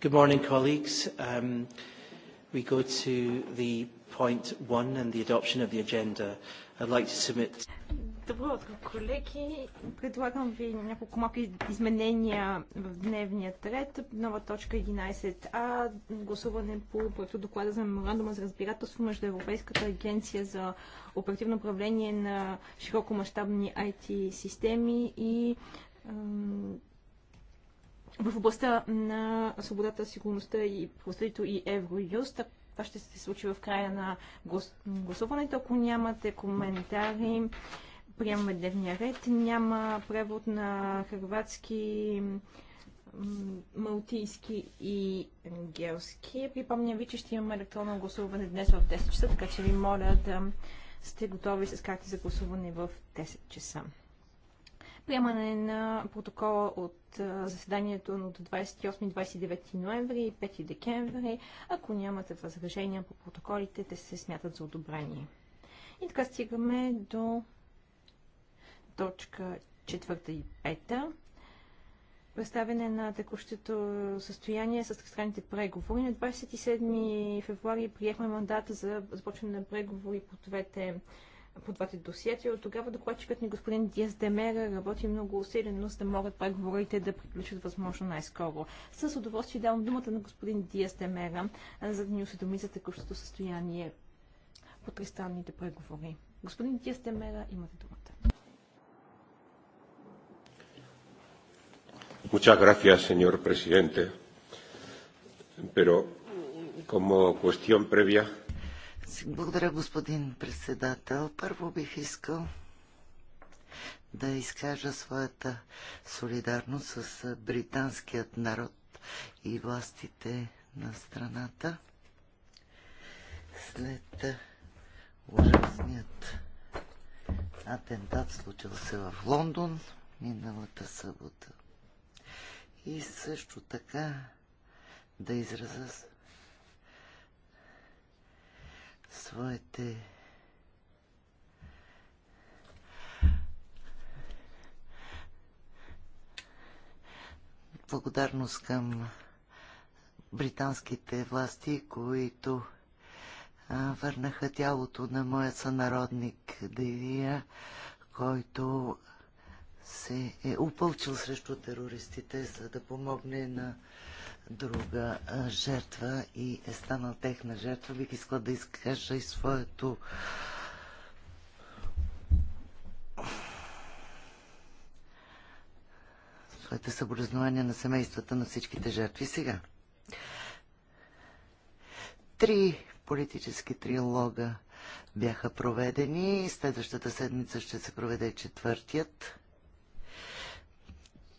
Good morning, colleagues. Um, we go to the point one and the adoption of the agenda. I'd like to submit... Добро утро, колеги. Предлагам ви няколко малки изменения в дневния ред. Нова точка 11а. Гласуване по проекто доклада за меморандума за разбирателство между Европейската агенция за оперативно управление на широкомащабни IT системи и в областта на свободата, сигурността и правосъдието и Евроюст. Това ще се случи в края на гласуването. Ако нямате коментари, приемаме дневния ред. Няма превод на хрватски, малтийски и гелски. Припомня ви, че ще имаме електронно гласуване днес в 10 часа, така че ви моля да сте готови с карти за гласуване в 10 часа приемане на протокола от заседанието от 28-29 ноември и 5 декември. Ако нямате възражения по протоколите, те се смятат за одобрени. И така стигаме до точка 4 и 5 представяне на текущото състояние с тристранните преговори. На 27 февруари приехме мандата за започване на преговори по двете по двата досиета. и От тогава докладчикът ни господин Диас Демера работи много усилено, за да могат преговорите да приключат възможно най-скоро. С удоволствие давам думата на господин Диас Демера, за да ни осведоми за текущото състояние по тристранните преговори. Господин Диас Демера, имате думата. Muchas gracias, señor presidente. Pero como cuestión previa, благодаря, господин председател. Първо бих искал да изкажа своята солидарност с британският народ и властите на страната след ужасният атентат, случил се в Лондон миналата събота. И също така да изразя своите благодарност към британските власти, които а, върнаха тялото на моя сънародник Девия, който се е опълчил срещу терористите, за да помогне на друга жертва и е станал техна жертва. Бих искала да изкажа и своето своите съболезнования на семействата на всичките жертви. Сега. Три политически трилога бяха проведени. Следващата седмица ще се проведе четвъртият.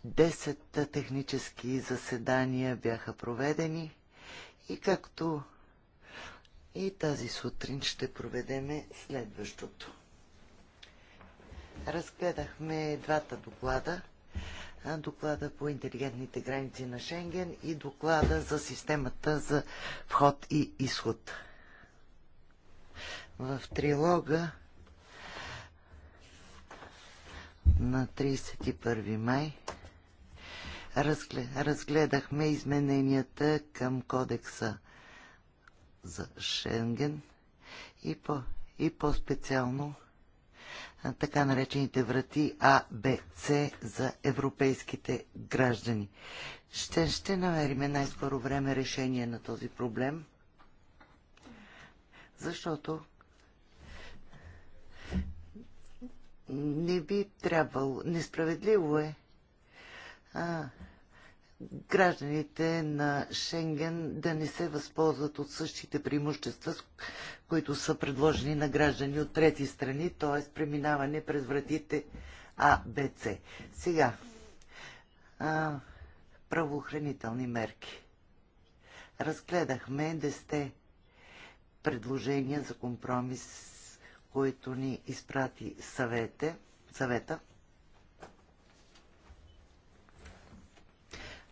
Десетта технически заседания бяха проведени и както и тази сутрин ще проведеме следващото. Разгледахме двата доклада. Доклада по интелигентните граници на Шенген и доклада за системата за вход и изход. В трилога на 31 май разгледахме измененията към кодекса за Шенген и, по, и по-специално така наречените врати А, Б, С за европейските граждани. Ще, ще намериме най-скоро време решение на този проблем, защото не би трябвало, несправедливо е а, гражданите на Шенген да не се възползват от същите преимущества, които са предложени на граждани от трети страни, т.е. преминаване през вратите А, Б, С. Сега, а, правоохранителни мерки. Разгледахме десте предложения за компромис, които ни изпрати съвете, съвета.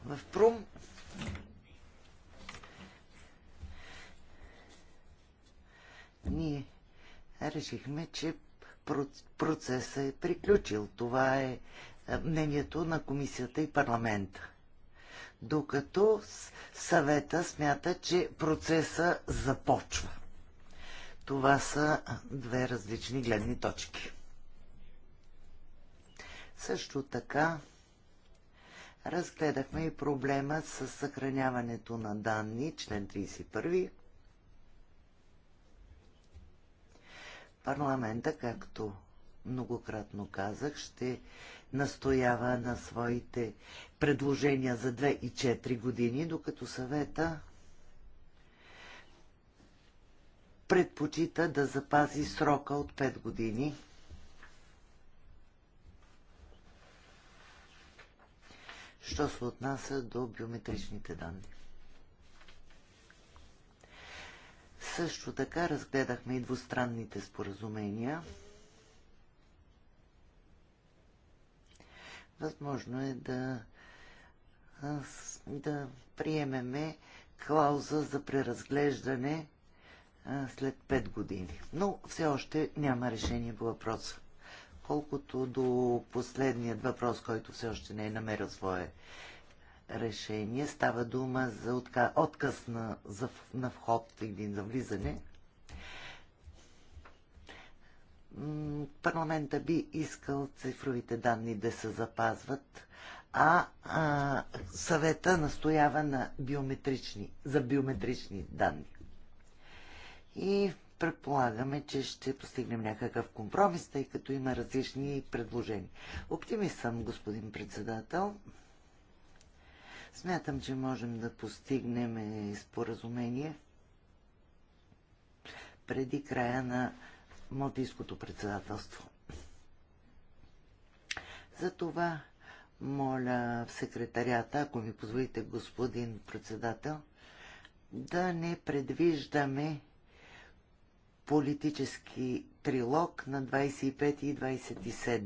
в Прум. Ние решихме, че процесът е приключил. Това е, е мнението на комисията и парламента. Докато съвета смята, че процеса започва. Това са две различни гледни точки. Също така Разгледахме и проблема с съхраняването на данни, член 31. Парламента, както многократно казах, ще настоява на своите предложения за 2 и 4 години, докато съвета предпочита да запази срока от 5 години – що се отнася до биометричните данни. Също така разгледахме и двустранните споразумения. Възможно е да, да приемеме клауза за преразглеждане след 5 години. Но все още няма решение по въпроса. Колкото до последният въпрос, който все още не е намерил свое решение, става дума за отказ на, за, на вход или на влизане. Парламента би искал цифровите данни да се запазват, а, а съвета настоява на биометрични, за биометрични данни. И предполагаме, че ще постигнем някакъв компромис, тъй като има различни предложения. Оптимист съм, господин председател. Смятам, че можем да постигнем е, споразумение преди края на Малтийското председателство. Затова моля в секретарията, ако ми позволите господин председател, да не предвиждаме политически трилог на 25 и 27.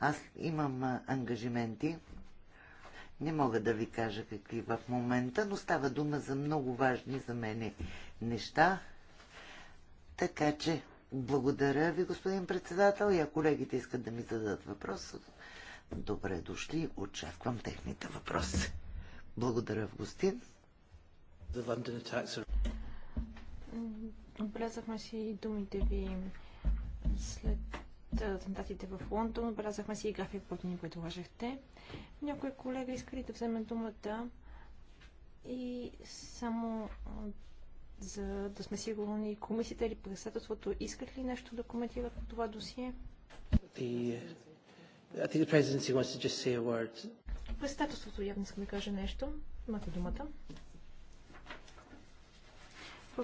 Аз имам ангажименти. Не мога да ви кажа какви в момента, но става дума за много важни за мене неща. Така че, благодаря ви, господин председател, и ако колегите искат да ми зададат въпрос, добре дошли, очаквам техните въпроси. Благодаря, Августин. The London attacks are Отбелязахме си думите ви след атентатите в Лондон. Отбелязахме си и график, който ни предложихте. Някой колега иска ли да вземе думата и само за да сме сигурни, комисията или председателството искат ли нещо да коментират по това досие? Председателството явно иска да каже нещо. Имате думата.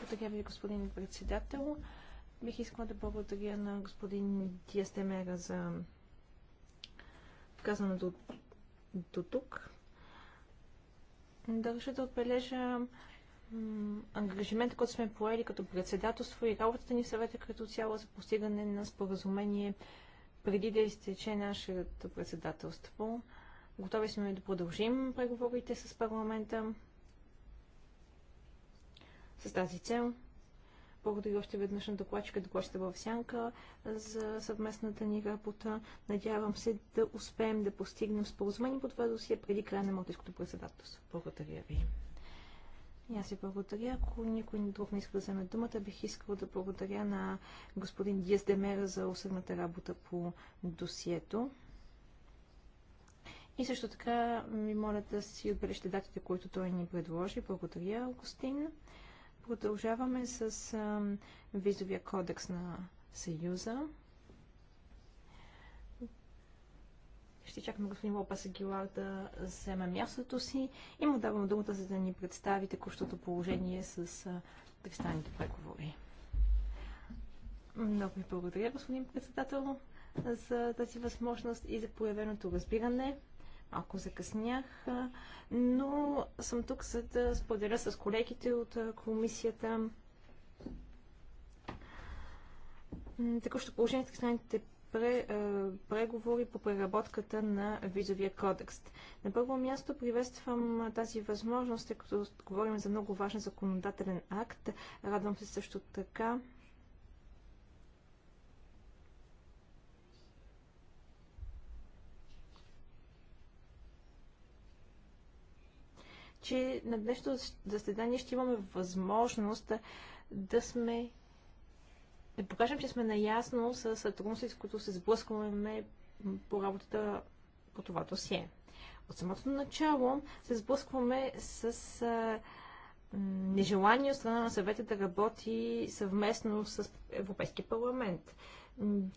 Благодаря ви, господин председател. Бих искала да благодаря на господин Тиестемера за казаното до, до тук. Държа да отбележа ангажимента, който сме поели като председателство и работата ни в съвета като цяло за постигане на споразумение преди да изтече нашето председателство. Готови сме да продължим преговорите с парламента с тази цел. Благодаря още веднъж на докладчика, докладчика в Сянка за съвместната ни работа. Надявам се да успеем да постигнем споразумение по това досие преди края на Малтийското председателство. Благодаря ви. И аз ви благодаря. Ако никой друг не иска да вземе думата, бих искала да благодаря на господин Диас Демера за усърдната работа по досието. И също така ми моля да си отбележите датите, които той ни предложи. Благодаря, Августин. Продължаваме с визовия кодекс на Съюза. Ще чакаме господин Лопас Агилар да вземе мястото си и му давам думата, за да ни представи текущото положение с тристанните преговори. Много ви благодаря, господин председател, за тази възможност и за появеното разбиране. Малко закъснях, но съм тук за да споделя с колегите от комисията текущо положение с тристранните преговори по преработката на визовия кодекс. На първо място приветствам тази възможност, тъй като говорим за много важен законодателен акт. Радвам се също така, че на днешното заседание ще имаме възможност да сме да покажем, че сме наясно с трудности, с които се сблъскваме по работата по това досие. От самото начало се сблъскваме с а, нежелание от страна на съвета да работи съвместно с Европейския парламент.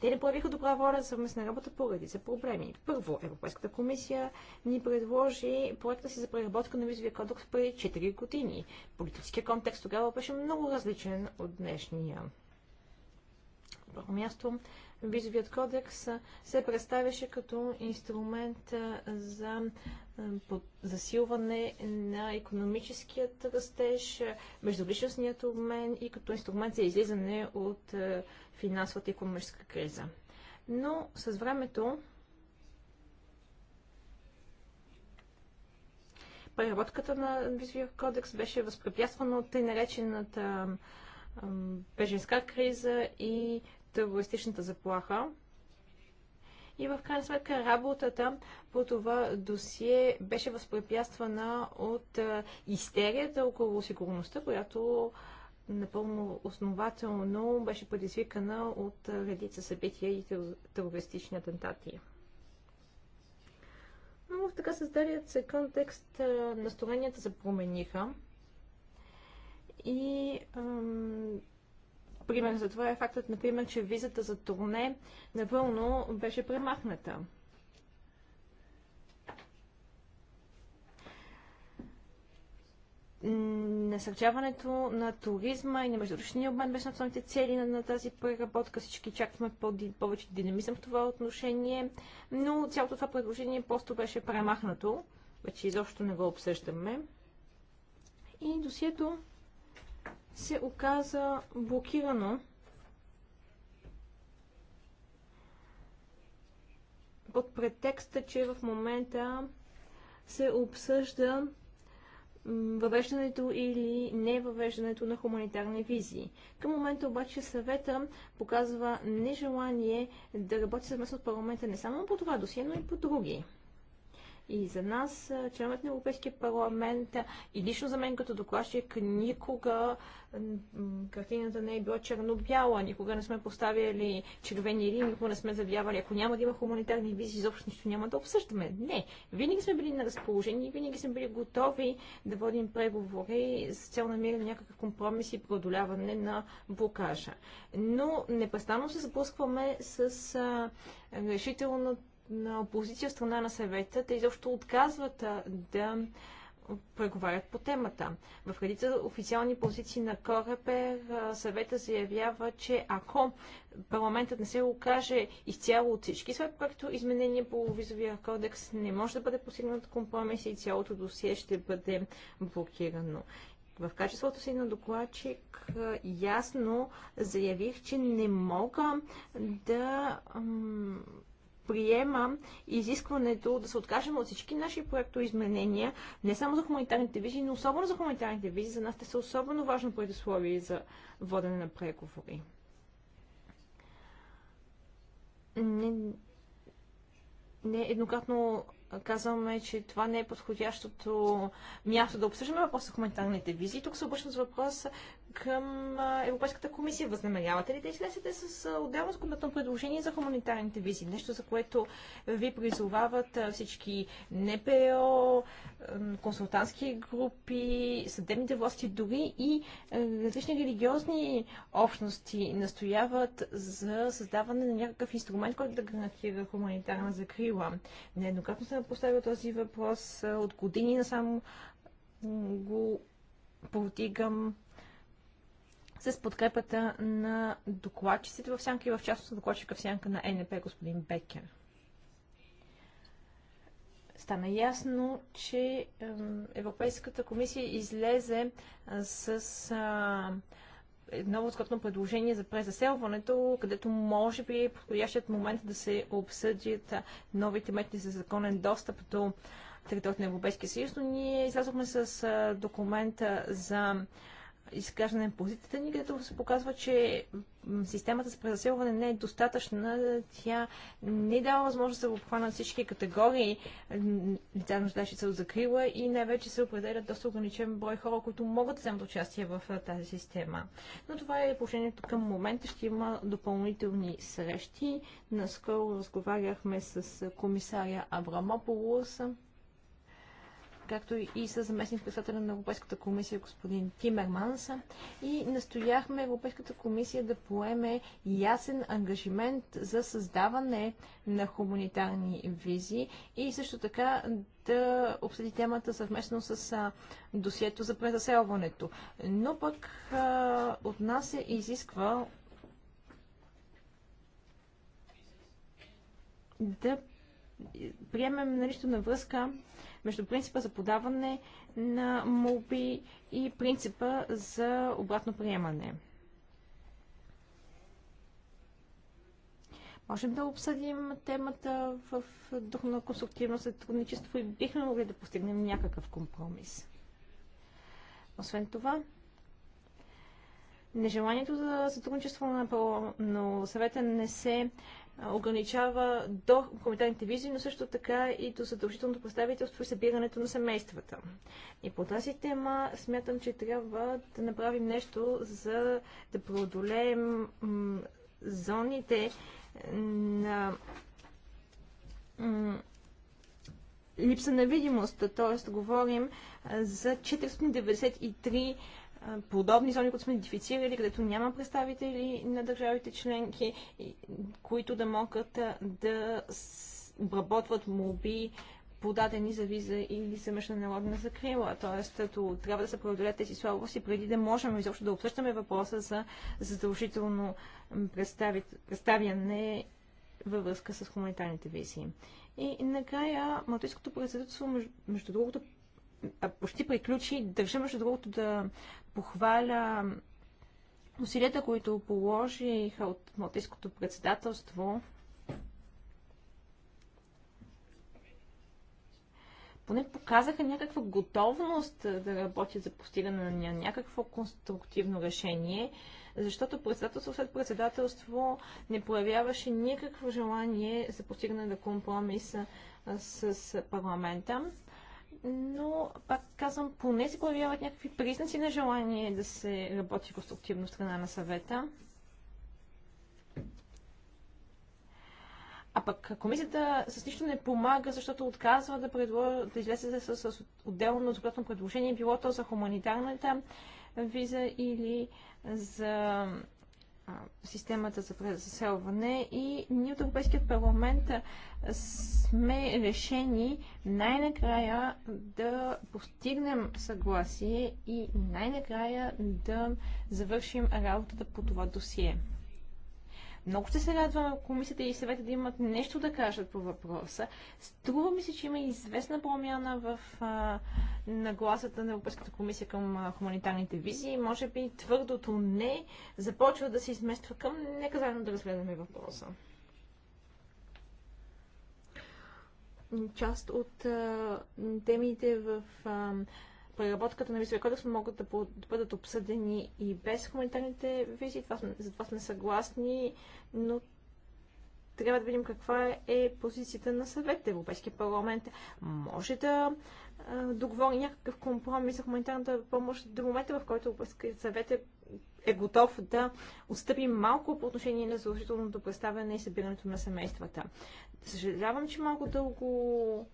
Те не проявиха добра воля за съвместна работа по редица проблеми. Първо, Европейската комисия ни предложи проекта си за преработка на визовия кодекс преди 4 години. Политическия контекст тогава беше много различен от днешния. Първо място, визовият кодекс се представяше като инструмент за засилване на економическият растеж, междуличностният обмен и като инструмент за излизане от финансовата и економическа криза. Но с времето преработката на визовия кодекс беше възпрепятствана от тъй наречената беженска криза и терористичната заплаха. И в крайна сметка работата по това досие беше възпрепятствана от истерията около сигурността, която напълно основателно беше предизвикана от редица събития и терористични атентати. Но в така създалият се контекст настроенията се промениха и ам, пример за това е фактът, например, че визата за турне напълно беше премахната. насърчаването на туризма и на междуручния обмен беше националните цели на, на тази преработка. Всички чакваме по повече динамизъм в това отношение, но цялото това предложение просто беше премахнато. Вече изобщо не го обсъждаме. И досието се оказа блокирано под претекста, че в момента се обсъжда въвеждането или не въвеждането на хуманитарни визии. Към момента обаче съвета показва нежелание да работи съвместно с парламента не само по това досие, но и по други. И за нас, членът на Европейския парламент и лично за мен като докладчик, никога картината не е била черно-бяла, никога не сме поставяли червени линии, никога не сме завявали. Ако няма да има хуманитарни визи, изобщо нищо няма да обсъждаме. Не. Винаги сме били на разположение, винаги сме били готови да водим преговори с цел намиране на някакъв компромис и преодоляване на блокажа. Но непрестанно се сблъскваме с решителното на опозиция страна на съвета, те изобщо отказват да преговарят по темата. В редица официални позиции на Корепер съвета заявява, че ако парламентът не се окаже изцяло от всички свои проекто изменения по визовия кодекс, не може да бъде постигнат компромис и цялото досие ще бъде блокирано. В качеството си на докладчик ясно заявих, че не мога да приема изискването да се откажем от всички наши проектоизменения, не само за хуманитарните визи, но особено за хуманитарните визи. За нас те са особено важно предусловие за водене на преговори. Не, не еднократно казваме, че това не е подходящото място да обсъждаме въпроса за хуманитарните визи. Тук се обръщам с въпрос към Европейската комисия. Възнамерявате ли да излезете с отделно законодателно предложение за хуманитарните визи? Нещо, за което ви призовават всички НПО, консултантски групи, съдебните власти, дори и е, различни религиозни общности настояват за създаване на някакъв инструмент, който да гарантира хуманитарна закрила. Нееднократно съм поставил този въпрос е, от години насам го повдигам с подкрепата на докладчиците в сянка и в частност на докладчика в сянка на НП господин Бекер стана ясно, че Европейската комисия излезе с едно възкотно предложение за презаселването, където може би е подходящият момент да се обсъдят новите методи за законен достъп до територията на Европейския съюз, но ние излязохме с документа за изказване на позицията ни, където се показва, че системата за презаселване не е достатъчна. Тя не дава възможност да обхванат всички категории лица, нуждащи се от закрила и най-вече се определят доста ограничен брой хора, които могат да вземат участие в тази система. Но това е положението към момента. Ще има допълнителни срещи. Наскоро разговаряхме с комисаря Абрамополос както и с заместник председателя на Европейската комисия господин Тимерманс и настояхме Европейската комисия да поеме ясен ангажимент за създаване на хуманитарни визи и също така да обсъди темата съвместно с досието за презаселването. Но пък от нас се изисква да приемем наличието на връзка между принципа за подаване на молби и принципа за обратно приемане. Можем да обсъдим темата в дух на конструктивно сътрудничество и бихме могли да постигнем някакъв компромис. Освен това, нежеланието за сътрудничество на, на съвета не се ограничава до хуманитарните визи, но също така и до задължителното представителство и събирането на семействата. И по тази тема смятам, че трябва да направим нещо за да преодолеем зоните на липса на видимост, т.е. говорим за 493 подобни зони, които сме идентифицирали, където няма представители на държавите членки, които да могат да обработват моби подадени за виза или за международна закрила. Тоест, трябва да се преодолят тези слабости преди да можем изобщо да обсъждаме въпроса за задължително представяне във връзка с хуманитарните визи. И накрая Малтийското председателство, между другото, почти приключи. Държа, между другото, да похваля усилията, които положиха от Малтийското председателство. Поне показаха някаква готовност да работят за постигане на някакво конструктивно решение, защото председателство след председателство не проявяваше никакво желание за постигане на компромиса с парламента но пак казвам, поне се появяват някакви признаци на желание да се работи конструктивно страна на съвета. А пък комисията с нищо не помага, защото отказва да, предло... да излезе с, с отделно законно предложение, било то за хуманитарната виза или за системата за презаселване и ние от Европейският парламент сме решени най-накрая да постигнем съгласие и най-накрая да завършим работата по това досие. Много ще се радвам комисията и съвета да имат нещо да кажат по въпроса. Струва ми се, че има известна промяна в а, нагласата на Европейската комисия към а, хуманитарните визии. Може би твърдото не започва да се измества към... Нека заедно да разгледаме въпроса. част от а, темите в а, преработката на визовия кодекс могат да бъдат обсъдени и без хуманитарните визи. Това, за това сме съгласни, но трябва да видим каква е позицията на съвет. Европейския парламент може да договори някакъв компромис за хуманитарната помощ до момента, в който съвет е, е готов да отстъпи малко по отношение на задължителното представяне и събирането на семействата. Съжалявам, че малко дълго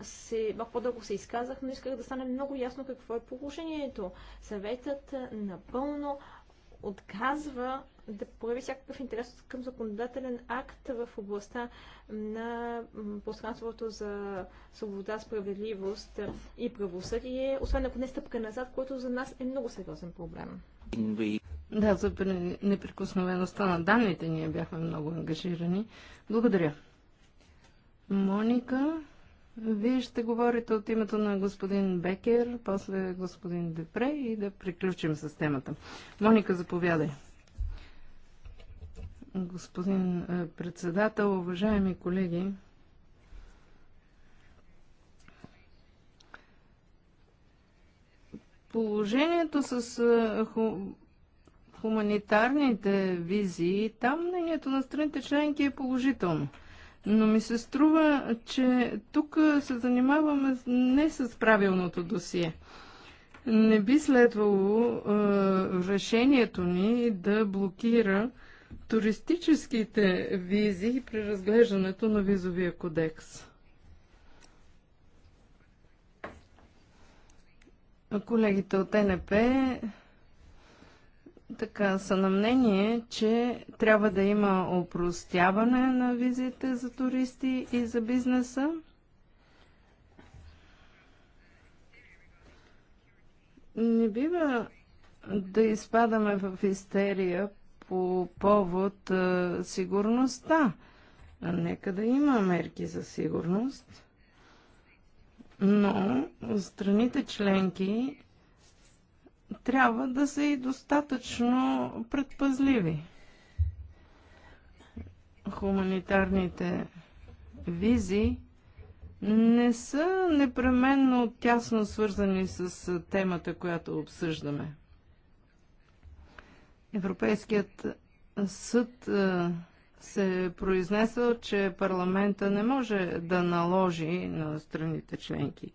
се, малко по-дълго се изказах, но исках да стане много ясно какво е положението. Съветът напълно отказва да прояви всякакъв интерес към законодателен акт в областта на пространството за свобода, справедливост и правосъдие, освен ако не е стъпка назад, което за нас е много сериозен проблем. Да, за неприкосновеността на данните ние бяхме много ангажирани. Благодаря. Моника. Вие ще говорите от името на господин Бекер, после господин Депре и да приключим с темата. Моника, заповядай. Господин е, председател, уважаеми колеги, положението с е, хуманитарните визии, там мнението на страните членки е положително. Но ми се струва, че тук се занимаваме не с правилното досие. Не би следвало е, решението ни да блокира туристическите визи при разглеждането на визовия кодекс. Колегите от НП така са на мнение, че трябва да има опростяване на визите за туристи и за бизнеса. Не бива да изпадаме в истерия по повод а, сигурността. Нека да има мерки за сигурност, но страните членки трябва да са и достатъчно предпазливи. Хуманитарните визи не са непременно тясно свързани с темата, която обсъждаме. Европейският съд е, се е произнесъл, че парламента не може да наложи на страните членки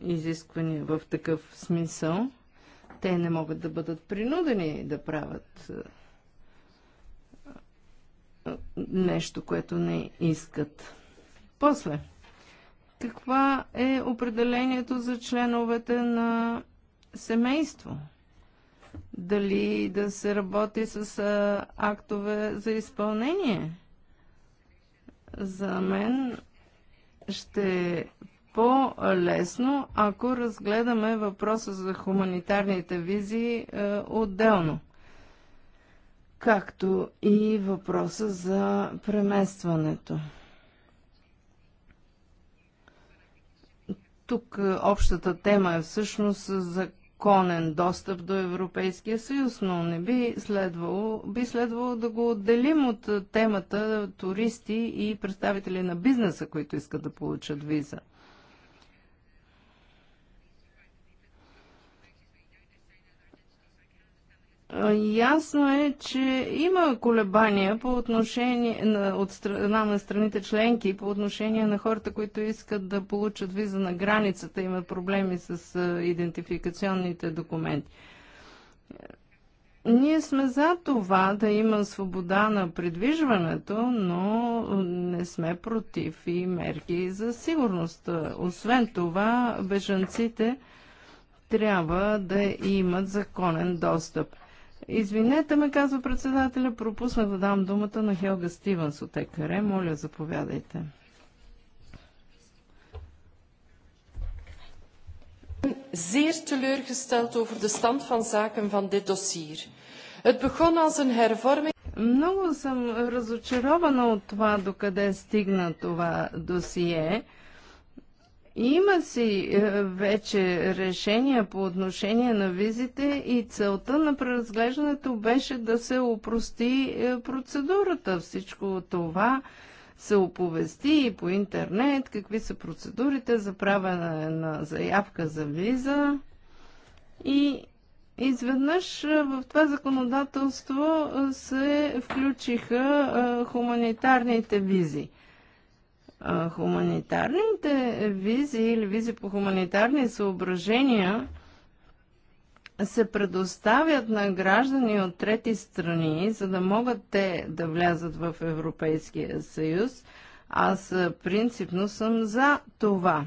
изисквания в такъв смисъл. Те не могат да бъдат принудени да правят нещо, което не искат. После, каква е определението за членовете на семейство? Дали да се работи с актове за изпълнение? За мен ще по-лесно, ако разгледаме въпроса за хуманитарните визи е, отделно, както и въпроса за преместването. Тук е, общата тема е всъщност за конен достъп до Европейския съюз, но не би следвало, би следвало да го отделим от е, темата туристи и представители на бизнеса, които искат да получат виза. Ясно е, че има колебания по отношение на, от страна на страните членки по отношение на хората, които искат да получат виза на границата, имат проблеми с идентификационните документи. Ние сме за това да има свобода на придвижването, но не сме против и мерки за сигурност. Освен това, бежанците трябва да имат законен достъп. Извинете ме, казва председателя, пропуснах да дам думата на Хелга Стивенс от ЕКР. Моля, заповядайте. zeer teleurgesteld over de stand van zaken van dit dossier. Het begon als een hervorming. Много съм разочарована от това, докъде стигна това досие. Има си е, вече решения по отношение на визите и целта на преразглеждането беше да се опрости е, процедурата. Всичко това се оповести и по интернет, какви са процедурите за правене на заявка за виза. И изведнъж е, в това законодателство се включиха хуманитарните визи – Хуманитарните визи или визи по хуманитарни съображения се предоставят на граждани от трети страни, за да могат те да влязат в Европейския съюз. Аз принципно съм за това.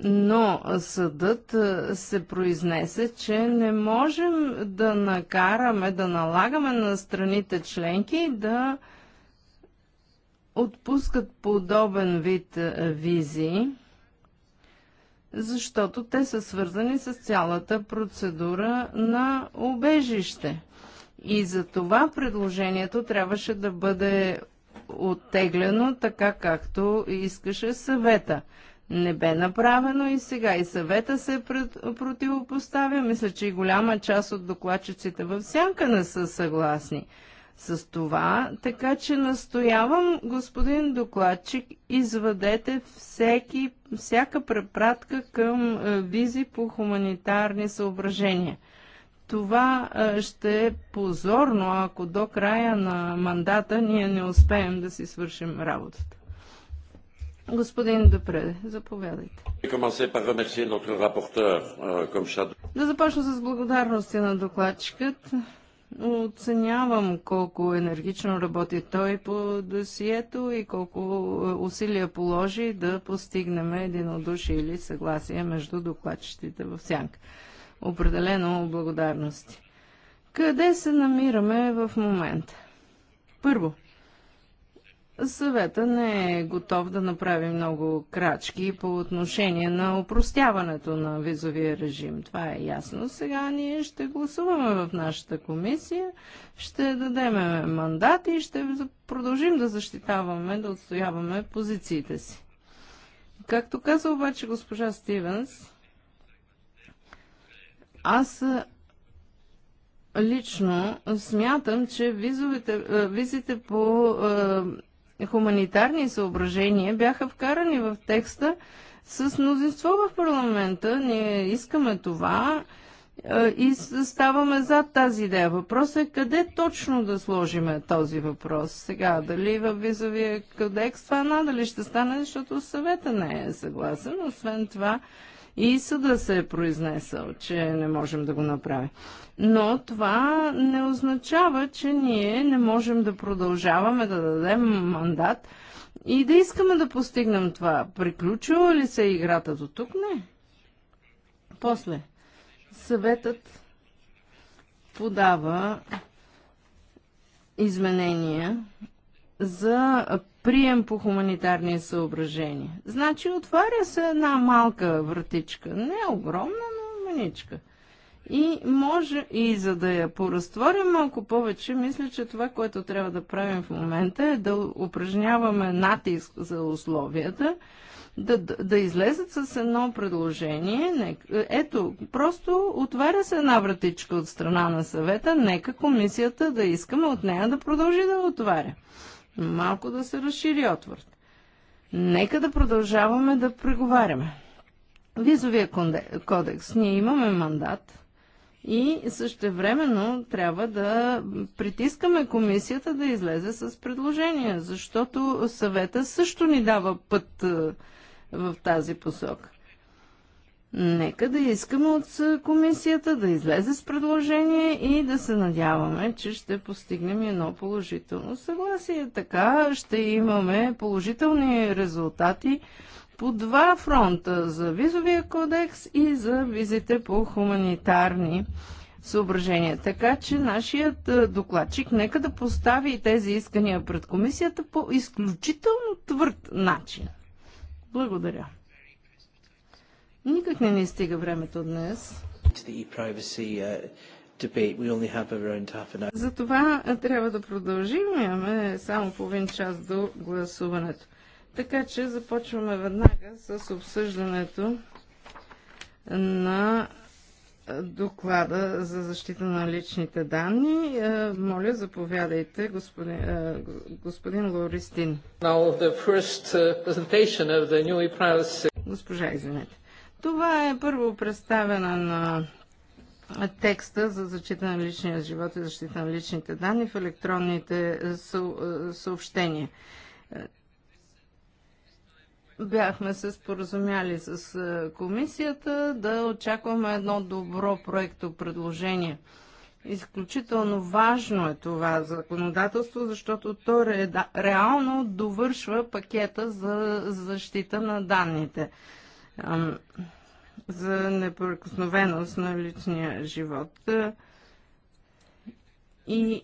Но съдът се произнесе, че не можем да накараме, да налагаме на страните членки да отпускат подобен вид визи, защото те са свързани с цялата процедура на убежище. И за това предложението трябваше да бъде оттеглено така, както искаше съвета. Не бе направено и сега. И съвета се противопоставя. Мисля, че и голяма част от докладчиците в сянка не са съгласни с това, така че настоявам, господин докладчик, извадете всеки, всяка препратка към е, визи по хуманитарни съображения. Това е, ще е позорно, ако до края на мандата ние не успеем да си свършим работата. Господин Допреде, заповядайте. Euh, да започна с благодарности на докладчикът. Оценявам колко енергично работи той по досието и колко е, усилия положи да постигнем единодушие или съгласие между докладчетите в Сянк. Определено благодарности. Къде се намираме в момента? Първо, Съвета не е готов да направи много крачки по отношение на упростяването на визовия режим. Това е ясно. Сега ние ще гласуваме в нашата комисия, ще дадеме мандат и ще продължим да защитаваме, да отстояваме позициите си. Както каза обаче госпожа Стивенс, аз лично смятам, че визовите, визите по хуманитарни съображения бяха вкарани в текста с мнозинство в парламента. Ние искаме това и ставаме зад тази идея. Въпросът е къде точно да сложиме този въпрос сега. Дали в визовия кодекс това е надали ще стане, защото съвета не е съгласен. Освен това, и съда се е произнесъл, че не можем да го направим. Но това не означава, че ние не можем да продължаваме да дадем мандат и да искаме да постигнем това. Приключила ли се играта до тук? Не. После. Съветът подава изменения за прием по хуманитарни съображения. Значи отваря се една малка вратичка, не огромна, но маничка. И може и за да я поразтворим малко повече, мисля, че това, което трябва да правим в момента е да упражняваме натиск за условията, да, да, да излезат с едно предложение. Не, ето, просто отваря се една вратичка от страна на съвета, нека комисията да искаме от нея да продължи да отваря малко да се разшири отвърт. Нека да продължаваме да преговаряме. Визовия кодекс. Ние имаме мандат и същевременно трябва да притискаме комисията да излезе с предложения, защото съвета също ни дава път е, в тази посока. Нека да искаме от комисията да излезе с предложение и да се надяваме, че ще постигнем едно положително съгласие. Така ще имаме положителни резултати по два фронта за визовия кодекс и за визите по хуманитарни съображения. Така че нашият докладчик нека да постави тези искания пред комисията по изключително твърд начин. Благодаря. Никак не ни стига времето днес. Uh, Затова трябва да продължим. Имаме само половин час до гласуването. Така че започваме веднага с обсъждането на доклада за защита на личните данни. Моля, заповядайте, господин, господин Лористин. Uh, Госпожа, извинете. Това е първо представена на текста за защита на личния живот и защита на личните данни в електронните е, съобщения. Бяхме се споразумяли с е, комисията да очакваме едно добро проекто предложение. Изключително важно е това законодателство, защото то реално довършва пакета за защита на данните за непрекосновеност на личния живот. И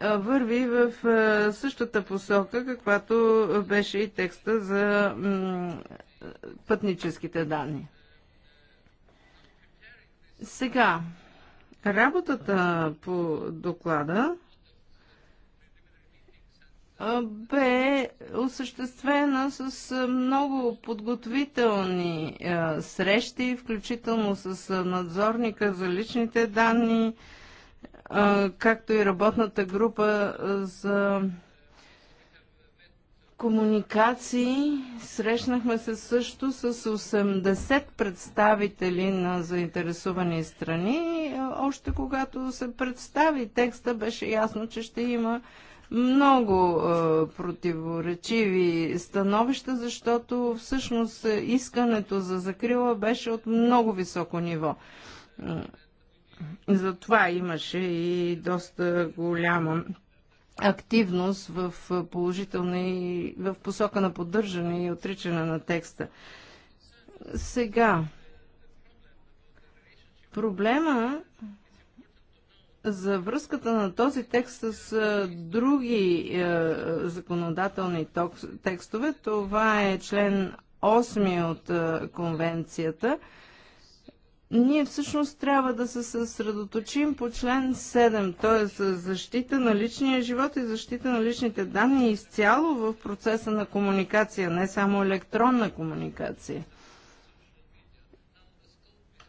върви в същата посока, каквато беше и текста за пътническите данни. Сега, работата по доклада бе осъществена с много подготовителни срещи, включително с надзорника за личните данни, както и работната група за комуникации. Срещнахме се също с 80 представители на заинтересувани страни. Още когато се представи текста, беше ясно, че ще има много а, противоречиви становища, защото всъщност искането за закрила беше от много високо ниво. Затова имаше и доста голяма активност в положителна и в посока на поддържане и отричане на текста. Сега, проблема за връзката на този текст с а, други а, законодателни текстове. Това е член 8 от а, конвенцията. Ние всъщност трябва да се съсредоточим по член 7, т.е. защита на личния живот и защита на личните данни изцяло в процеса на комуникация, не само електронна комуникация.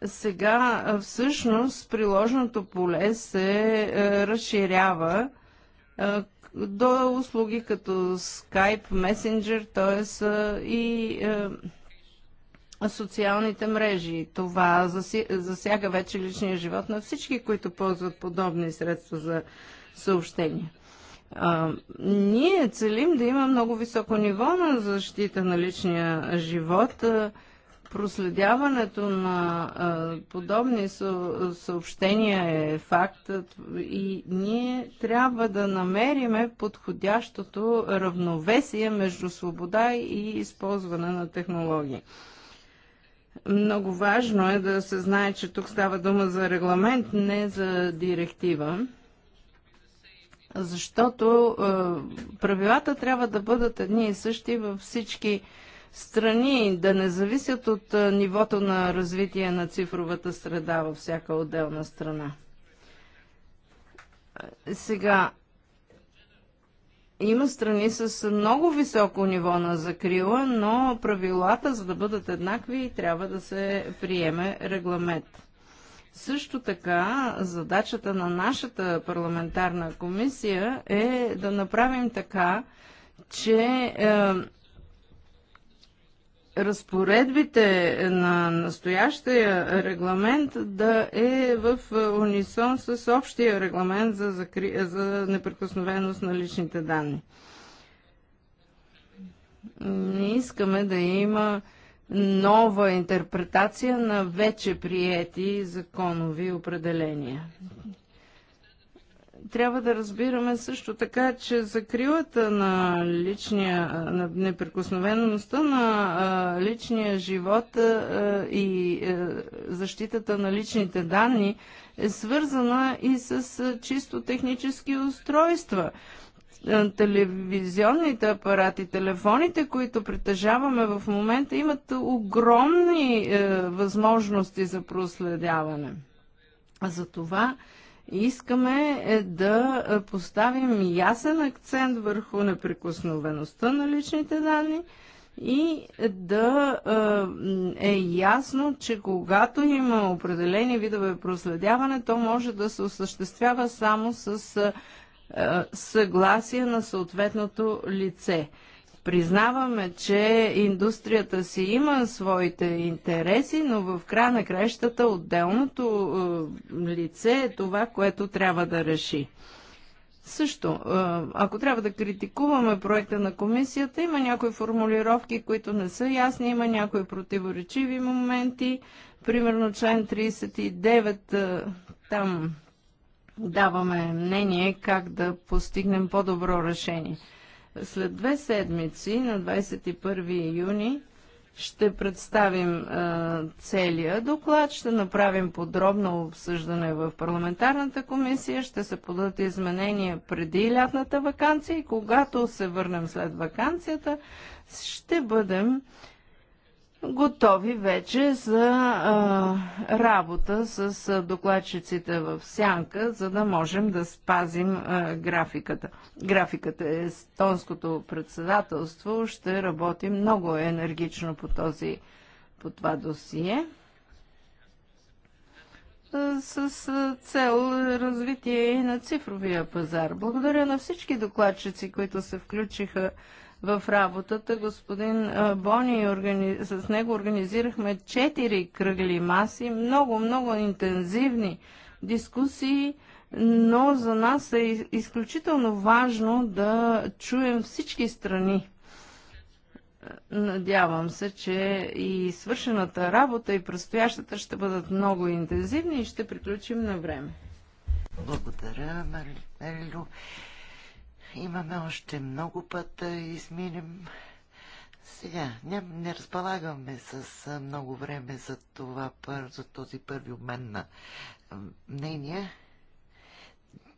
Сега всъщност приложното поле се е, разширява до услуги като Skype, Messenger, т.е. и е, социалните мрежи. Това засяга вече личния живот на всички, които ползват подобни средства за съобщения. ние целим да има много високо ниво на защита на личния живот проследяването на а, подобни съобщения е факт и ние трябва да намериме подходящото равновесие между свобода и използване на технологии. Много важно е да се знае, че тук става дума за регламент, не за директива защото правилата трябва да бъдат едни и същи във всички страни да не зависят от нивото на развитие на цифровата среда във всяка отделна страна. Сега, има страни с много високо ниво на закрила, но правилата, за да бъдат еднакви, трябва да се приеме регламент. Също така, задачата на нашата парламентарна комисия е да направим така, че е, разпоредбите на настоящия регламент да е в унисон с общия регламент за, закри... за неприкосновеност на личните данни. Не искаме да има нова интерпретация на вече приети законови определения трябва да разбираме също така, че закрилата на личния, на неприкосновеността на личния живот и защитата на личните данни е свързана и с чисто технически устройства. Телевизионните апарати, телефоните, които притежаваме в момента, имат огромни възможности за проследяване. За това Искаме е да е, поставим ясен акцент върху неприкосновеността на личните данни и е, да е, е ясно, че когато има определени видове проследяване, то може да се осъществява само с съгласие на съответното лице. Признаваме, че индустрията си има своите интереси, но в края на кращата отделното е, лице е това, което трябва да реши. Също, е, ако трябва да критикуваме проекта на комисията, има някои формулировки, които не са ясни, има някои противоречиви моменти. Примерно член 39, е, там даваме мнение как да постигнем по-добро решение. След две седмици, на 21 юни, ще представим а, целия доклад, ще направим подробно обсъждане в парламентарната комисия, ще се подадат изменения преди лятната вакансия и когато се върнем след вакансията, ще бъдем готови вече за а, работа с а, докладчиците в сянка, за да можем да спазим а, графиката. Графиката е естонското председателство. Ще работи много енергично по, този, по това досие с цел развитие на цифровия пазар. Благодаря на всички докладчици, които се включиха в работата. Господин Бони, с него организирахме четири кръгли маси, много, много интензивни дискусии, но за нас е изключително важно да чуем всички страни. Надявам се, че и свършената работа и предстоящата ще бъдат много интензивни и ще приключим на време. Благодаря, Марилю. Имаме още много път да изминем. Сега, не, не разполагаме с много време за, това, за този първи обмен на мнения.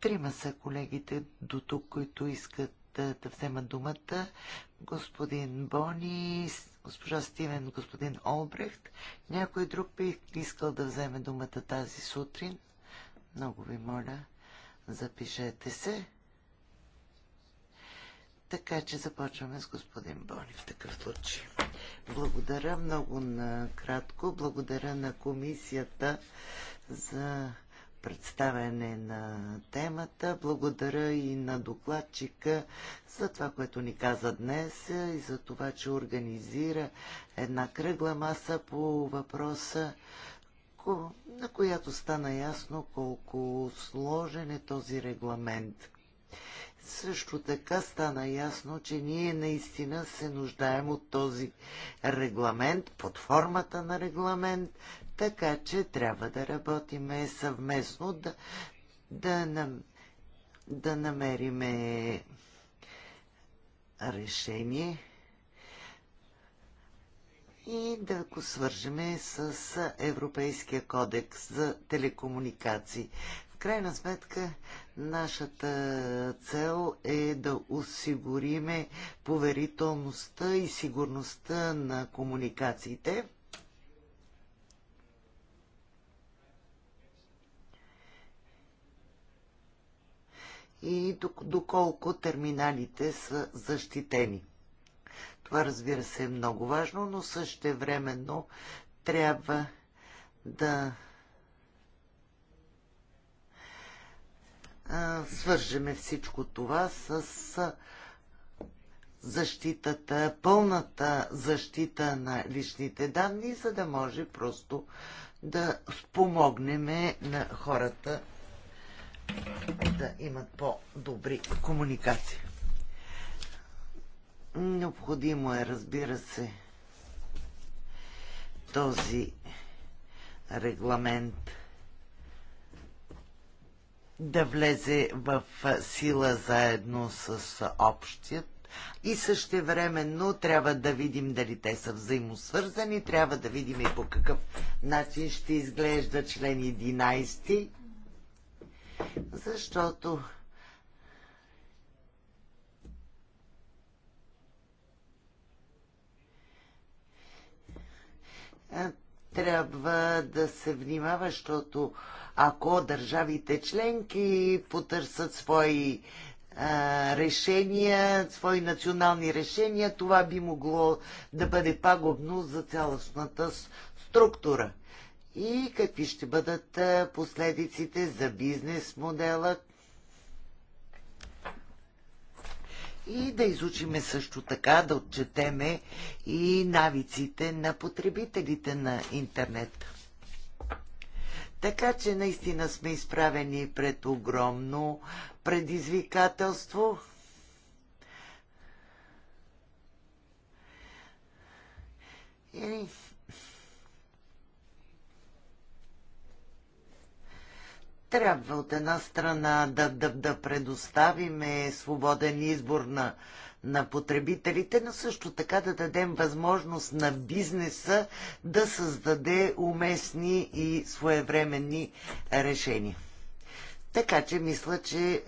Трима са колегите до тук, които искат да, да вземат думата. Господин Бони, госпожа Стивен, господин Олбрехт. Някой друг би искал да вземе думата тази сутрин. Много ви моля, запишете се. Така че започваме с господин Бони в такъв случай. Благодаря много накратко. Благодаря на комисията за представяне на темата. Благодаря и на докладчика за това, което ни каза днес и за това, че организира една кръгла маса по въпроса, на която стана ясно колко сложен е този регламент. Също така стана ясно, че ние наистина се нуждаем от този регламент, под формата на регламент, така че трябва да работиме съвместно, да, да, нам, да намериме решение и да го свържеме с Европейския кодекс за телекомуникации крайна сметка нашата цел е да осигуриме поверителността и сигурността на комуникациите. и доколко терминалите са защитени. Това разбира се е много важно, но също времено трябва да свържеме всичко това с защитата, пълната защита на личните данни, за да може просто да спомогнем на хората да имат по-добри комуникации. Необходимо е, разбира се, този регламент – да влезе в сила заедно с общият и същевременно трябва да видим дали те са взаимосвързани, трябва да видим и по какъв начин ще изглежда член 11, защото трябва да се внимава, защото ако държавите членки потърсят свои решения, свои национални решения, това би могло да бъде пагубно за цялостната структура. И какви ще бъдат последиците за бизнес модела? И да изучиме също така, да отчетеме и навиците на потребителите на интернет. Така че наистина сме изправени пред огромно предизвикателство. И... Трябва от една страна да, да, да предоставиме свободен избор на на потребителите, но също така да дадем възможност на бизнеса да създаде уместни и своевременни решения. Така че мисля, че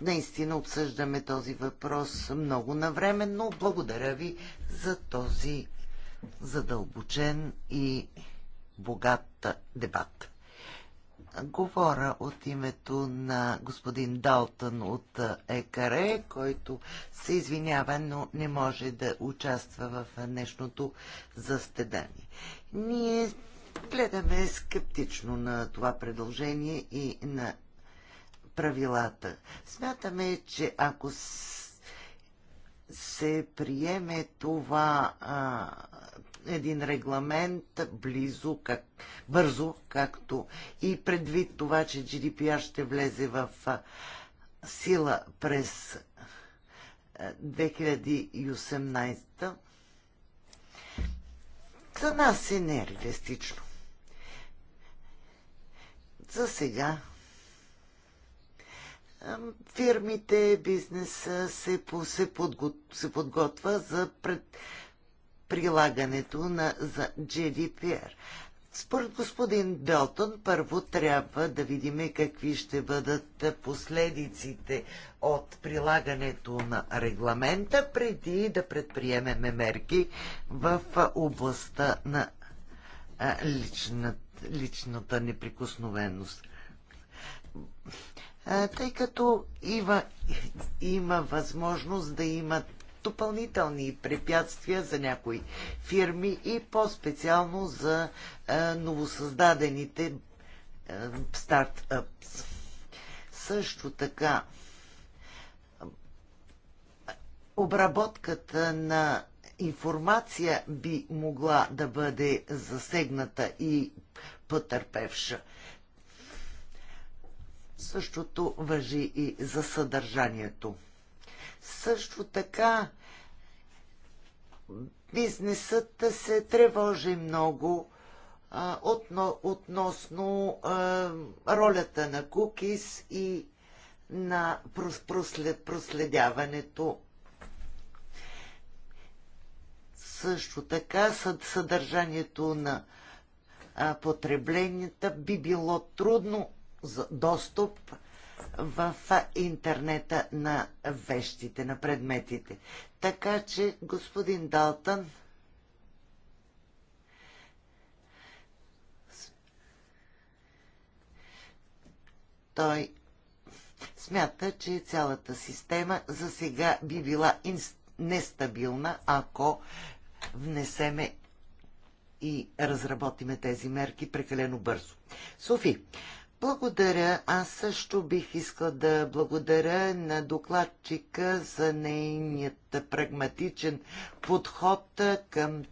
наистина обсъждаме този въпрос много навременно. Благодаря ви за този задълбочен и богат дебат. Говоря от името на господин Далтън от ЕКАРЕ, който се извинява, но не може да участва в днешното застедание. Ние гледаме скептично на това предложение и на правилата. Смятаме, че ако се приеме това а, един регламент близо, как, бързо, както и предвид това, че GDPR ще влезе в сила през 2018, за нас е нереалистично. За сега фирмите, бизнеса се, се, подго, се подготва за пред, прилагането на за GDPR. Според господин Белтон, първо трябва да видим какви ще бъдат последиците от прилагането на регламента, преди да предприемеме мерки в областта на личната, личната неприкосновеност. Тъй като има, има възможност да имат допълнителни препятствия за някои фирми и по-специално за е, новосъздадените е, стартъпс. Също така обработката на информация би могла да бъде засегната и потърпевша. Същото въжи и за съдържанието. Също така бизнесът се тревожи много а, отно, относно а, ролята на Кукис и на прослед, проследяването. Също така съд, съдържанието на а, потребленията би било трудно за достъп в интернета на вещите, на предметите. Така че, господин Далтън, той смята, че цялата система за сега би била нестабилна, ако внесеме и разработиме тези мерки прекалено бързо. Софи, благодаря. Аз също бих искал да благодаря на докладчика за нейният прагматичен подход към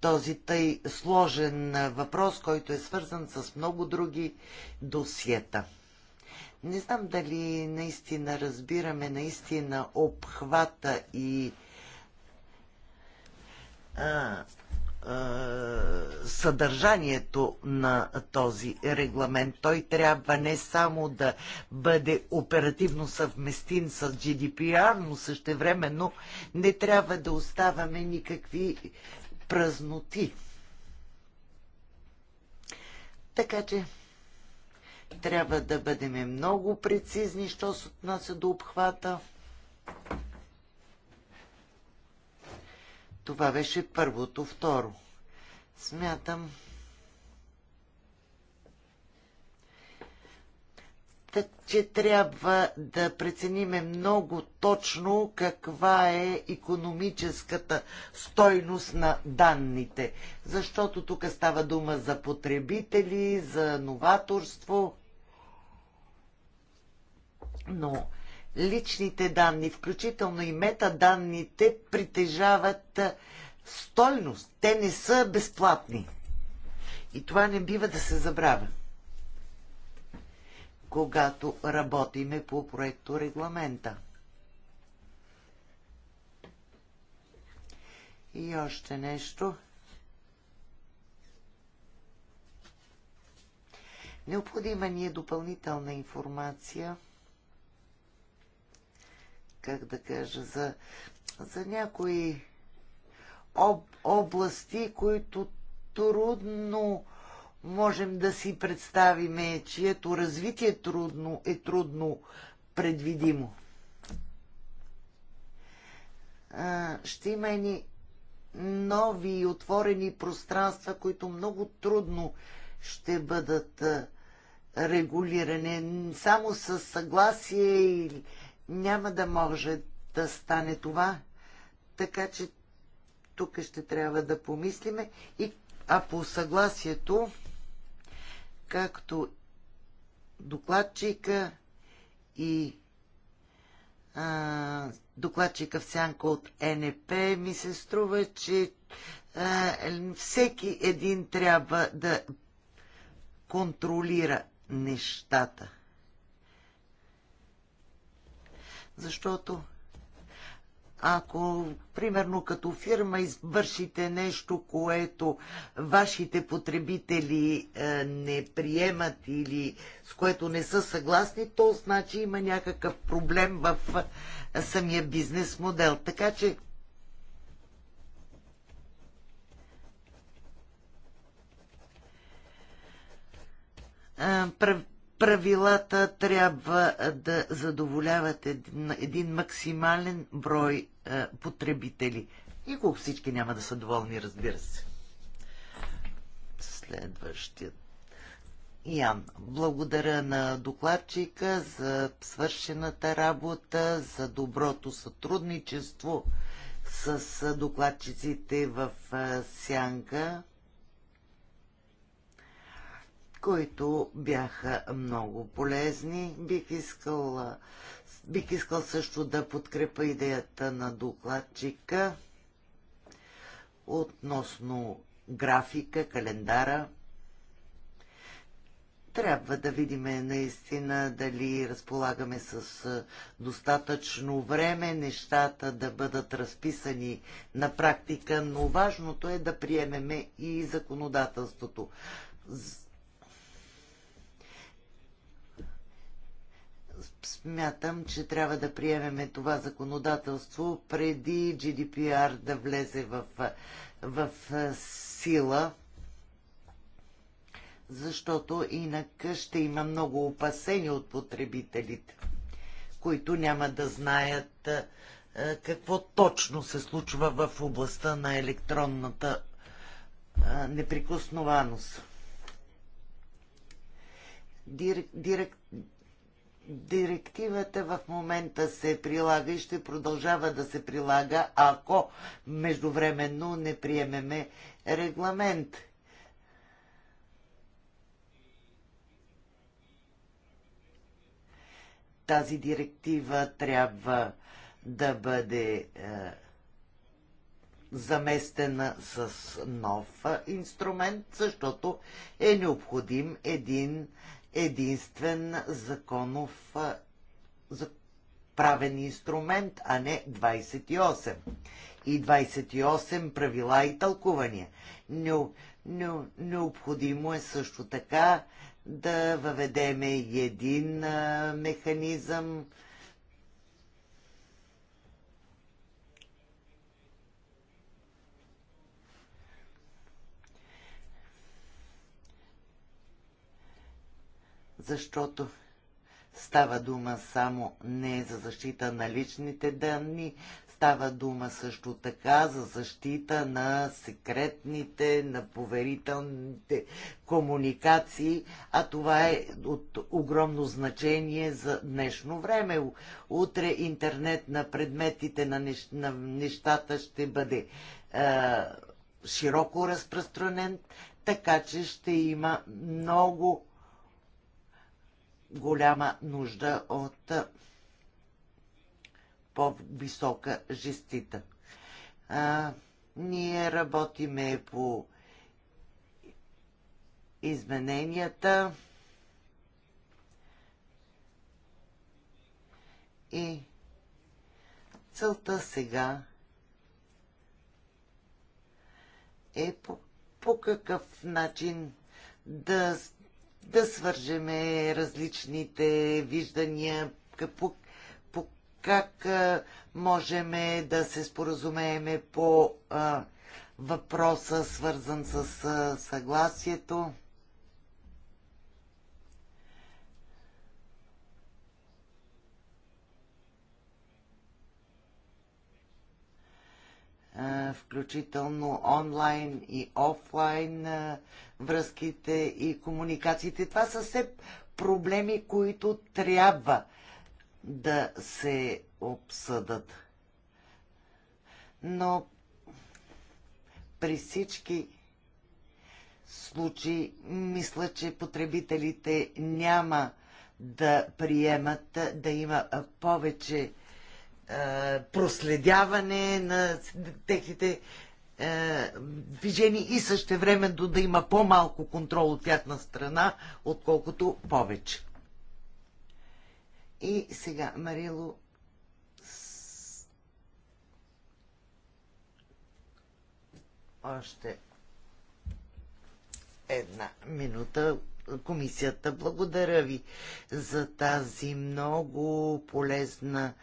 този тъй сложен въпрос, който е свързан с много други досиета. Не знам дали наистина разбираме наистина обхвата и а, е, съдържанието на този регламент. Той трябва не само да бъде оперативно съвместим с GDPR, но същевременно не трябва да оставаме никакви празноти. Така че трябва да бъдем много прецизни, що се отнася до обхвата. Това беше първото. Второ. Смятам, че трябва да прецениме много точно каква е економическата стойност на данните. Защото тук става дума за потребители, за новаторство. Но личните данни, включително и метаданните, притежават стойност. Те не са безплатни. И това не бива да се забравя. Когато работиме по проекто регламента. И още нещо. Необходима ни е допълнителна информация – как да кажа, за, за някои об, области, които трудно можем да си представиме, чието развитие трудно, е трудно предвидимо. А, ще има едни нови и отворени пространства, които много трудно ще бъдат регулирани. Само с съгласие или няма да може да стане това, така че тук ще трябва да помислиме. И, а по съгласието, както докладчика и а, докладчика в сянка от НП, ми се струва, че а, всеки един трябва да контролира нещата. Защото ако, примерно, като фирма извършите нещо, което вашите потребители е, не приемат или с което не са съгласни, то значи има някакъв проблем в е, самия бизнес модел. Така че е, правилата трябва да задоволяват един, един максимален брой е, потребители. Никога всички няма да са доволни, разбира се. Следващият. Ян, благодаря на докладчика за свършената работа, за доброто сътрудничество с докладчиците в Сянка които бяха много полезни. Бих искал, бих искал също да подкрепа идеята на докладчика относно графика, календара. Трябва да видим наистина дали разполагаме с достатъчно време нещата да бъдат разписани на практика, но важното е да приемеме и законодателството. смятам, че трябва да приемеме това законодателство преди GDPR да влезе в, в сила, защото инак ще има много опасения от потребителите, които няма да знаят какво точно се случва в областта на електронната неприкоснованост. Директ, директ, Директивата в момента се прилага и ще продължава да се прилага, ако междувременно не приемеме регламент. Тази директива трябва да бъде е, заместена с нов инструмент, защото е необходим един единствен законов правен инструмент, а не 28. И 28 правила и тълкувания. Не, не, необходимо е също така да въведеме един а, механизъм, защото става дума само не за защита на личните данни, става дума също така за защита на секретните, на поверителните комуникации, а това е от огромно значение за днешно време. Утре интернет на предметите на, нещ, на нещата ще бъде е, широко разпространен, така че ще има много голяма нужда от по-висока жестита. А, ние работиме по измененията и целта сега е по, по какъв начин да да свържеме различните виждания, по, по как можеме да се споразумееме по а, въпроса, свързан с а, съгласието. включително онлайн и офлайн връзките и комуникациите. Това са все проблеми, които трябва да се обсъдат. Но при всички случаи мисля, че потребителите няма да приемат да има повече проследяване на техните движения и също времено да има по-малко контрол от тяхна страна, отколкото повече. И сега, Марило, още една минута. Комисията, благодаря ви за тази много полезна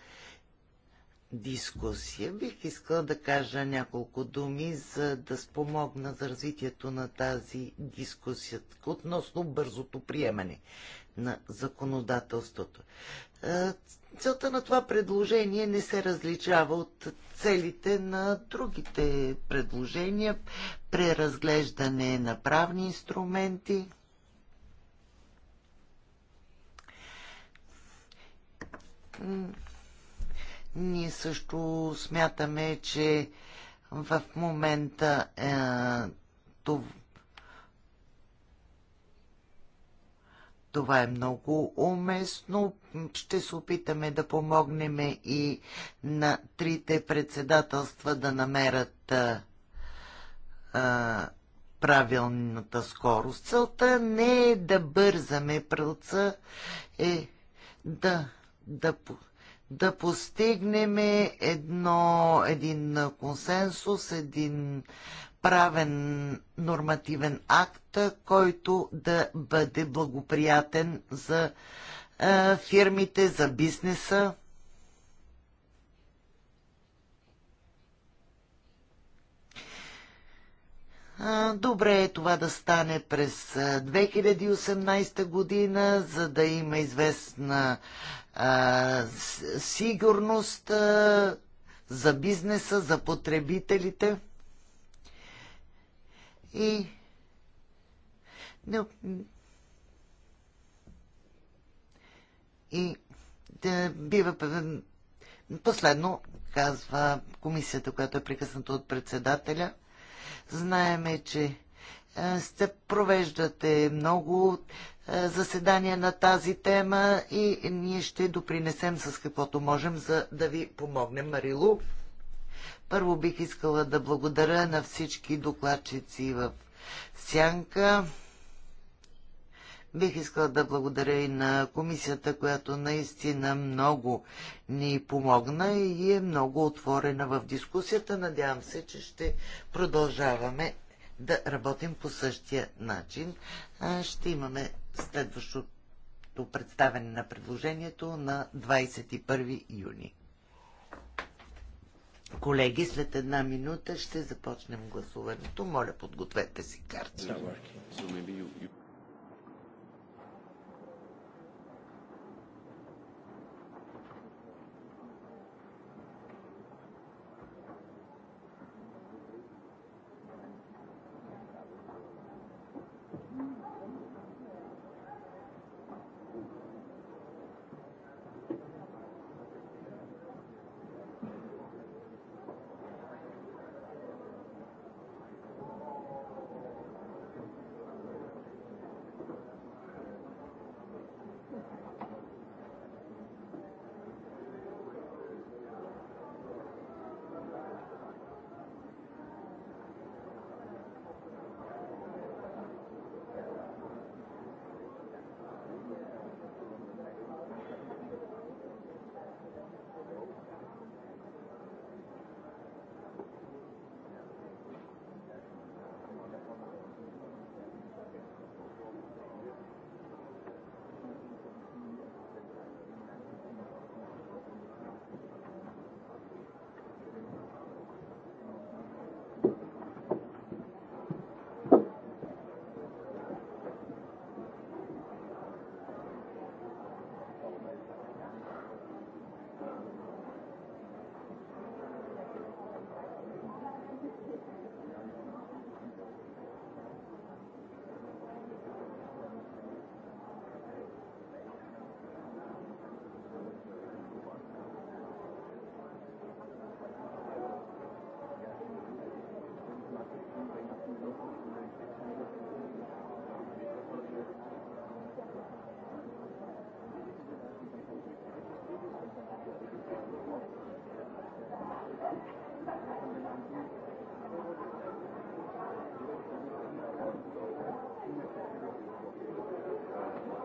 дискусия. Бих искала да кажа няколко думи, за да спомогна за развитието на тази дискусия относно бързото приемане на законодателството. Е, целта на това предложение не се различава от целите на другите предложения, преразглеждане на правни инструменти, ние също смятаме, че в момента е, това, това е много уместно. Ще се опитаме да помогнем и на трите председателства да намерят е, е правилната скорост. Целта не е да бързаме, прълца е да, да, да постигнем едно, един консенсус, един правен нормативен акт, който да бъде благоприятен за е, фирмите, за бизнеса. Е, добре е това да стане през 2018 е, година, за да има известна а, сигурност а, за бизнеса, за потребителите и и да бива последно, казва комисията, която е прекъсната от председателя. Знаеме, че е, сте провеждате много е, заседания на тази тема и ние ще допринесем с каквото можем, за да ви помогнем, Марило. Първо бих искала да благодаря на всички докладчици в Сянка. Бих искала да благодаря и на комисията, която наистина много ни помогна и е много отворена в дискусията. Надявам се, че ще продължаваме да работим по същия начин. Ще имаме следващото представяне на предложението на 21 юни. Колеги, след една минута ще започнем гласуването. Моля, подгответе си карта.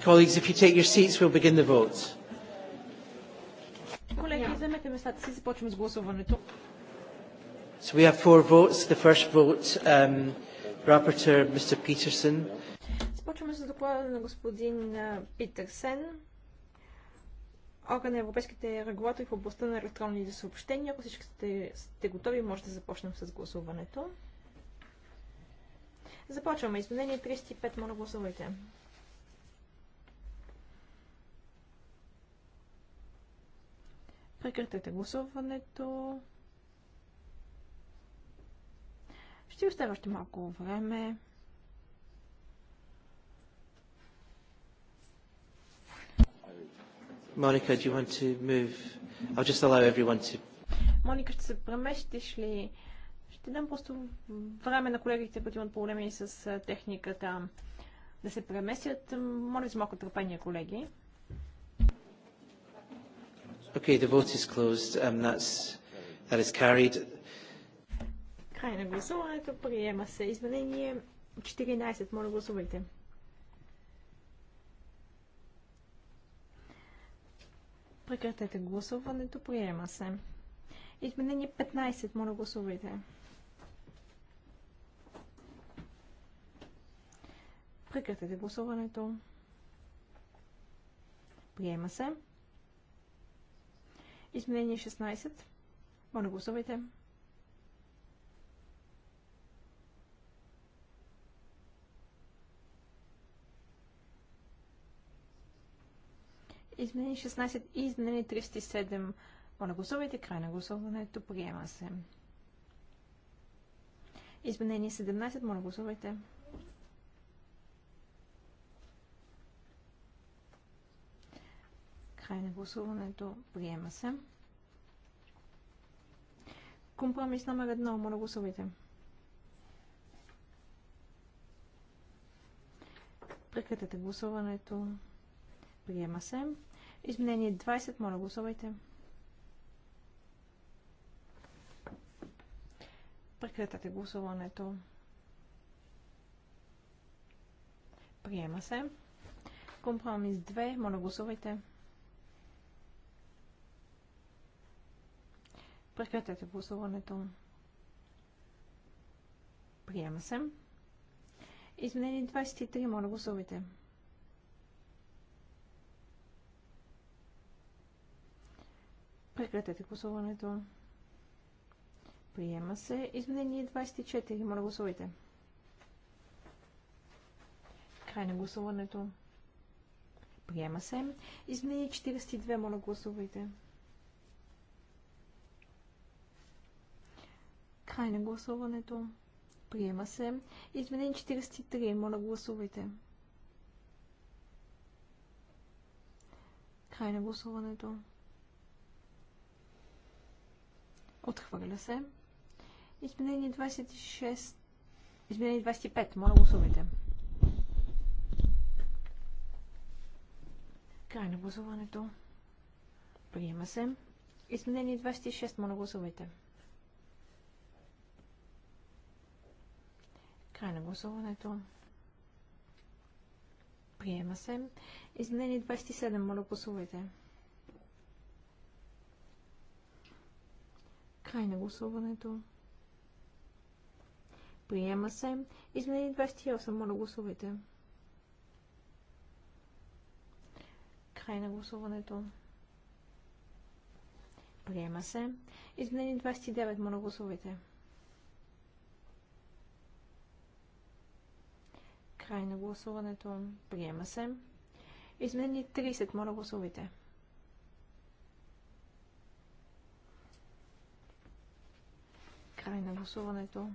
Colleagues, if you take your seats, we'll begin the vote. So we have four votes. The first vote, um, rapporteur Mr. Peterson. Започваме с доклада на господин Питерсен. Uh, орган на европейските регулатори в областта на електронните съобщения. Ако всички сте, сте готови, може да започнем с гласуването. Започваме. Изменение 35. Моля, гласувайте. Прекратете гласуването. Ще оставя още малко време. Monica, do you want to move? I'll just allow everyone to... Моника, ще се преместиш ли? Ще дам просто време на колегите, които имат проблеми с техниката, да се преместят. Моля за малко търпение, колеги. Okay, the vote is closed. Um, that's, that is carried. Край на гласуването. Приема се изменение 14. Моля, гласувайте. Прекратете гласуването. Приема се. Изменение 15. Моля гласувайте. Прекратете гласуването. Приема се. Изменение 16. Моля гласувайте. Измени 16 и измени 37. Моля гласувайте. Край на гласуването. Приема се. Изменение 17. Моля гласувайте. Край на гласуването. Приема се. Компромис номер едно. Моля гласувайте. Прекратете гласуването. Приема се. Изменение 20. Моля, гласувайте. Прекратете гласуването. Приема се. Компромис 2. Моля, гласувайте. Прекратете гласуването. Приема се. Изменение 23. Моля, гласувайте. Прекратете гласуването. Приема се. Изменение 24. Моля гласувайте. Край на гласуването. Приема се. Изменение 42. Моля гласувайте. Край на гласуването. Приема се. Изменение 43. Моля гласувайте. Край на гласуването. Отхвърля се. Изменение 26. Изменение 25. Моля, гласувайте. Край на гласуването. Приема се. Изменение 26. Моля, гласувайте. Край на гласуването. Приема се. Изменение 27. Моля, гласувайте. Край на гласуването. Приема се. Измени 28. Моля гласувайте. Край на гласуването. Приема се. Измени 29. Моля гласувайте. Край на гласуването. Приема се. Измени 30. Моля гласувайте. Край на гласуването.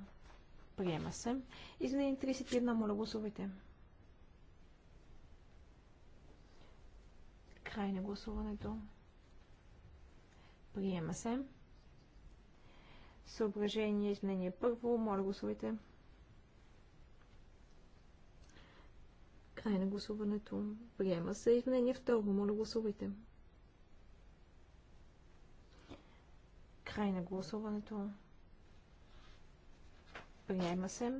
Приема се. Изменение 31. Моля гласувайте. Край на гласуването. Приема се. Съображение, изменение първо. Моля гласувайте. Край на гласуването. Приема се. Изменение второ. Моля гласувайте. Край на гласуването. Приема се.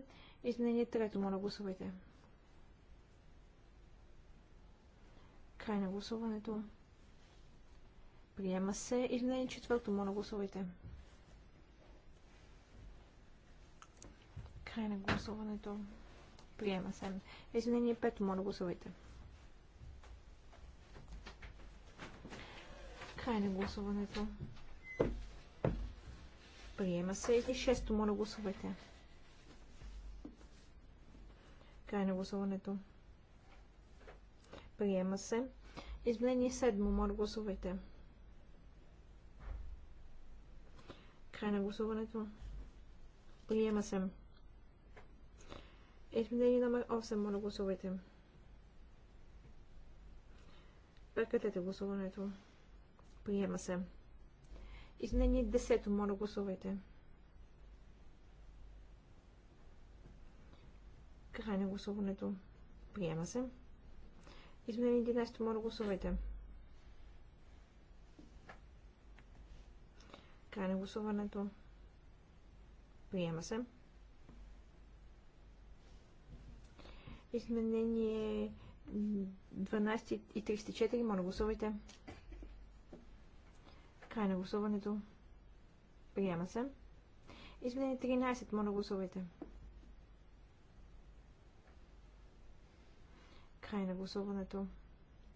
Изменение трето. Моля, гласувайте. Край на гласуването. Приема се. Изменение четвърто. Моля, гласувайте. Край на гласуването. Приема се. Изменение пето. Моля, гласувайте. Край на гласуването. Приема се. И шесто. Моля, гласувайте. Гласувайте. Край на гласуването. Приема се. Изменение 7. Моля гласувайте. Край на гласуването. Приема се. Изменение номер 8. Моля гласувайте. Прекратете гласуването. Приема се. Изменение 10. Моля гласувайте. Край на гласуването. Приема се. Изменение 11. Моля гласувайте. Край на гласуването. Приема се. Изменение 12 и 34. Моля гласувайте. Край на гласуването. Приема се. Изменение 13. Моля гласувайте. Край на гласуването.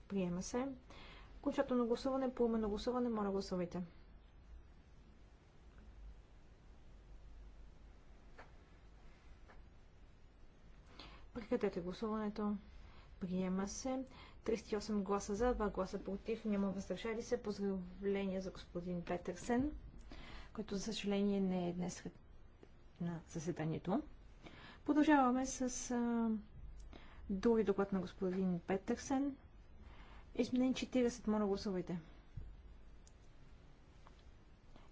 Приема се. Окончателно гласуване, поименно гласуване, моля гласувайте. Прекратете гласуването. Приема се. 38 гласа за, 2 гласа против, няма въздържали се. Поздравления за господин Петърсен, който за съжаление не е днес на заседанието. Продължаваме с Други доклад на господин Петърсен. Изменение 40. Моля гласувайте.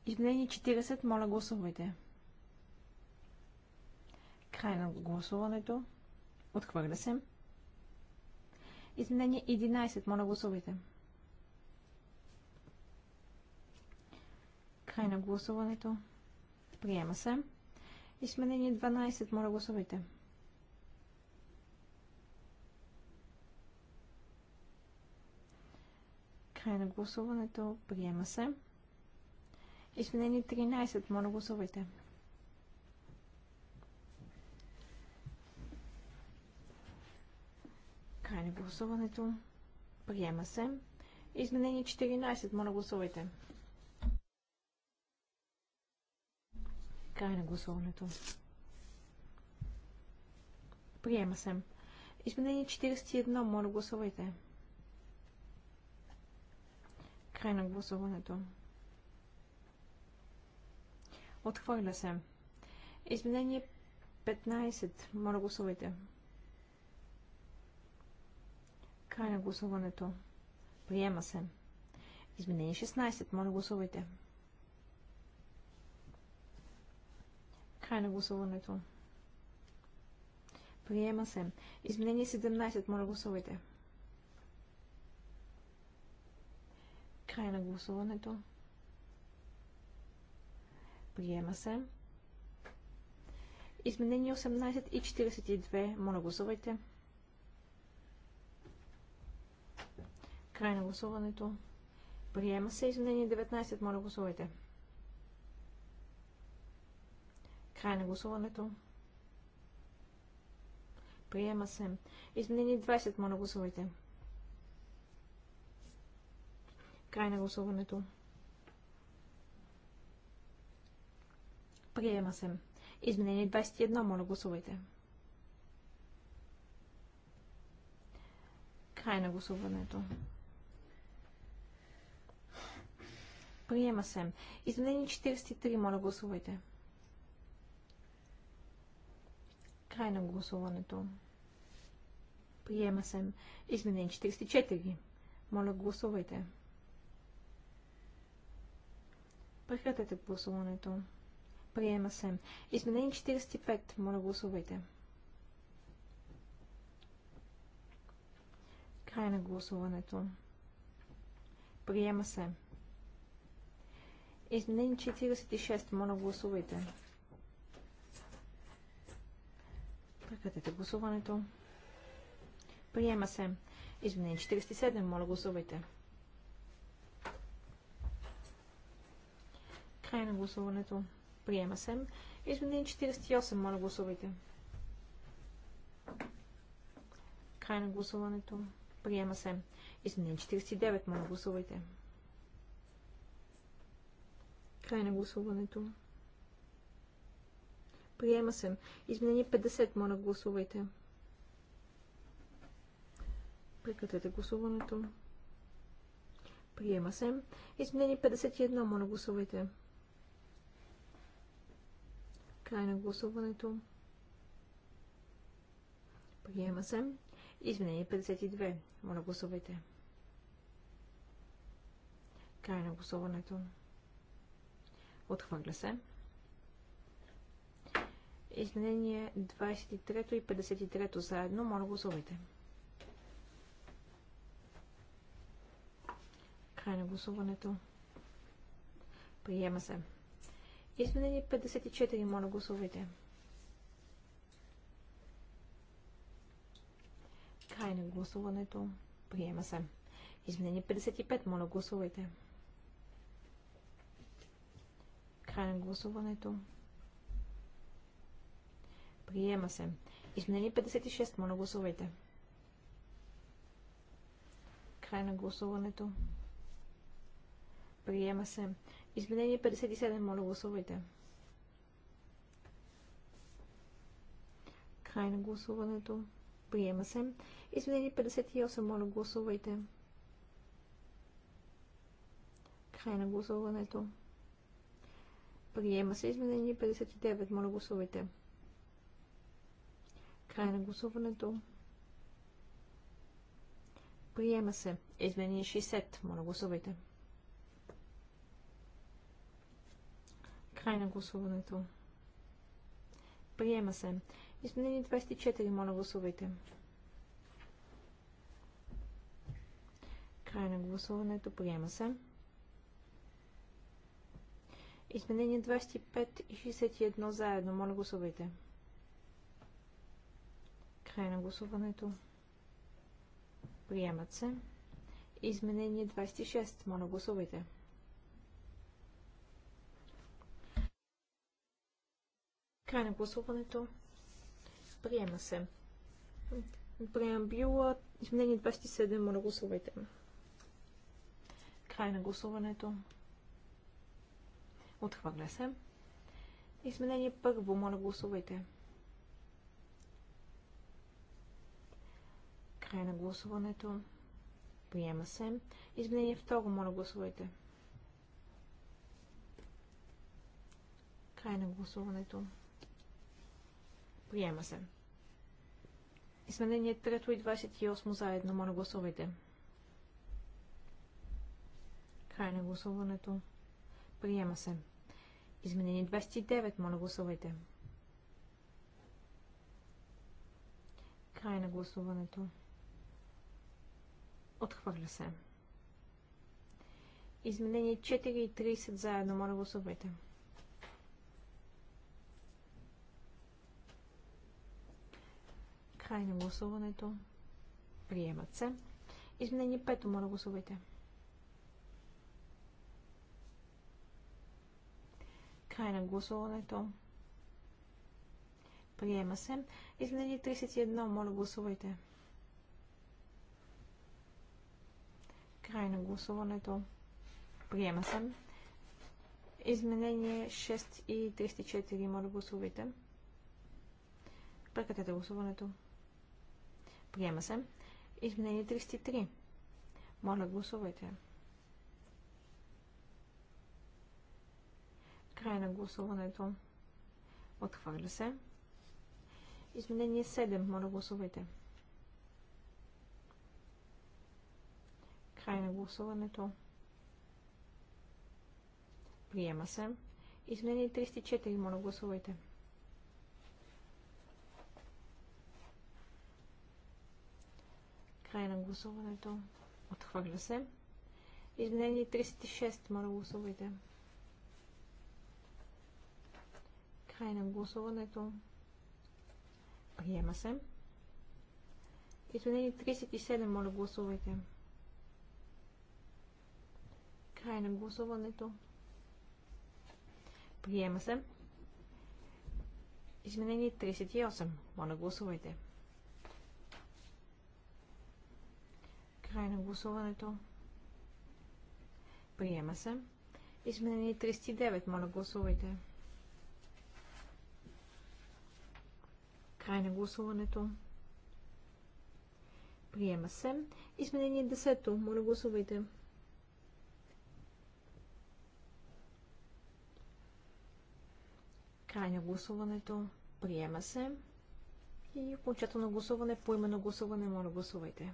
Изменение 40. Моля гласувайте. Край на гласуването. Отхвърля се. Изменение 11. Моля гласувайте. Край на гласуването. Приема се. Изменение 12. Моля гласувайте. Край на гласуването. Приема се. Изменени 13. Моля гласувайте. Край на гласуването. Приема се. Изменени 14. Моля гласувайте. Край на гласуването. Приема се. Изменение 41. Моля гласувайте. Край на гласуването. Отхвърля се. Изменение 15. Моля гласувайте. Край на гласуването. Приема се. Изменение 16. Моля гласувайте. Край на гласуването. Приема се. Изменение 17. Моля гласувайте. Край на гласуването. Приема се. Изменение 18 и 42. Моля, гласувайте. Край на гласуването. Приема се изменение 19. Моля, гласувайте. Край на гласуването. Приема се. Изменение 20. Моля, гласувайте. Край на гласуването. Приема се. Изменение 21. Моля, гласувайте. Край на гласуването. Приема се. Изменение 43. Моля, гласувайте. Край на гласуването. Приема се. Изменение 44. Моля, гласувайте. Прекратете гласуването. Приема се. Изменение 45. Моля гласувайте. Край на гласуването. Приема се. Изменение 46. Моля гласувайте. Прекратете гласуването. Приема се. Изменение 47. Моля гласувайте. Край на гласуването. Приема се. Изменение 48. Моля гласувайте. Край на гласуването. Приема се. Изменение 49. Моля гласувайте. Край на гласуването. Приема се. Изменение 50. Моля гласувайте. Прекратете гласуването. Приема се. Изменение 51. Моля гласувайте. Край на гласуването. Приема се. Изменение 52. Моля гласувайте. Край на гласуването. Отхвърля се. Изменение 23 и 53 заедно. Моля гласувайте. Край на гласуването. Приема се. Изменение 54, моля гласувайте. Край на гласуването. Приема се. Изменение 55, моля гласувайте. Край на гласуването. Приема се. Изменение 56, моля гласувайте. Край на гласуването. Приема се. Изменение 57. Моля, гласувайте. Край на гласуването. Приема се. Изменение 58. Моля, гласувайте. Край на гласуването. Приема се. Изменение 59. Моля, гласувайте. Край на гласуването. Приема се. Изменение 60. Моля, гласувайте. Край на гласуването. Приема се. Изменение 24. Моля гласувайте. Край на гласуването. Приема се. Изменение 25 и 61 заедно. Моля гласувайте. Край на гласуването. Приемат се. Изменение 26. Моля гласувайте. Край на гласуването. Приема се. Преамбюла изменение 27. Моля гласувайте. Край на гласуването. Отхвърля се. Изменение първо. Моля гласувайте. Край на гласуването. Приема се. Изменение второ. Моля гласувайте. Край на гласуването. Приема се. Изменение 3 и 28 заедно. Моля гласувайте. Край на гласуването. Приема се. Изменение 29. Моля гласувайте. Край на гласуването. Отхвърля се. Изменение 4 и 30 заедно. Моля гласувайте. Край на гласуването. Приемат се. Изменение 5. Моля гласувайте. Край на гласуването. Приема се. Изменение 31. Моля гласувайте. Край на гласуването. Приема се. Изменение 6 и 34. Моля гласувайте. Прекратете гласуването. Приема се. Изменение 33. Моля, гласувайте. Край на гласуването. Отхвърля се. Изменение 7. Моля, гласувайте. Край на гласуването. Приема се. Изменение 34. Моля, гласувайте. Край на гласуването. Отхвърля се. Изменение 36. Моля гласувайте. Край на гласуването. Приема се. Изменение 37. Моля гласувайте. Край на гласуването. Приема се. Изменение 38. Моля гласувайте. Край на гласуването. Приема се. Изменени 39. Моля, гласувайте. Край на гласуването. Приема се. Изменение 10. Моля, гласувайте. Край на гласуването. Приема се. И окончателно гласуване, по именно гласуване, моля гласувайте.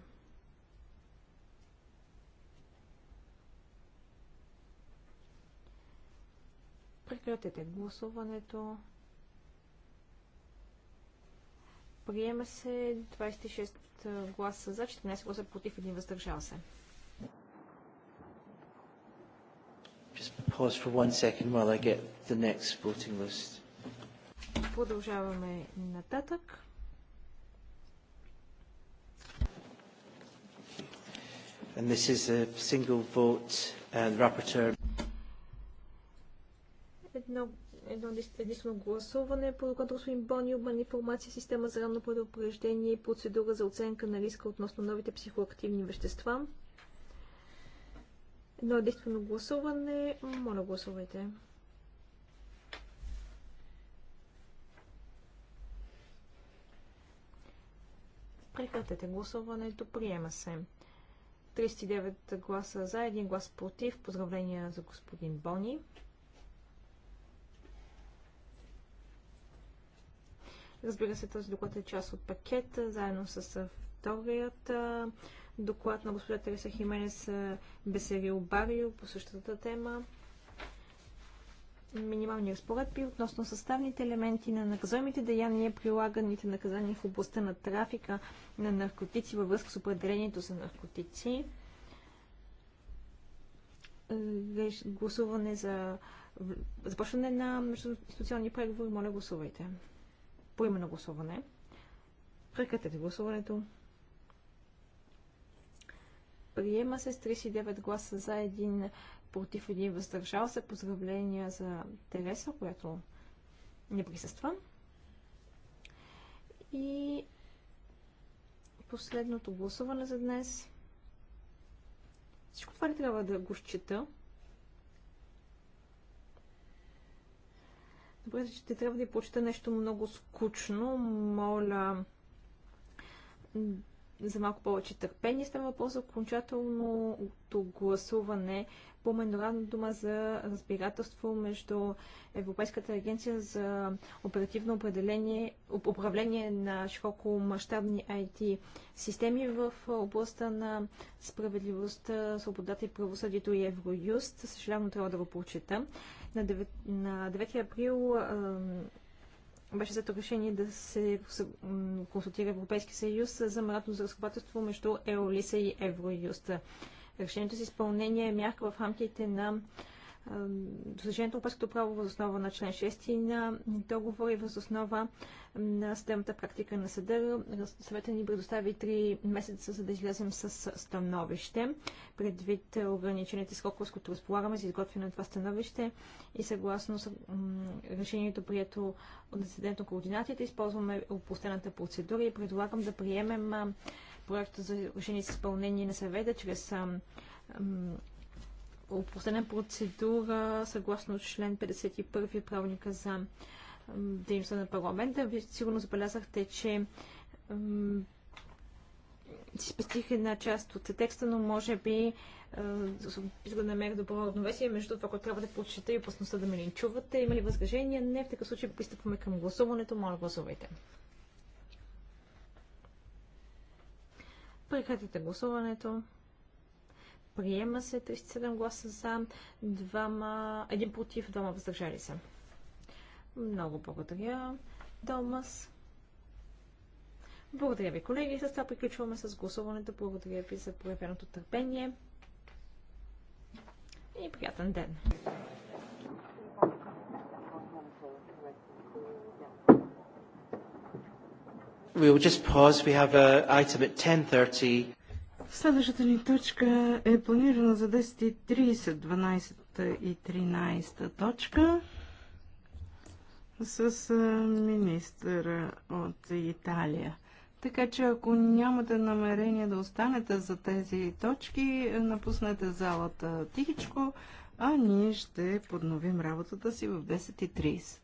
Прекратете гласуването. Приема се 26 гласа за, 14 гласа против, 1 въздържал се. Продължаваме нататък. And this is a single vote and uh, rapporteur едно, едно единствено гласуване, по господин Бони обмен информация, система за ранно предупреждение и процедура за оценка на риска относно новите психоактивни вещества. Едно единствено гласуване. Моля, гласувайте. Прекратете гласуването. Приема се. 39 гласа за, 1 глас против. Поздравления за господин Бони. Разбира се, този доклад е част от пакет, заедно с вторият доклад на господа Тереса Хименес Бесерил Барио по същата тема. Минимални разпоредби относно съставните елементи на наказуемите деяния, прилаганите наказания в областта на трафика на наркотици във връзка с определението за наркотици. Гласуване за започване на междуинституционални преговори. Моля, гласувайте по именно гласуване. Прекратете гласуването. Приема се с 39 гласа за един против един въздържал се. Поздравления за Тереса, която не присъства. И последното гласуване за днес. Всичко това ли трябва да го счита? Добре, ще трябва да почита нещо много скучно. Моля за малко повече търпение. Става въпрос за окончателното гласуване по дума за разбирателство между Европейската агенция за оперативно определение, управление на широко мащабни IT системи в областта на справедливостта, свободата и правосъдието и Евроюст. Съжалявам, трябва да го прочета. На 9, на 9 април беше зато решение да се консултира Европейски съюз за маратно за между Еолиса и Евроюста. Решението за изпълнение е мярка в рамките на Съжението Европейското право въз основа на член 6 на договор и въз основа на съдебната практика на съда. Съветът ни предостави 3 месеца, за да излезем с становище. Предвид ограничените срокове, с които разполагаме за изготвяне на това становище и съгласно с решението, прието от инцидентно координатите, използваме опустената процедура и предлагам да приемем проекта за решение с изпълнение на съвета чрез упростена процедура съгласно член 51 правилника за дейността на парламента. Вие сигурно забелязахте, че си спестих една част от текста, но може би опитах е, да намеря добро равновесие между това, което трябва да прочета и опасността да ме линчувате. Има ли възражения? Не, в такъв случай пристъпваме към гласуването. Моля, гласувайте. Прекратете гласуването. Приема се 37 гласа за, 1 против, 2 въздържали се. Много благодаря, Томас. Благодаря ви, колеги. С това приключваме с гласуването. Благодаря ви за проявеното търпение. И приятен ден! We will just pause. We have an item at 10.30. Следващата ни точка е планирана за 10.30, 12 и 13 точка с министъра от Италия. Така че ако нямате намерение да останете за тези точки, напуснете залата тихичко, а ние ще подновим работата си в 10.30.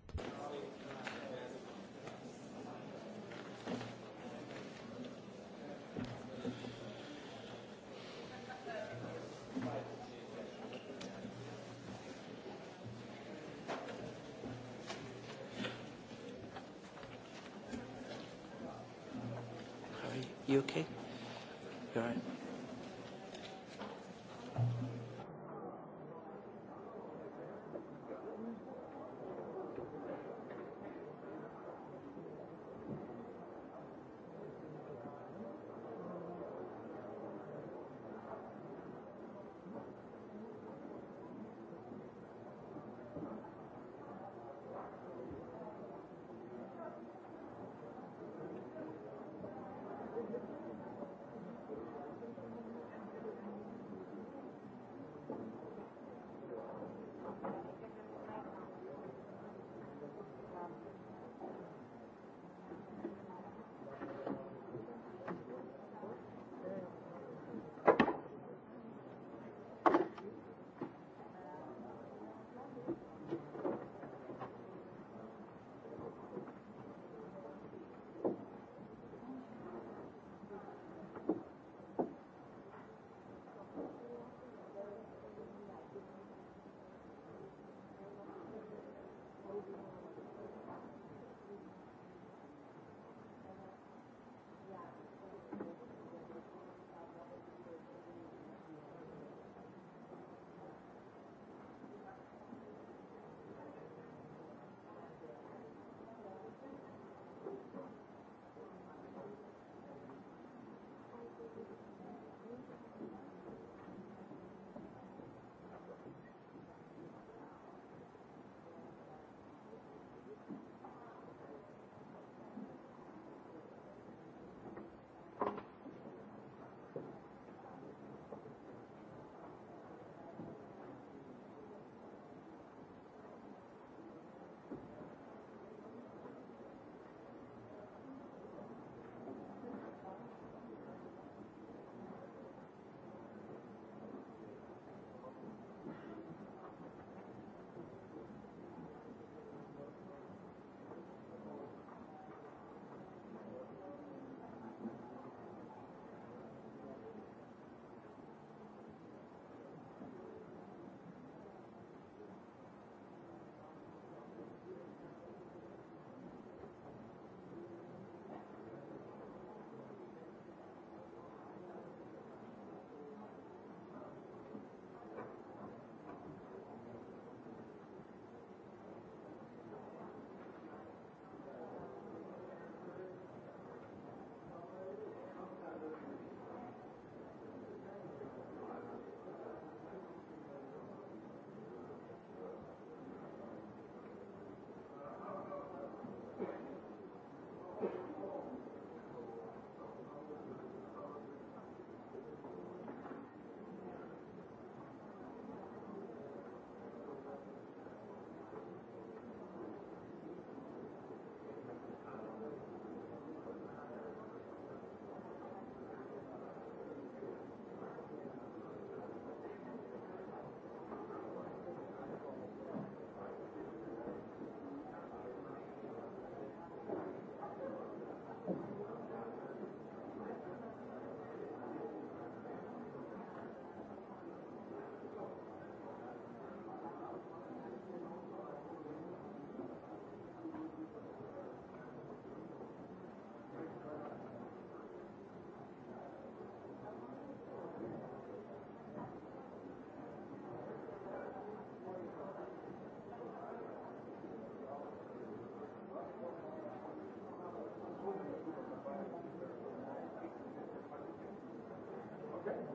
Okay.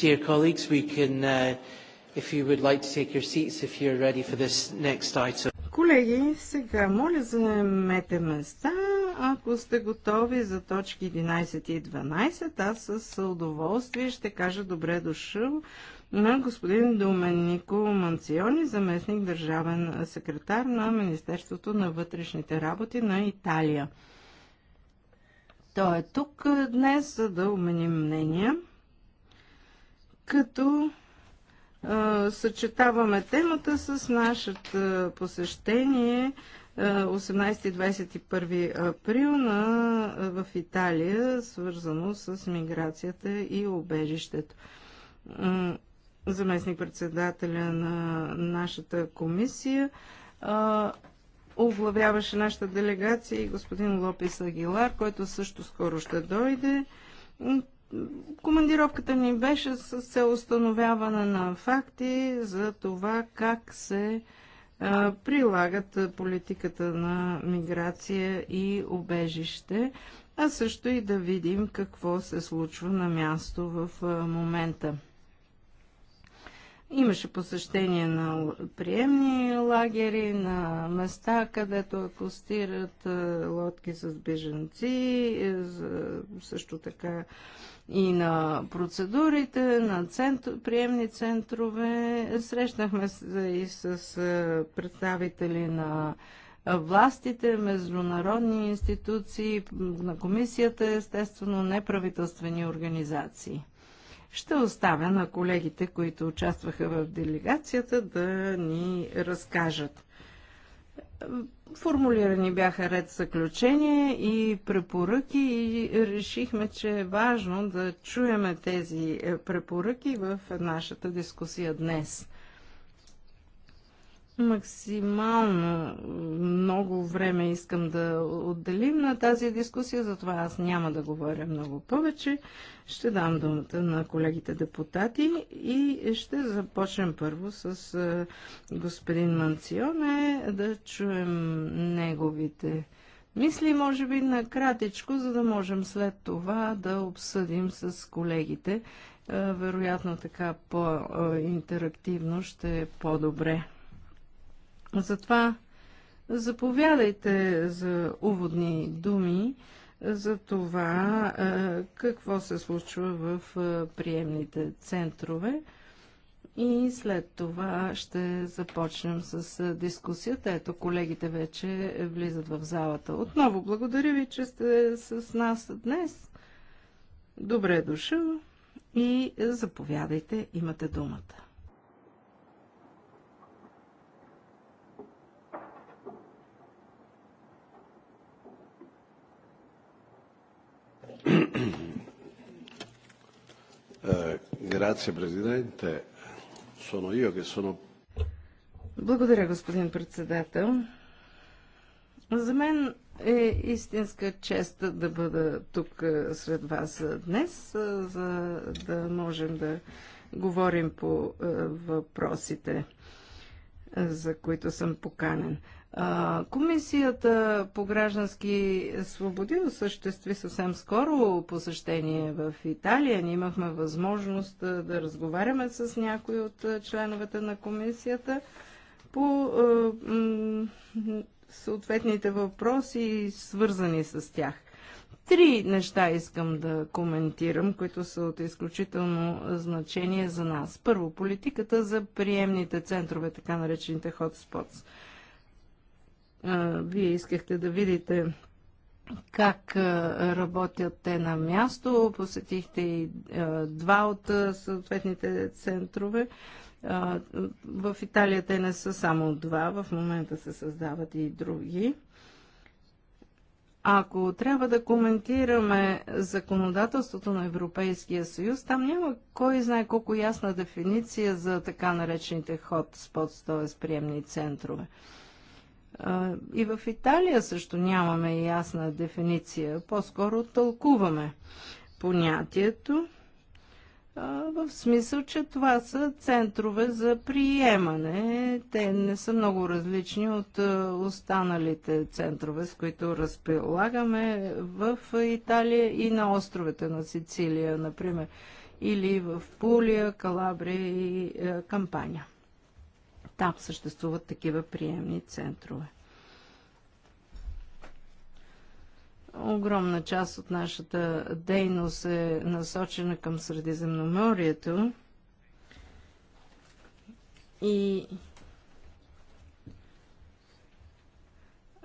Dear colleagues, we can, uh, if you would like to take your seats, if you're ready for this next item. Колеги, сега моля заемете места, ако сте готови за точки 11 и 12, аз с удоволствие ще кажа добре дошъл на господин Доменико Манциони, заместник държавен секретар на Министерството на вътрешните работи на Италия. Той е тук днес, за да обменим мнения като съчетаваме темата с нашето посещение 18-21 април на, в Италия, свързано с миграцията и обежището. Заместник-председателя на нашата комисия оглавяваше нашата делегация и господин Лопис Агилар, който също скоро ще дойде. Командировката ни беше с цел установяване на факти за това как се а, прилагат политиката на миграция и обежище, а също и да видим какво се случва на място в а, момента. Имаше посещение на приемни лагери, на места, където акустират лодки с беженци, е, също така и на процедурите, на центр, приемни центрове. Срещнахме се и с представители на властите, международни институции, на комисията, естествено, неправителствени организации. Ще оставя на колегите, които участваха в делегацията, да ни разкажат. Формулирани бяха ред заключения и препоръки и решихме, че е важно да чуеме тези е, препоръки в нашата дискусия днес максимално много време искам да отделим на тази дискусия, затова аз няма да говоря много повече. Ще дам думата на колегите депутати и ще започнем първо с е, господин Манционе, да чуем неговите мисли, може би накратичко, за да можем след това да обсъдим с колегите. Е, вероятно така по-интерактивно е, ще е по-добре. Затова заповядайте за уводни думи за това е, какво се случва в е, приемните центрове и след това ще започнем с е, дискусията. Ето, колегите вече влизат в залата. Отново благодаря ви, че сте с нас днес. Добре дошъл и заповядайте, имате думата. Sono io che sono... Благодаря, господин председател. За мен е истинска чест да бъда тук е, сред вас днес, е, за да можем да говорим по е, въпросите, за които съм поканен. Комисията по граждански свободи осъществи съвсем скоро посещение в Италия. Ние имахме възможност да разговаряме с някои от членовете на комисията по съответните въпроси, свързани с тях. Три неща искам да коментирам, които са от изключително значение за нас. Първо, политиката за приемните центрове, така наречените hotspots. Вие искахте да видите как работят те на място. Посетихте и два от съответните центрове. В Италия те не са само два, в момента се създават и други. Ако трябва да коментираме законодателството на Европейския съюз, там няма кой знае колко ясна дефиниция за така наречените hot т.е. приемни центрове. И в Италия също нямаме ясна дефиниция. По-скоро тълкуваме понятието в смисъл, че това са центрове за приемане. Те не са много различни от останалите центрове, с които разполагаме в Италия и на островете на Сицилия, например, или в Пулия, Калабрия и Кампания. Там съществуват такива приемни центрове. Огромна част от нашата дейност е насочена към Средиземноморието и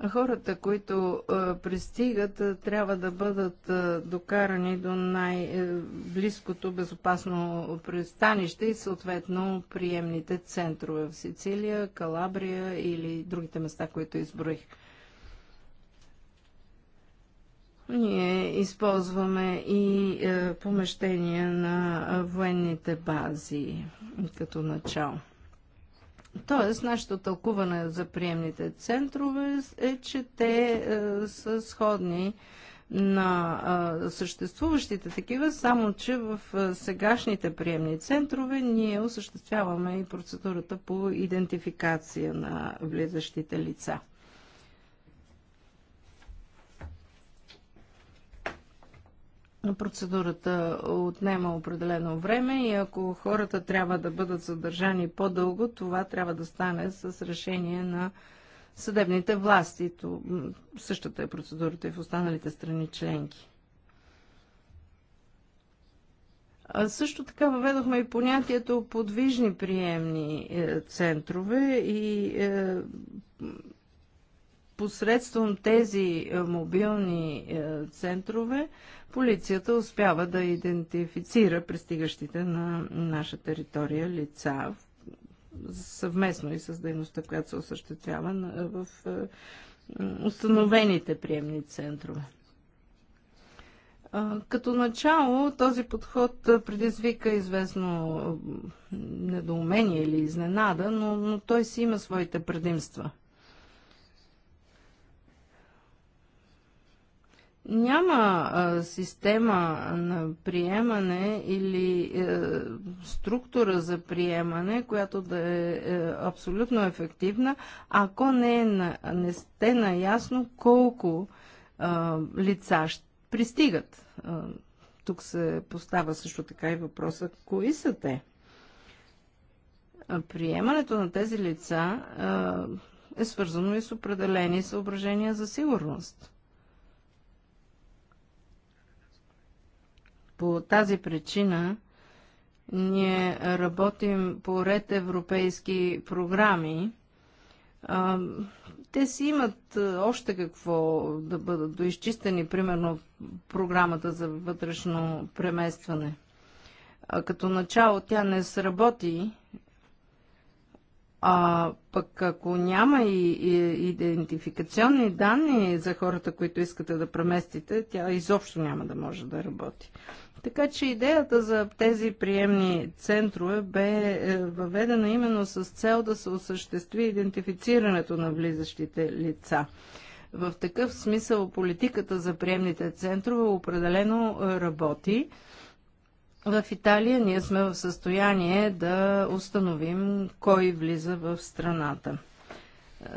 Хората, които пристигат, трябва да бъдат докарани до най-близкото е, безопасно пристанище и съответно приемните центрове в Сицилия, Калабрия или другите места, които изброих. Ние използваме и е, помещения на военните бази като начало. Тоест, нашето тълкуване за приемните центрове е, че те е, са сходни на а, е, съществуващите такива, само че в а, е, сегашните приемни центрове ние осъществяваме и процедурата по идентификация на влизащите лица. Процедурата отнема определено време и ако хората трябва да бъдат задържани по-дълго, това трябва да стане с решение на съдебните власти. То, същата е процедурата и в останалите страни членки. А също така въведохме и понятието подвижни приемни е, центрове и е, посредством тези е, мобилни е, центрове полицията успява да идентифицира пристигащите на наша територия лица съвместно и с дейността, която се осъществява в е, установените приемни центрове. Като начало този подход предизвика известно недоумение или изненада, но, но той си има своите предимства – Няма а, система на приемане или е, структура за приемане, която да е, е абсолютно ефективна, ако не, е на, не сте наясно колко е, лица ще пристигат. Е, тук се поставя също така и въпроса, кои са те? Приемането на тези лица е, е свързано и с определени съображения за сигурност По тази причина ние работим по ред европейски програми. те си имат още какво да бъдат доизчистени, примерно програмата за вътрешно преместване. като начало тя не сработи, а пък ако няма и, и идентификационни данни за хората, които искате да преместите, тя изобщо няма да може да работи. Така че идеята за тези приемни центрове бе е, въведена именно с цел да се осъществи идентифицирането на влизащите лица. В такъв смисъл политиката за приемните центрове определено е, работи. В Италия ние сме в състояние да установим кой влиза в страната.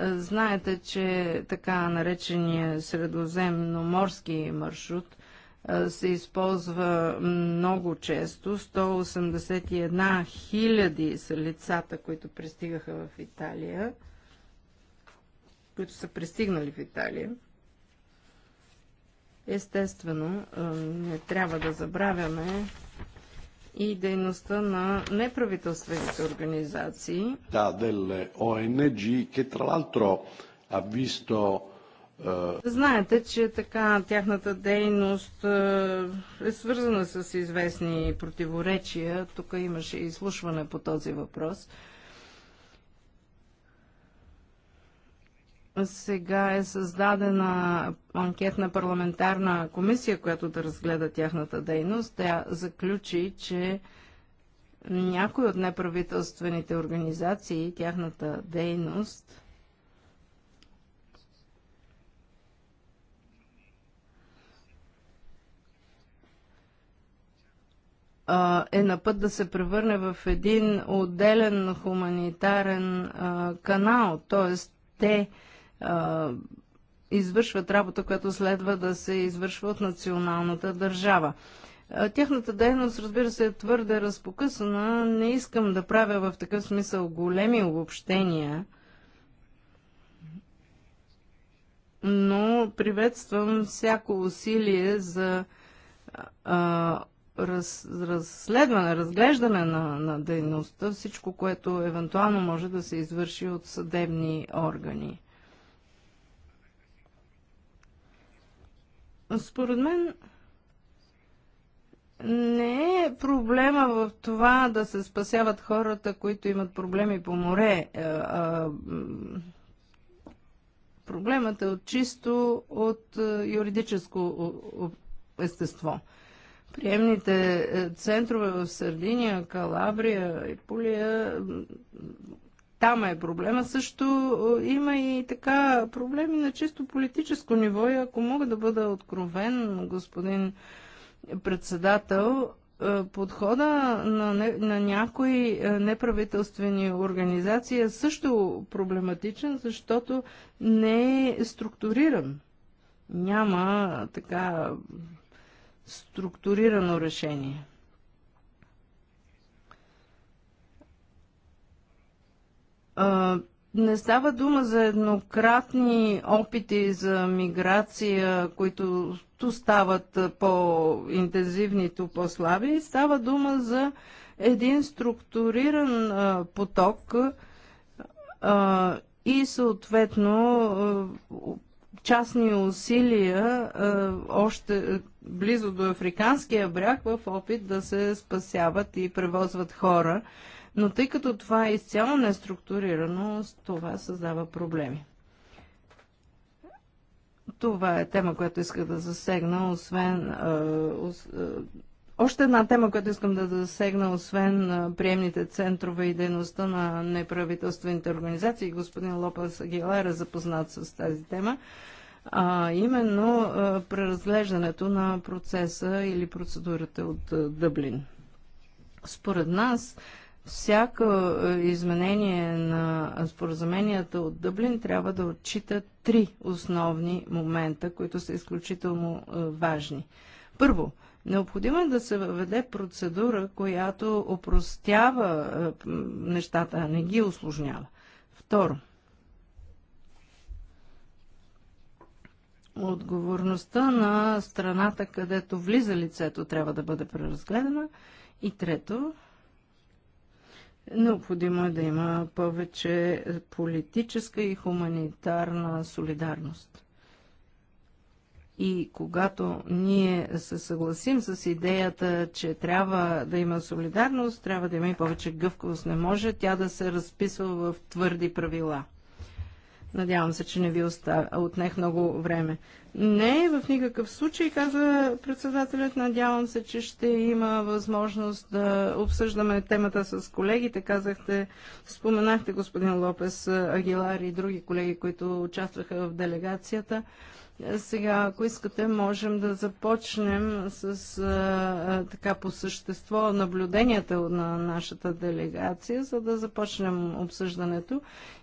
Знаете, че така наречения средоземноморски маршрут се използва много често. 181 хиляди са лицата, които пристигаха в Италия, които са пристигнали в Италия. Естествено, не трябва да забравяме, и дейността на неправителствените организации. Да, delle ОНГ, che тра лалтро ha visto е, Знаете, че така тяхната дейност е, е свързана с известни противоречия. Тук имаше изслушване по този въпрос. Сега е създадена анкетна парламентарна комисия, която да разгледа тяхната дейност. Тя заключи, че някои от неправителствените организации, тяхната дейност е на път да се превърне в един отделен хуманитарен канал. Т.е. те а, извършват работа, която следва да се извършва от националната държава. Тяхната дейност, разбира се, е твърде разпокъсана. Не искам да правя в такъв смисъл големи обобщения, но приветствам всяко усилие за а, раз, разследване, разглеждане на, на дейността, всичко, което евентуално може да се извърши от съдебни органи. Според мен не е проблема в това да се спасяват хората, които имат проблеми по море. Е, а, проблемът е от чисто от е, юридическо естество. Приемните е, центрове в Сардиния, Калабрия и Пулия там е проблема. Също е, има и така проблеми на чисто политическо ниво и ако мога да бъда откровен, господин председател, е, подхода на, не, на някои е, неправителствени организации е също проблематичен, защото не е структуриран. Няма така структурирано решение. Не става дума за еднократни опити за миграция, които ту стават по-интензивни, ту по-слаби. Става дума за един структуриран поток и съответно частни усилия още близо до африканския бряг в опит да се спасяват и превозват хора но тъй като това е изцяло неструктурирано, това създава проблеми. Това е тема, която исках да засегна, освен... Още една тема, която искам да засегна, освен приемните центрове и дейността на неправителствените организации, господин Лопас Агилар е запознат с тази тема, а именно а, преразглеждането на процеса или процедурата от а, Дъблин. Според нас всяко е, изменение на споразуменията от Дъблин трябва да отчита три основни момента, които са изключително е, важни. Първо, необходимо е да се въведе процедура, която опростява е, нещата, а не ги осложнява. Второ, отговорността на страната, където влиза лицето, трябва да бъде преразгледана. И трето, Необходимо е да има повече политическа и хуманитарна солидарност. И когато ние се съгласим с идеята, че трябва да има солидарност, трябва да има и повече гъвкавост. Не може тя да се разписва в твърди правила. Надявам се, че не ви отнех много време. Не, в никакъв случай, каза председателят. Надявам се, че ще има възможност да обсъждаме темата с колегите. Казахте, споменахте господин Лопес Агилар и други колеги, които участваха в делегацията. Е, сега, ако искате, можем да започнем с а, е, е, така по същество наблюденията на нашата делегация, за да започнем обсъждането.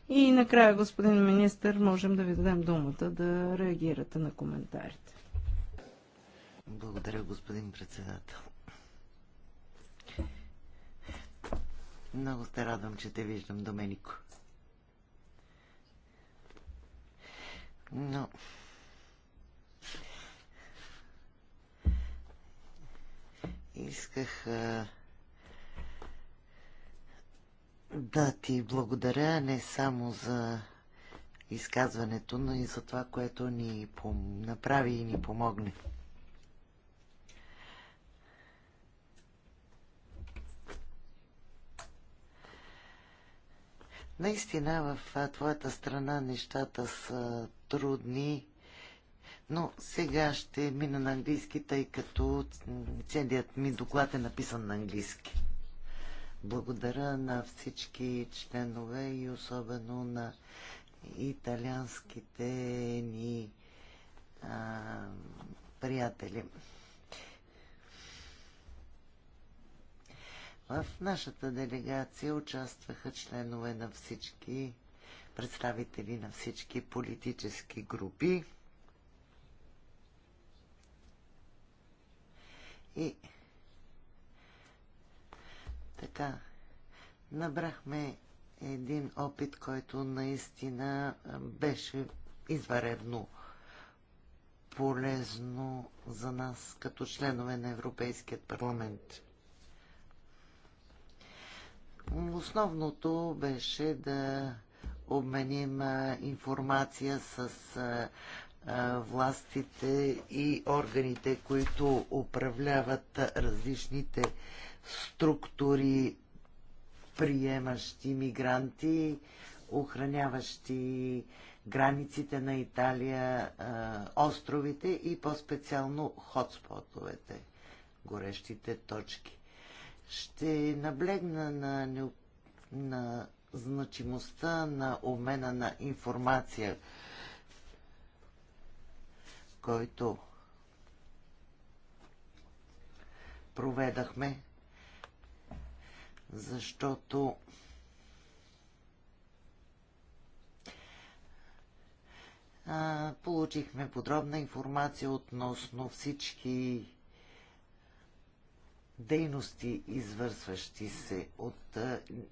И накрая, господин министр, можем да ви дадем думата да реагирате на коментарите. Благодаря, господин председател. Много се радвам, че те виждам, Доменико. Но... No. Исках да ти благодаря не само за изказването, но и за това, което ни направи и ни помогне. Наистина в твоята страна нещата са трудни но сега ще мина на английски, тъй като целият ми доклад е написан на английски. Благодаря на всички членове и особено на италианските ни а, приятели. В нашата делегация участваха членове на всички представители на всички политически групи. И така, набрахме един опит, който наистина беше изваредно полезно за нас като членове на Европейският парламент. Основното беше да обменим информация с властите и органите, които управляват различните структури, приемащи мигранти, охраняващи границите на Италия, островите и по-специално хотспотовете, горещите точки. Ще наблегна на, на значимостта на обмена на информация – който проведахме, защото получихме подробна информация относно всички дейности, извършващи се от,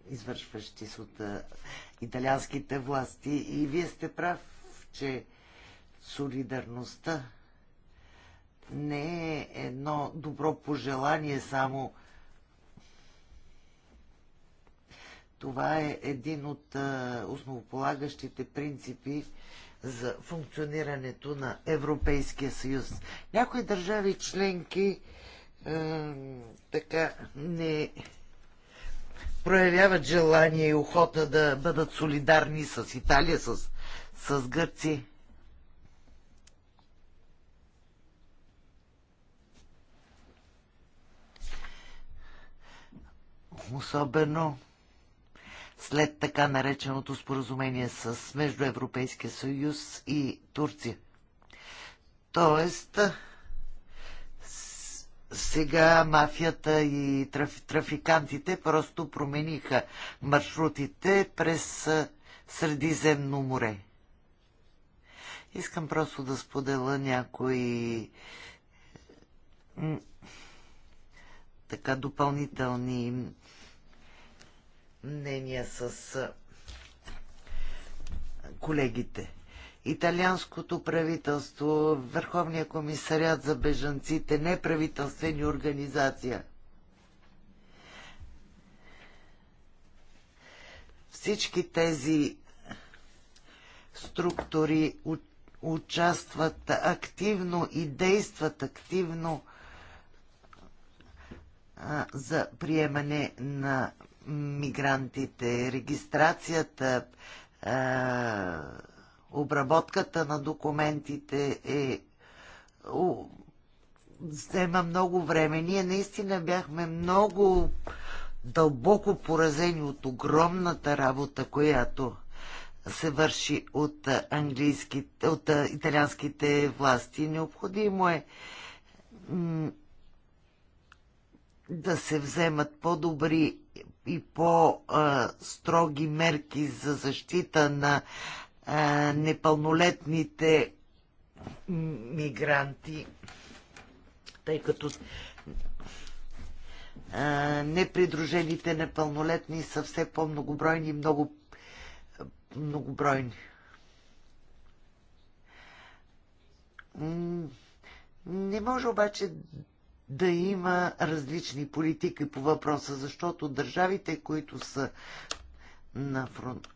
извършващи се от италианските власти. И вие сте прав, че солидарността не е едно добро пожелание само. Това е един от основополагащите принципи за функционирането на Европейския съюз. Някои държави членки е, така не проявяват желание и охота да бъдат солидарни с Италия, с, с Гърция. особено след така нареченото споразумение с между Европейския съюз и Турция. Тоест, сега мафията и траф, трафикантите просто промениха маршрутите през Средиземно море. Искам просто да споделя някои така допълнителни мнения с колегите. Италианското правителство, Върховния комисарят за бежанците, неправителствени организация. Всички тези структури участват активно и действат активно за приемане на мигрантите, регистрацията, обработката на документите е взема много време. Ние наистина бяхме много дълбоко поразени от огромната работа, която се върши от, английските, от италианските власти. Необходимо е да се вземат по-добри и по-строги мерки за защита на непълнолетните мигранти, тъй като непридружените непълнолетни са все по-многобройни и много многобройни. Не може обаче да има различни политики по въпроса, защото държавите, които са на фронт,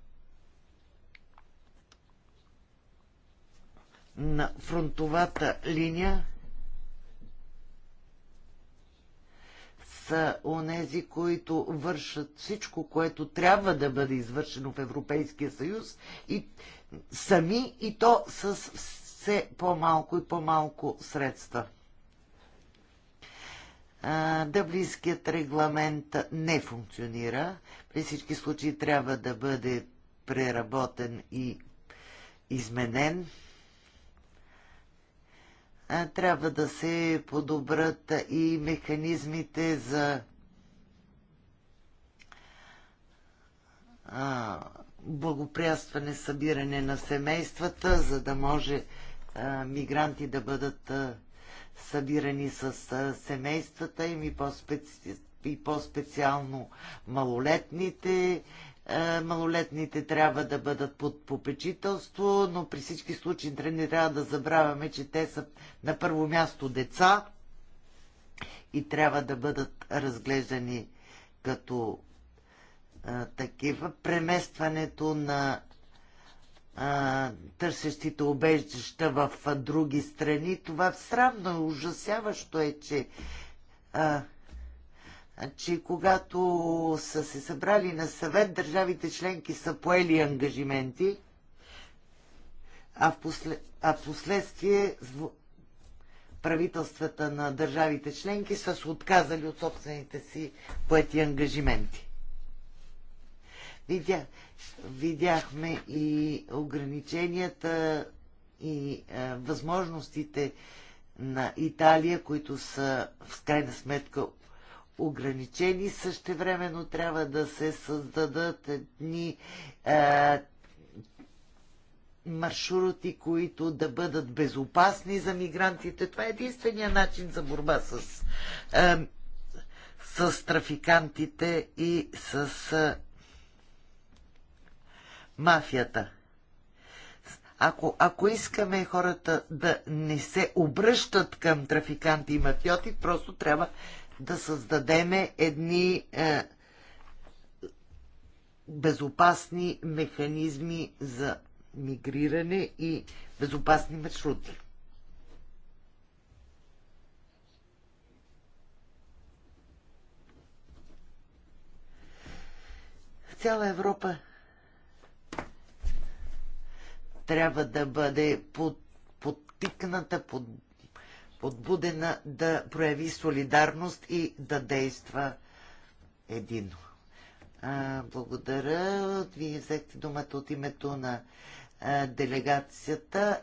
на фронтовата линия са онези, които вършат всичко, което трябва да бъде извършено в Европейския съюз и сами и то с все по-малко и по-малко средства. Дъблинският регламент не функционира. При всички случаи трябва да бъде преработен и изменен. Трябва да се подобрат и механизмите за благоприятстване, събиране на семействата, за да може мигранти да бъдат събирани с семействата им и по-специално и по-специално малолетните. Малолетните трябва да бъдат под попечителство, но при всички случаи не трябва да забравяме, че те са на първо място деца и трябва да бъдат разглеждани като а, такива. Преместването на а, търсещите убежища в а, други страни. Това срамно ужасяващо е, че, а, че когато са се събрали на съвет, държавите членки са поели ангажименти, а в, после, а в последствие правителствата на държавите членки са се отказали от собствените си поети ангажименти. Видя, видяхме и ограниченията и а, е, възможностите на Италия, които са в крайна сметка ограничени. Същевременно трябва да се създадат едни а, е, маршрути, които да бъдат безопасни за мигрантите. Това е единствения начин за борба с, А, е, с трафикантите и с мафията. Ако, ако искаме хората да не се обръщат към трафиканти и мафиоти, просто трябва да създадеме едни е, безопасни механизми за мигриране и безопасни маршрути. В цяла Европа трябва да бъде под, подтикната, под, подбудена да прояви солидарност и да действа едино. А, благодаря. Вие взехте думата от името на а, делегацията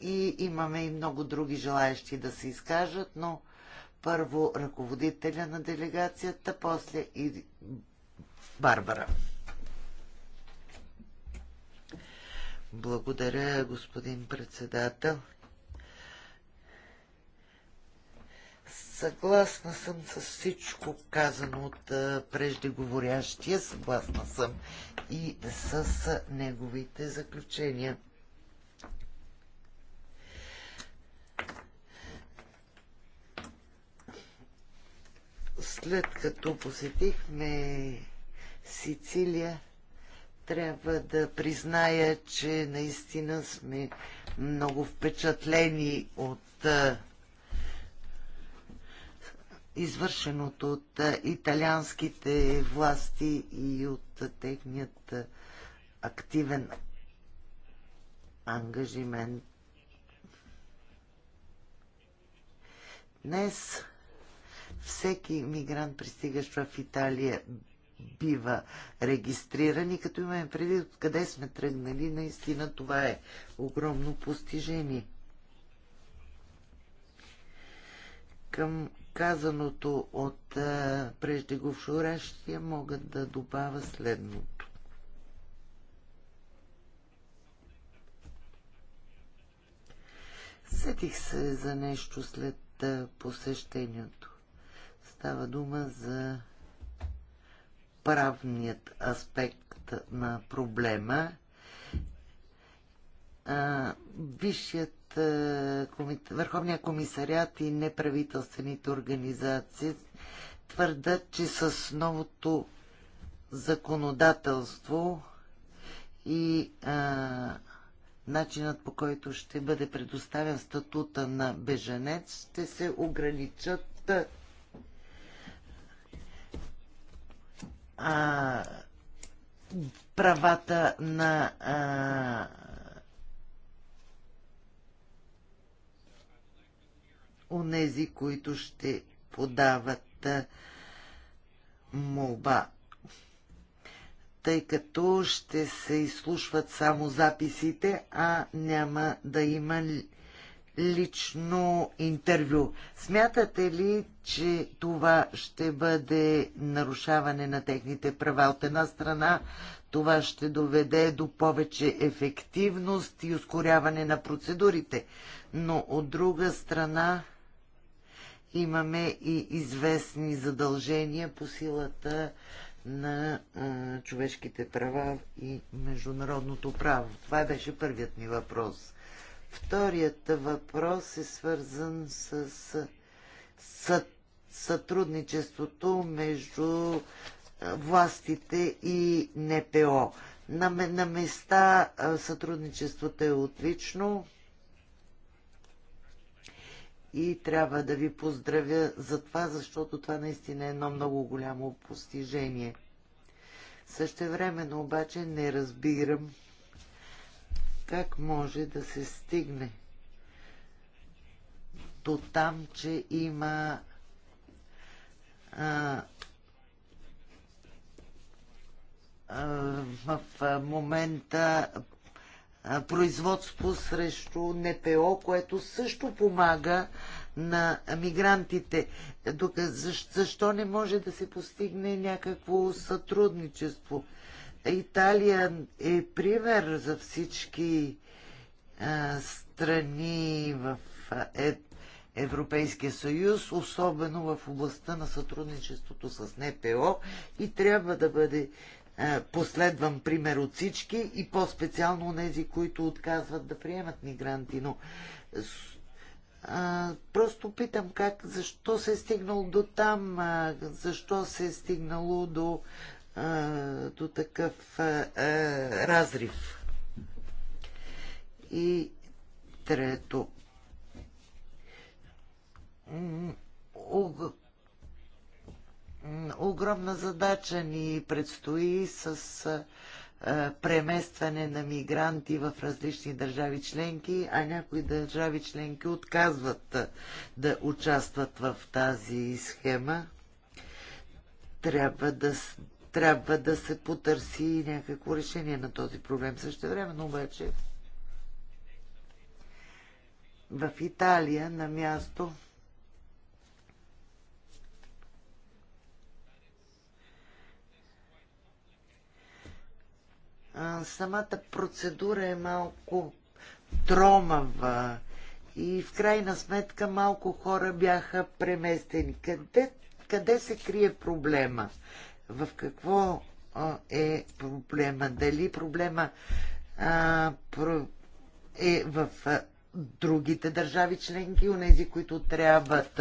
и имаме и много други желаящи да се изкажат, но първо ръководителя на делегацията, после и Барбара. Благодаря, господин председател. Съгласна съм с всичко казано от преждеговорящия. Съгласна съм и с неговите заключения. След като посетихме Сицилия, трябва да призная, че наистина сме много впечатлени от извършеното от италианските власти и от техният активен ангажимент. Днес всеки мигрант, пристигащ в Италия, бива регистриран и като имаме преди откъде сме тръгнали, наистина това е огромно постижение. Към казаното от преждеговшорещия мога да добавя следното. Сетих се за нещо след посещението. Става дума за правният аспект на проблема. Висшият Върховния комисариат и неправителствените организации твърдят, че с новото законодателство и а, начинът по който ще бъде предоставен статута на беженец ще се ограничат а, правата на а, онези, които ще подават молба. Тъй като ще се изслушват само записите, а няма да има ли лично интервю. Смятате ли, че това ще бъде нарушаване на техните права? От една страна, това ще доведе до повече ефективност и ускоряване на процедурите, но от друга страна имаме и известни задължения по силата на а, човешките права и международното право. Това беше първият ми въпрос. Вторият въпрос е свързан с, сътрудничеството между властите и НПО. На, на места сътрудничеството е отлично и трябва да ви поздравя за това, защото това наистина е едно много голямо постижение. времено обаче не разбирам как може да се стигне до там, че има а, а, в момента а, производство срещу НПО, което също помага на мигрантите. Защо не може да се постигне някакво сътрудничество? Италия е пример за всички а, страни в е, Европейския съюз, особено в областта на сътрудничеството с НПО и трябва да бъде а, последван пример от всички и по-специално тези, които отказват да приемат мигранти. Но а, просто питам как, защо се е стигнал до там, а, защо се е стигнало до до такъв разрив. И трето. Огромна задача ни предстои с преместване на мигранти в различни държави членки, а някои държави членки отказват да участват в тази схема. Трябва да, трябва да се потърси някакво решение на този проблем. Също време, но обаче в Италия на място самата процедура е малко тромава и в крайна сметка малко хора бяха преместени. Къде, къде се крие проблема? в какво е проблема. Дали проблема а, е в другите държави членки, нези, които трябват,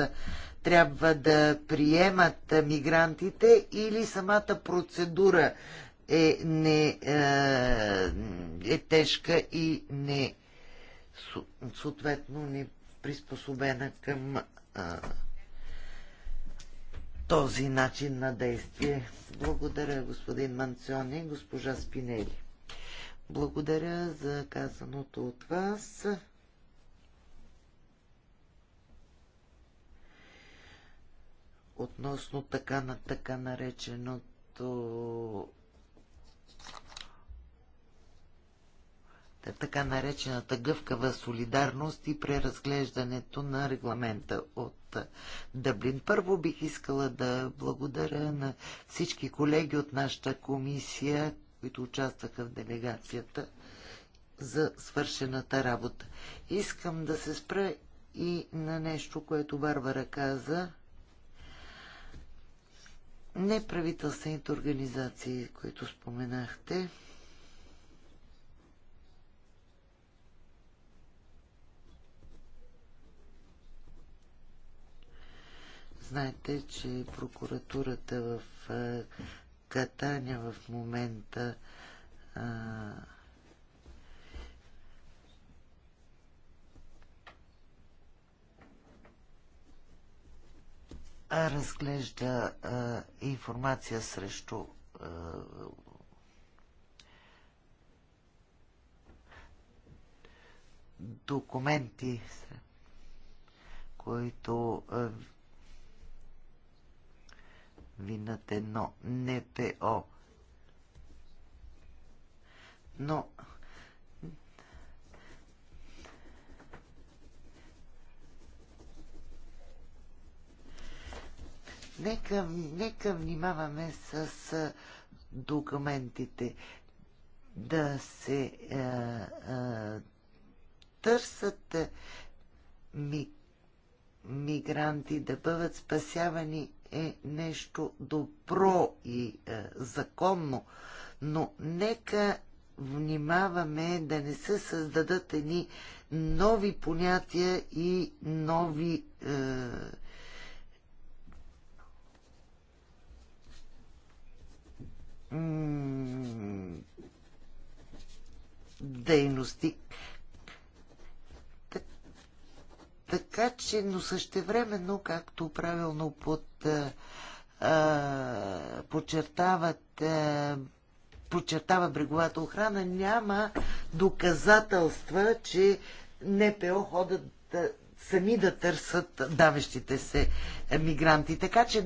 трябва да приемат мигрантите или самата процедура е, не, е, е тежка и не съответно не приспособена към а, този начин на действие. Благодаря, господин Манциони, госпожа Спинели. Благодаря за казаното от вас. Относно така на така нареченото така наречената гъвкава солидарност и преразглеждането на регламента от Дъблин. Първо бих искала да благодаря на всички колеги от нашата комисия, които участваха в делегацията за свършената работа. Искам да се спра и на нещо, което Барбара каза. Неправителствените организации, които споменахте, Знаете, че прокуратурата в Катаня в момента а, разглежда а, информация срещу а, документи, които а, винат едно НПО. Но Нека, нека внимаваме с документите да се а, е, а, е, търсят е, ми, мигранти, да бъдат спасявани е нещо добро и е, законно, но нека внимаваме да не се създадат едни нови понятия и нови е, дейности, така че, но същевременно, както правилно под, а, подчертават а, подчертава бреговата охрана, няма доказателства, че НПО ходят да, сами да търсят давещите се мигранти. Така че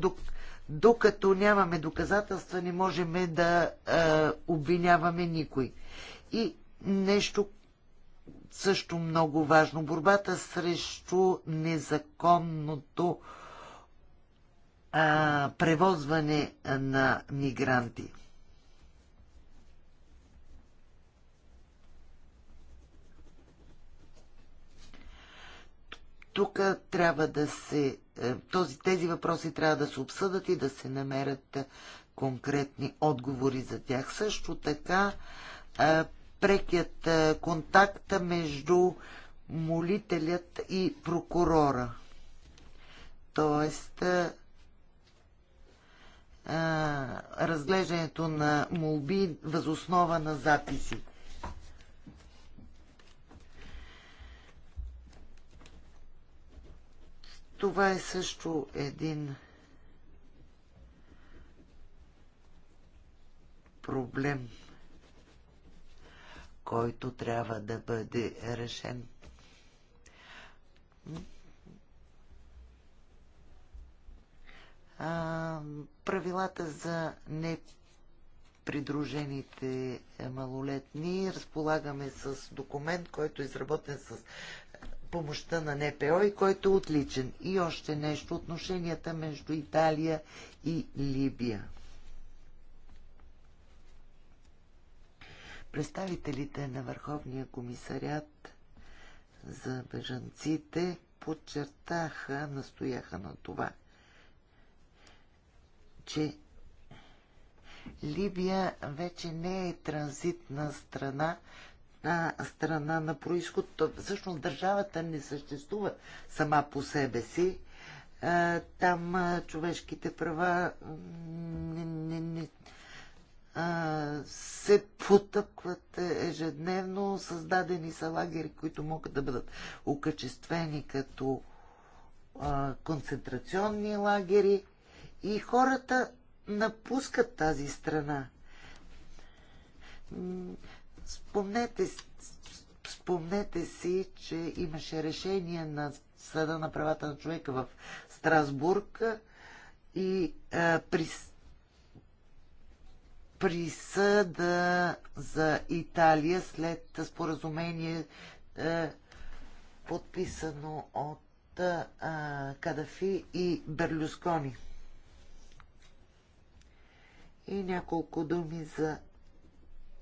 докато нямаме доказателства, не можем да а, обвиняваме никой. И нещо, също много важно. Борбата срещу незаконното а, превозване на мигранти. Тук трябва да се. Е, този, тези въпроси трябва да се обсъдат и да се намерят конкретни отговори за тях. Също така е, прекият е, контакт между молителят и прокурора. Тоест, е, е, разглеждането на молби възоснова на записи. Това е също един проблем който трябва да бъде решен. А, правилата за непридружените малолетни разполагаме с документ, който е изработен с помощта на НПО и който е отличен. И още нещо отношенията между Италия и Либия. Представителите на Върховния комисарят за бежанците подчертаха, настояха на това, че Либия вече не е транзитна страна, а страна на происход. Всъщност държавата не съществува сама по себе си. Там човешките права не, не, не, се потъпват ежедневно. Създадени са лагери, които могат да бъдат окачествени като концентрационни лагери и хората напускат тази страна. Спомнете, спомнете си, че имаше решение на Съда на правата на човека в Страсбург и а, при присъда за Италия след споразумение е, подписано от е, Кадафи и Берлюскони. И няколко думи за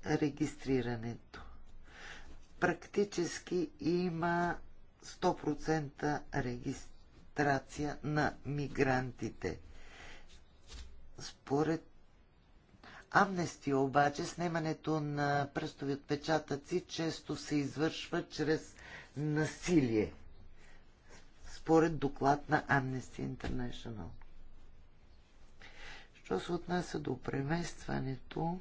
регистрирането. Практически има 100% регистрация на мигрантите. Според Амнести обаче снимането на пръстови отпечатъци често се извършва чрез насилие, според доклад на Amnesty International. Що се отнася до преместването,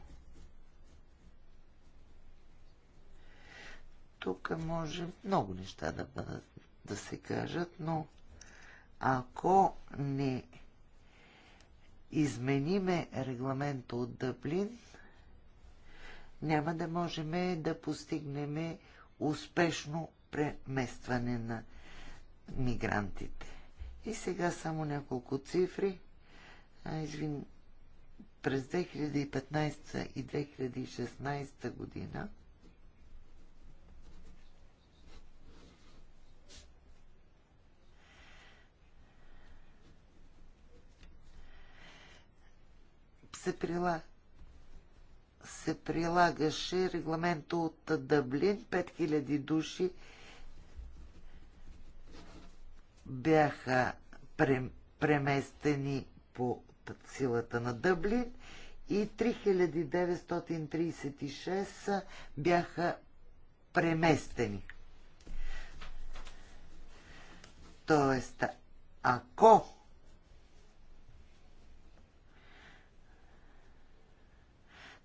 тук може много неща да, бъдат, да се кажат, но ако не измениме регламента от Дъблин, няма да можем да постигнем успешно преместване на мигрантите. И сега само няколко цифри. А, извин, през 2015 и 2016 година се прилага се прилагаше регламента от Дъблин. 5000 души бяха преместени по силата на Дъблин и 3936 бяха преместени. Тоест, ако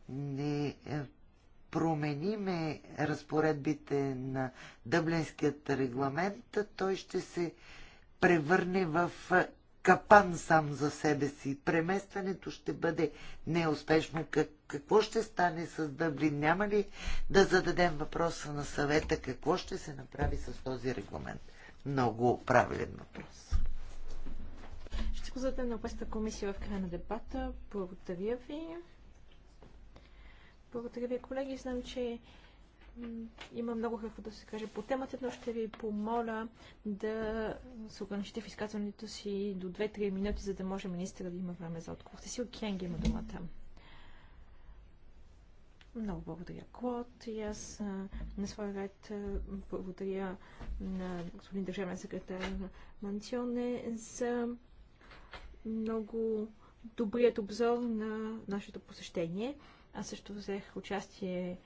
не е, промениме разпоредбите на Дъблинският регламент, той ще се превърне в е, капан сам за себе си. Преместването ще бъде неуспешно. Как, какво ще стане с Дъблин? Няма ли да зададем въпроса на съвета? Какво ще се направи с този регламент? Много правилен въпрос. Ще го зададем на Опеста комисия в края на дебата. Благодаря ви. Благодаря ви, колеги. Знам, че има много какво да се каже по темата, но ще ви помоля да се ограничите в изказването си до 2-3 минути, за да може министра да има време за отговор. Сесил Кенг има думата. Много благодаря, Клод. И аз на своя ред благодаря на господин държавен секретар Манционе за много добрият обзор на нашето посещение. Аз също взех участие е,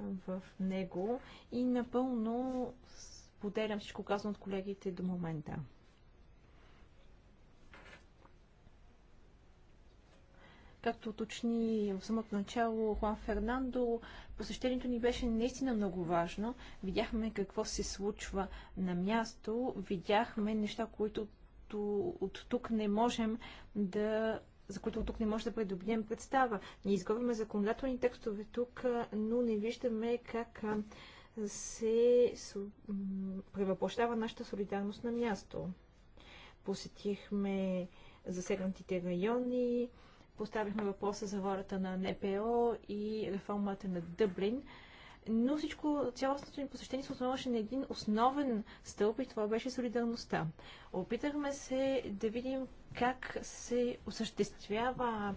в него и напълно поделям всичко казано от колегите до момента. Както уточни в самото начало Хуан Фернандо, посещението ни беше наистина много важно. Видяхме какво се случва на място, видяхме неща, които от тук не можем да за които тук не може да придобием представа. Ние изготвяме законодателни текстове тук, но не виждаме как се превъплощава нашата солидарност на място. Посетихме засегнатите райони, поставихме въпроса за волята на НПО и реформата на Дъблин. Но всичко, цялостното ни посещение се основаваше на един основен стълб и това беше солидарността. Опитахме се да видим как се осъществява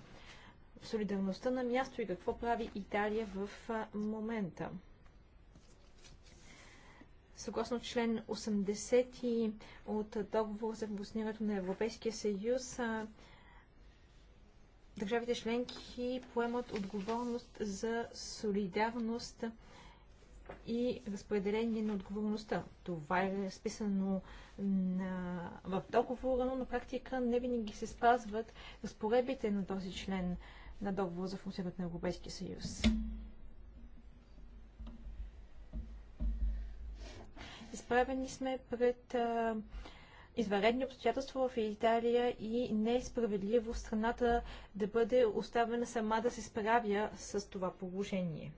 солидарността на място и какво прави Италия в момента. Съгласно член 80 от договор за функционирането на Европейския съюз, държавите членки поемат отговорност за солидарност и разпределение на отговорността. Това е разписано на... в договора, но на практика не винаги се спазват разпоредбите на този член на договор за функционирането на Европейския съюз. Изправени сме пред а, изваредни обстоятелства в Италия и не е справедливо страната да бъде оставена сама да се справя с това положение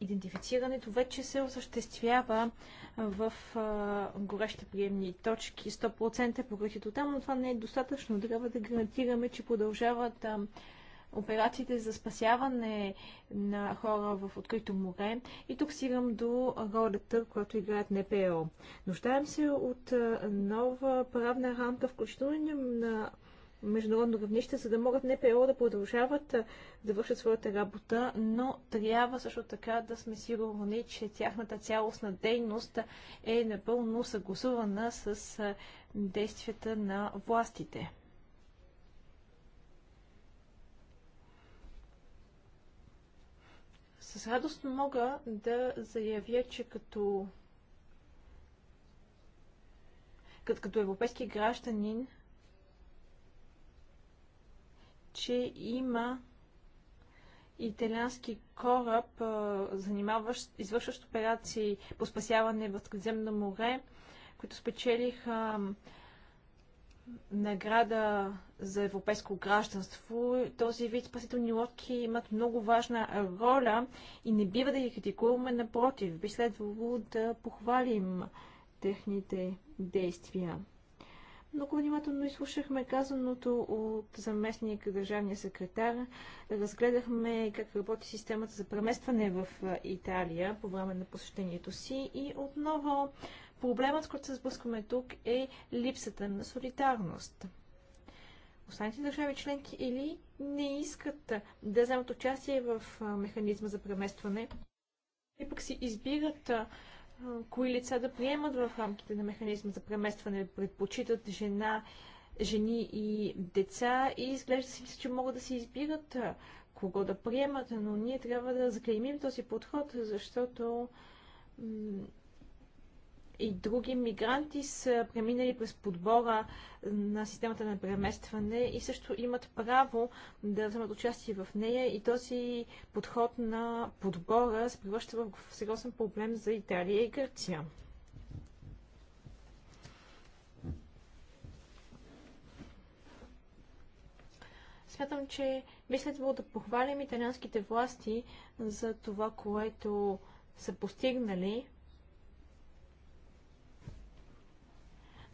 идентифицирането вече се осъществява в а, приемни точки. 100% е покритието там, но това не е достатъчно. Трябва да гарантираме, че продължават а, операциите за спасяване на хора в открито море. И тук стигам до ролята, която играят НПО. Нуждаем се от а, нова правна рамка, включително на международно равнище, за да могат НПО да продължават да вършат своята работа, но трябва също така да сме сигурни, че тяхната цялостна дейност е напълно съгласувана с действията на властите. С радост мога да заявя, че като като европейски гражданин че има италиански кораб, занимаващ, извършващ операции по спасяване в Средиземно море, които спечелиха награда за европейско гражданство. Този вид спасителни лодки имат много важна роля и не бива да ги критикуваме, напротив, би следвало да похвалим техните действия. Много внимателно изслушахме казаното от заместник държавния секретар. Разгледахме как работи системата за преместване в Италия по време на посещението си и отново проблемът, с който се сблъскваме тук е липсата на солидарност. Останалите държави членки или не искат да вземат участие в механизма за преместване, и пък си избират кои лица да приемат в рамките на механизма за преместване. Предпочитат жена, жени и деца и изглежда си, че могат да се избират кого да приемат, но ние трябва да заклеймим този подход, защото и други мигранти са преминали през подбора на системата на преместване и също имат право да вземат участие в нея и този подход на подбора се превръща в сериозен проблем за Италия и Гърция. Смятам, че би следвало да похвалим италианските власти за това, което са постигнали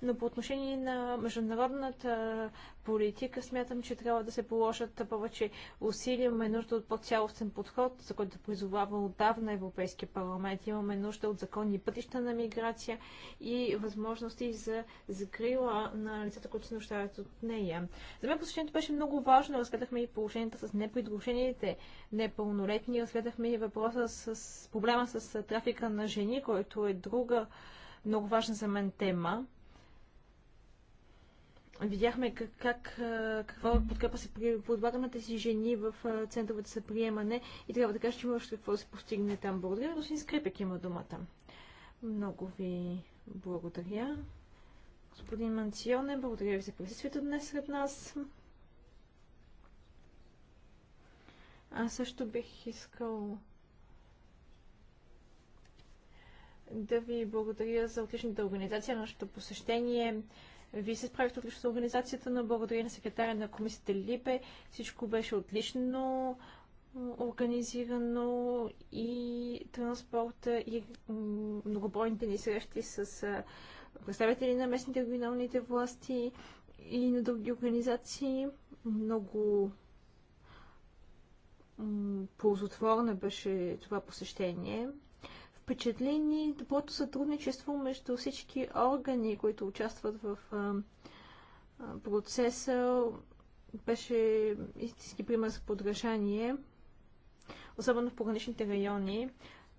но по отношение на международната политика смятам, че трябва да се положат повече усилия. Имаме нужда от по-цялостен подход, за който да призовава отдавна Европейския парламент. Имаме нужда от законни пътища на миграция и възможности за закрила на лицата, които се нуждаят от нея. За мен посещението беше много важно. Разгледахме и положението с непридружените непълнолетни. Разгледахме и въпроса с проблема с трафика на жени, който е друга много важна за мен тема видяхме как, как, каква подкрепа се подлага на тези жени в центровете за приемане и трябва да кажа, че има още какво да се постигне там. Благодаря, господин Скрепек има думата. Много ви благодаря. Господин Манционе, благодаря ви за присъствието днес сред нас. Аз също бих искал да ви благодаря за отличната организация на нашето посещение. Вие се справихте отлично с организацията, но благодаря на секретаря на комисията Липе. Всичко беше отлично организирано и транспорта и многобройните ни срещи с представители на местните регионалните власти и на други организации. Много ползотворно беше това посещение впечатлени доброто сътрудничество между всички органи, които участват в процеса. Беше истински пример за подражание, особено в пограничните райони.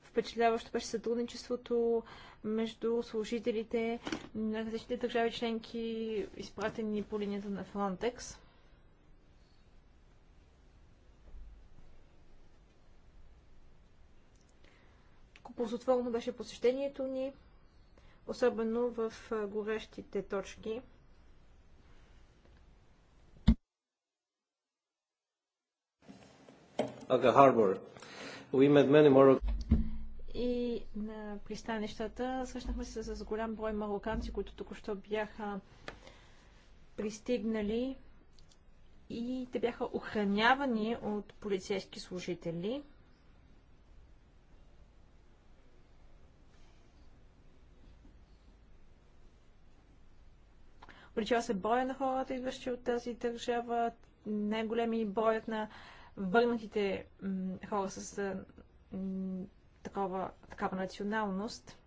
Впечатляващо беше сътрудничеството между служителите на различните държави членки, изпратени по линията на Фронтекс. ползотворно беше посещението ни, особено в горещите точки. И на пристанищата срещнахме се с голям брой мароканци, които току-що бяха пристигнали и те бяха охранявани от полицейски служители. Причава се броя на хората, идващи от тази държава. Най-големи броят на върнатите хора с такова, такава националност.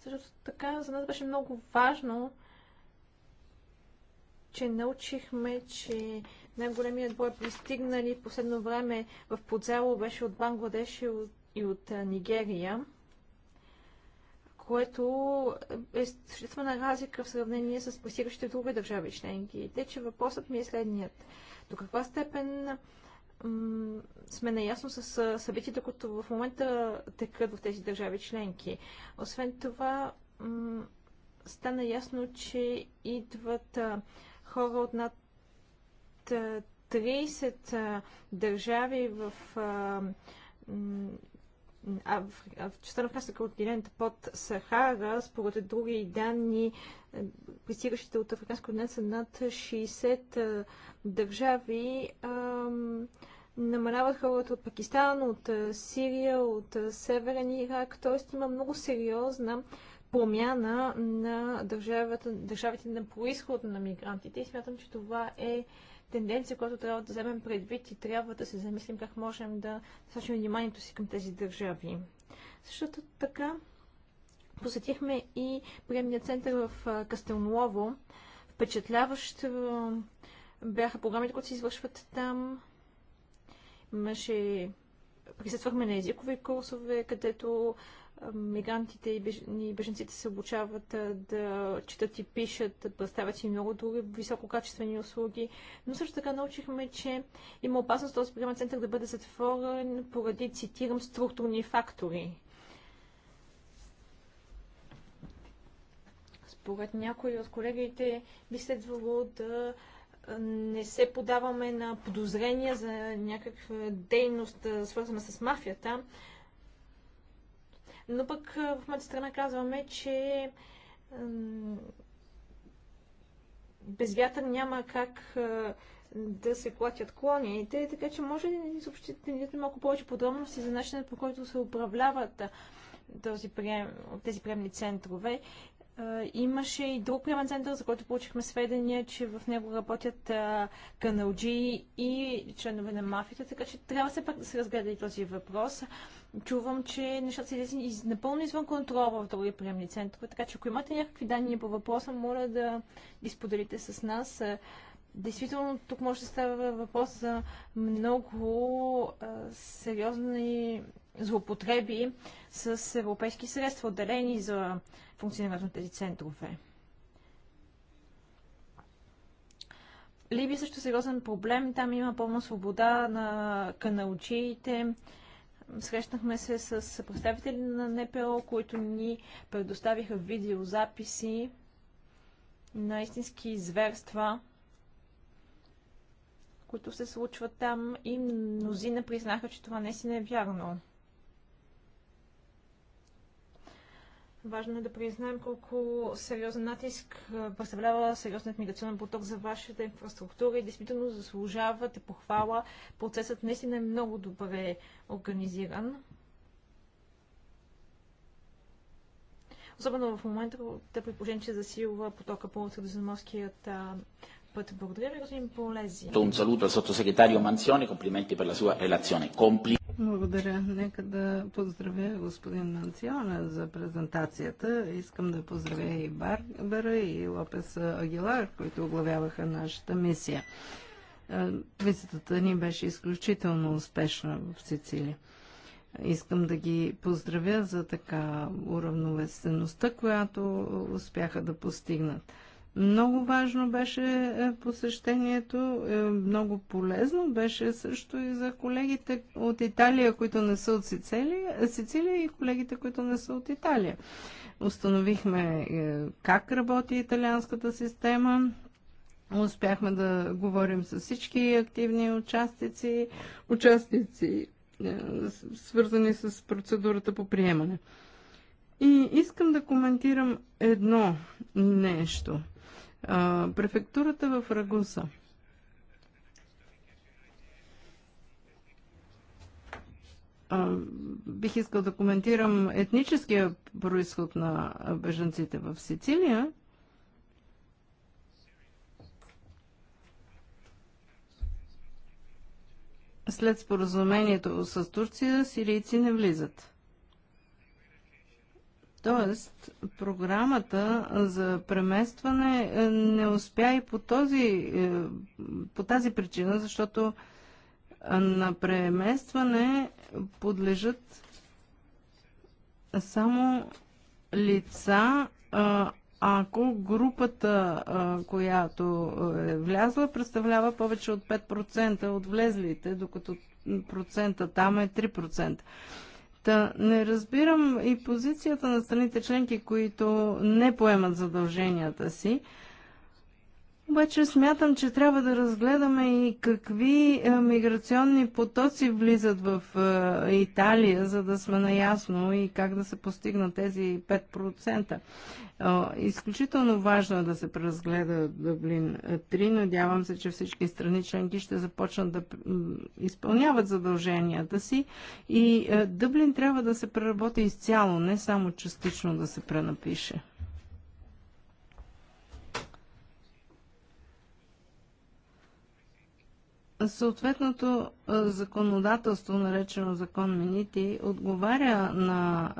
Също така за нас беше много важно, че научихме, че най-големият брой пристигнали в последно време в подзело беше от Бангладеш и от, и от Нигерия, което е съществена разлика в сравнение с пристигащите други държави членки. Те, че въпросът ми е следният. До каква степен сме наясно с събитията, които в момента текат в тези държави членки. Освен това, стана ясно, че идват хора от над 30 държави в в частта на Африканския континент под Сахара, според други данни, пристигащите от Африканския континент са над 60 държави. Намаляват хората от Пакистан, от Сирия, от Северен Ирак, т.е. има много сериозна промяна на държавите на происход на мигрантите и смятам, че това е тенденция, която трябва да вземем предвид и трябва да се замислим как можем да насочим вниманието си към тези държави. Същото така посетихме и приемния център в Кастелново. Впечатляващо бяха програмите, които се извършват там. Имаше присъствахме на езикови курсове, където мигрантите и беженците се обучават да четат и пишат, да представят и много други висококачествени услуги. Но също така научихме, че има опасност този програмен център да бъде затворен поради, цитирам, структурни фактори. Според някои от колегите би следвало да не се подаваме на подозрения за някаква дейност, свързана с мафията, но пък в моята страна казваме, че без вятър няма как да се клатят клоните, така че може да ни съобщите малко повече подробности за начинът по който се управляват този прием, тези приемни центрове. Имаше и друг приемен център, за който получихме сведения, че в него работят каналджи и членове на мафията, така че трябва се пак да се разгледа и този въпрос чувам, че нещата са из, напълно извън контрола в други приемни центрове, така че ако имате някакви данни по въпроса, моля да ги споделите с нас. Действително, тук може да става въпрос за много а, сериозни злоупотреби с европейски средства, отделени за функционирането на тези центрове. Либия също е сериозен проблем. Там има пълна свобода на каналчиите, Срещнахме се с представители на НПО, които ни предоставиха видеозаписи на истински зверства, които се случват там и мнозина признаха, че това наистина е вярно. Важно е да признаем колко сериозен натиск представлява сериозният миграционен поток за вашата инфраструктура и действително заслужавате похвала. Процесът наистина е много добре организиран. Особено в момента, да при че засилва потока по средиземноморският път. Благодаря ви, господин Полези. Un saluto al sottosegretario Manzione, complimenti per la sua relazione. Compli... Благодаря. Нека да поздравя господин Манциона за презентацията. Искам да поздравя и Барбера, и Лопес Агилар, които оглавяваха нашата мисия. Визитата е, ни беше изключително успешна в Сицилия. Искам да ги поздравя за така уравновесеността, която успяха да постигнат. Много важно беше е, посещението, е, много полезно беше също и за колегите от Италия, които не са от Сицилия, Сицилия и колегите, които не са от Италия. Установихме е, как работи италианската система, успяхме да говорим с всички активни участници, участници свързани с процедурата по приемане. И искам да коментирам едно нещо – префектурата в Рагуса. бих искал да коментирам етническия происход на бежанците в Сицилия. След споразумението с Турция сирийци не влизат. Тоест, програмата за преместване е, не успя и по, този, е, по тази причина, защото е, на преместване подлежат само лица, ако групата, която е влязла, представлява повече от 5% от влезлите, докато процента там е 3%. Та не разбирам и позицията на страните членки, които не поемат задълженията си. Обаче смятам, че трябва да разгледаме и какви е, миграционни потоци влизат в е, Италия, за да сме наясно и как да се постигнат тези 5%. Изключително важно е да се преразгледа Дъблин 3. Надявам се, че всички страни членки ще започнат да изпълняват задълженията си и е, Дъблин трябва да се преработи изцяло, не само частично да се пренапише. съответното законодателство, наречено закон Минити, отговаря на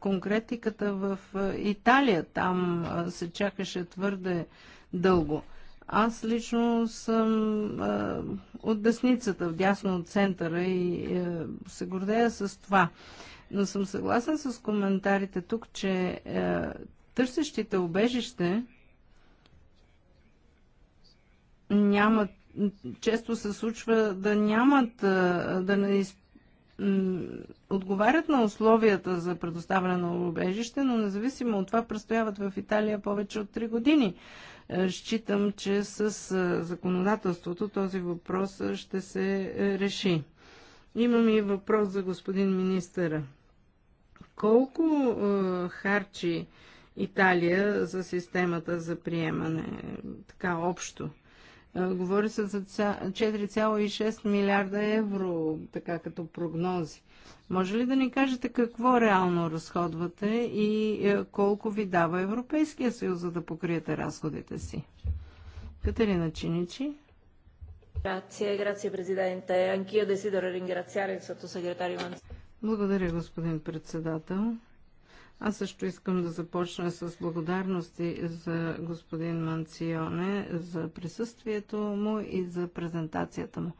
конкретиката в Италия. Там се чакаше твърде дълго. Аз лично съм от десницата, дясно от центъра и се гордея с това. Но съм съгласен с коментарите тук, че търсещите обежище нямат често се случва да нямат, да не отговарят на условията за предоставяне на убежище, но независимо от това престояват в Италия повече от 3 години. Е, считам, че с законодателството този въпрос ще се е, реши. Имам и въпрос за господин министъра. Колко е, харчи Италия за системата за приемане, така общо? Е, говори се за 4,6 милиарда евро, така като прогнози. Може ли да ни кажете какво реално разходвате и е, колко ви дава Европейския съюз, за да покриете разходите си? Катерина Чиничи. Grazie, grazie президенте. Анкия desidero ringraziare il sottosegretario Manzoni. Благодаря, господин председател. Аз също искам да започна с благодарности за господин Манционе за присъствието му и за презентацията му,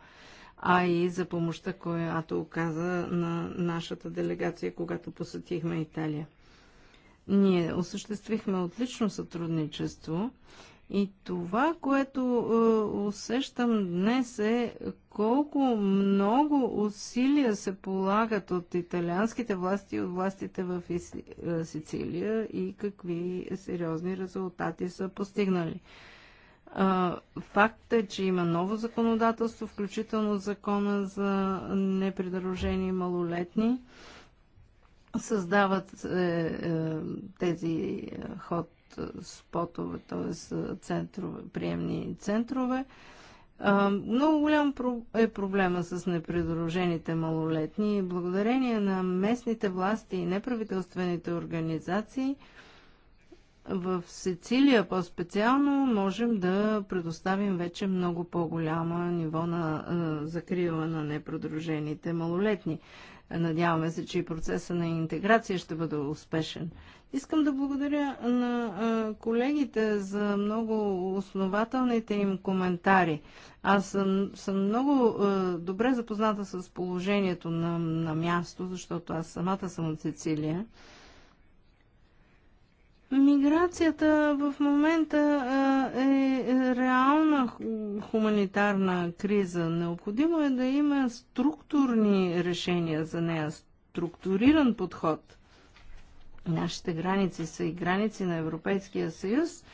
а и за помощта, която оказа на нашата делегация, когато посетихме Италия. Ние осъществихме отлично сътрудничество и това, което е, усещам днес е колко много усилия се полагат от италианските власти и от властите в е, Сицилия и какви сериозни резултати са постигнали. Факт е, че има ново законодателство, включително закона за непридружени малолетни. Създават е, е, тези е, ход спотове, т.е. Центрове, приемни центрове. Много голям е проблема с непридружените малолетни благодарение на местните власти и неправителствените организации в Сицилия по-специално можем да предоставим вече много по-голяма ниво на закрива на непридружените малолетни. Надяваме се, че и процеса на интеграция ще бъде успешен. Искам да благодаря на колегите за много основателните им коментари. Аз съм, съм много добре запозната с положението на, на място, защото аз самата съм от Сицилия. Миграцията в момента е реална хуманитарна криза. Необходимо е да има структурни решения за нея, структуриран подход. Нашите граници са и граници на Европейския съюз.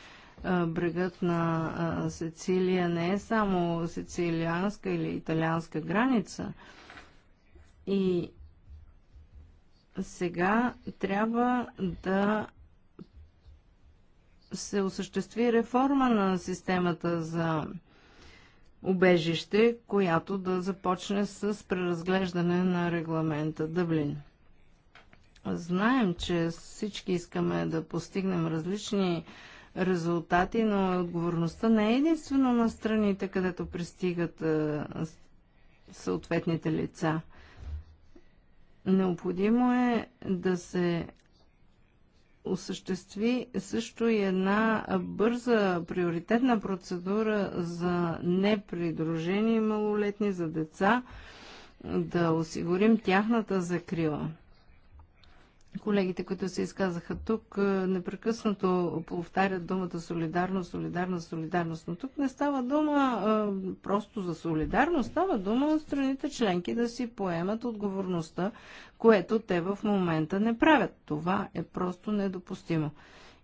Брегът на Сицилия не е само сицилианска или италианска граница. И сега трябва да се осъществи реформа на системата за убежище, която да започне с преразглеждане на регламента Дъблин. Знаем, че всички искаме да постигнем различни резултати, но отговорността не е единствено на страните, където пристигат съответните лица. Необходимо е да се осъществи също и една бърза приоритетна процедура за непридружени малолетни, за деца, да осигурим тяхната закрила. Колегите, които се изказаха тук, е, непрекъснато повтарят думата солидарност, солидарност, солидарност. Но тук не става дума а, е, просто за солидарност, става дума от страните членки да си поемат отговорността, което те в момента не правят. Това е просто недопустимо.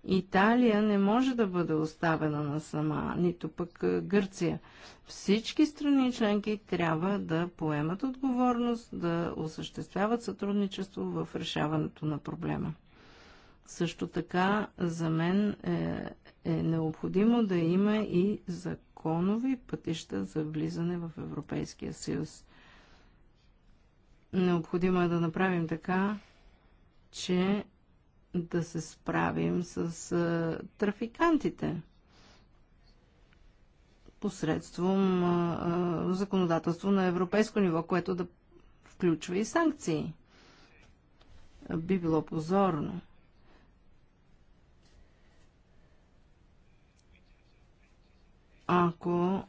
Италия не може да бъде оставена на сама, нито пък Гърция. Всички страни членки трябва да поемат отговорност, да осъществяват сътрудничество в решаването на проблема. Също така, за мен е, е необходимо да има и законови пътища за влизане в Европейския съюз. Необходимо е да направим така, че да се справим с а, трафикантите посредством а, а, законодателство на европейско ниво, което да включва и санкции. Би било позорно. Ако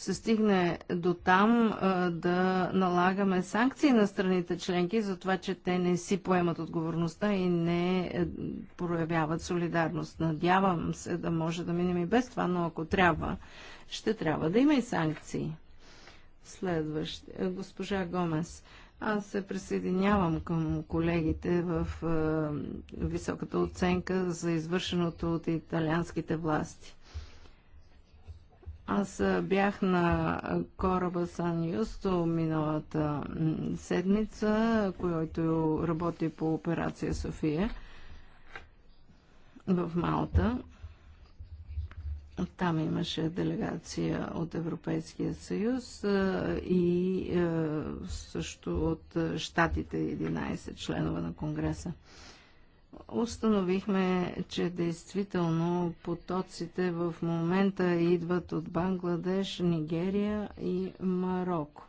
се стигне до там да налагаме санкции на страните членки за това, че те не си поемат отговорността и не е, проявяват солидарност. Надявам се да може да минем и без това, но ако трябва, ще трябва да има и санкции. Следващ. Е, госпожа Гомес. Аз се присъединявам към колегите в е, високата оценка за извършеното от италианските власти. Аз бях на кораба Сан Юсто миналата седмица, който работи по операция София в Малта. Там имаше делегация от Европейския съюз и също от щатите 11 членове на Конгреса. Установихме, че действително потоците в момента идват от Бангладеш, Нигерия и Марокко.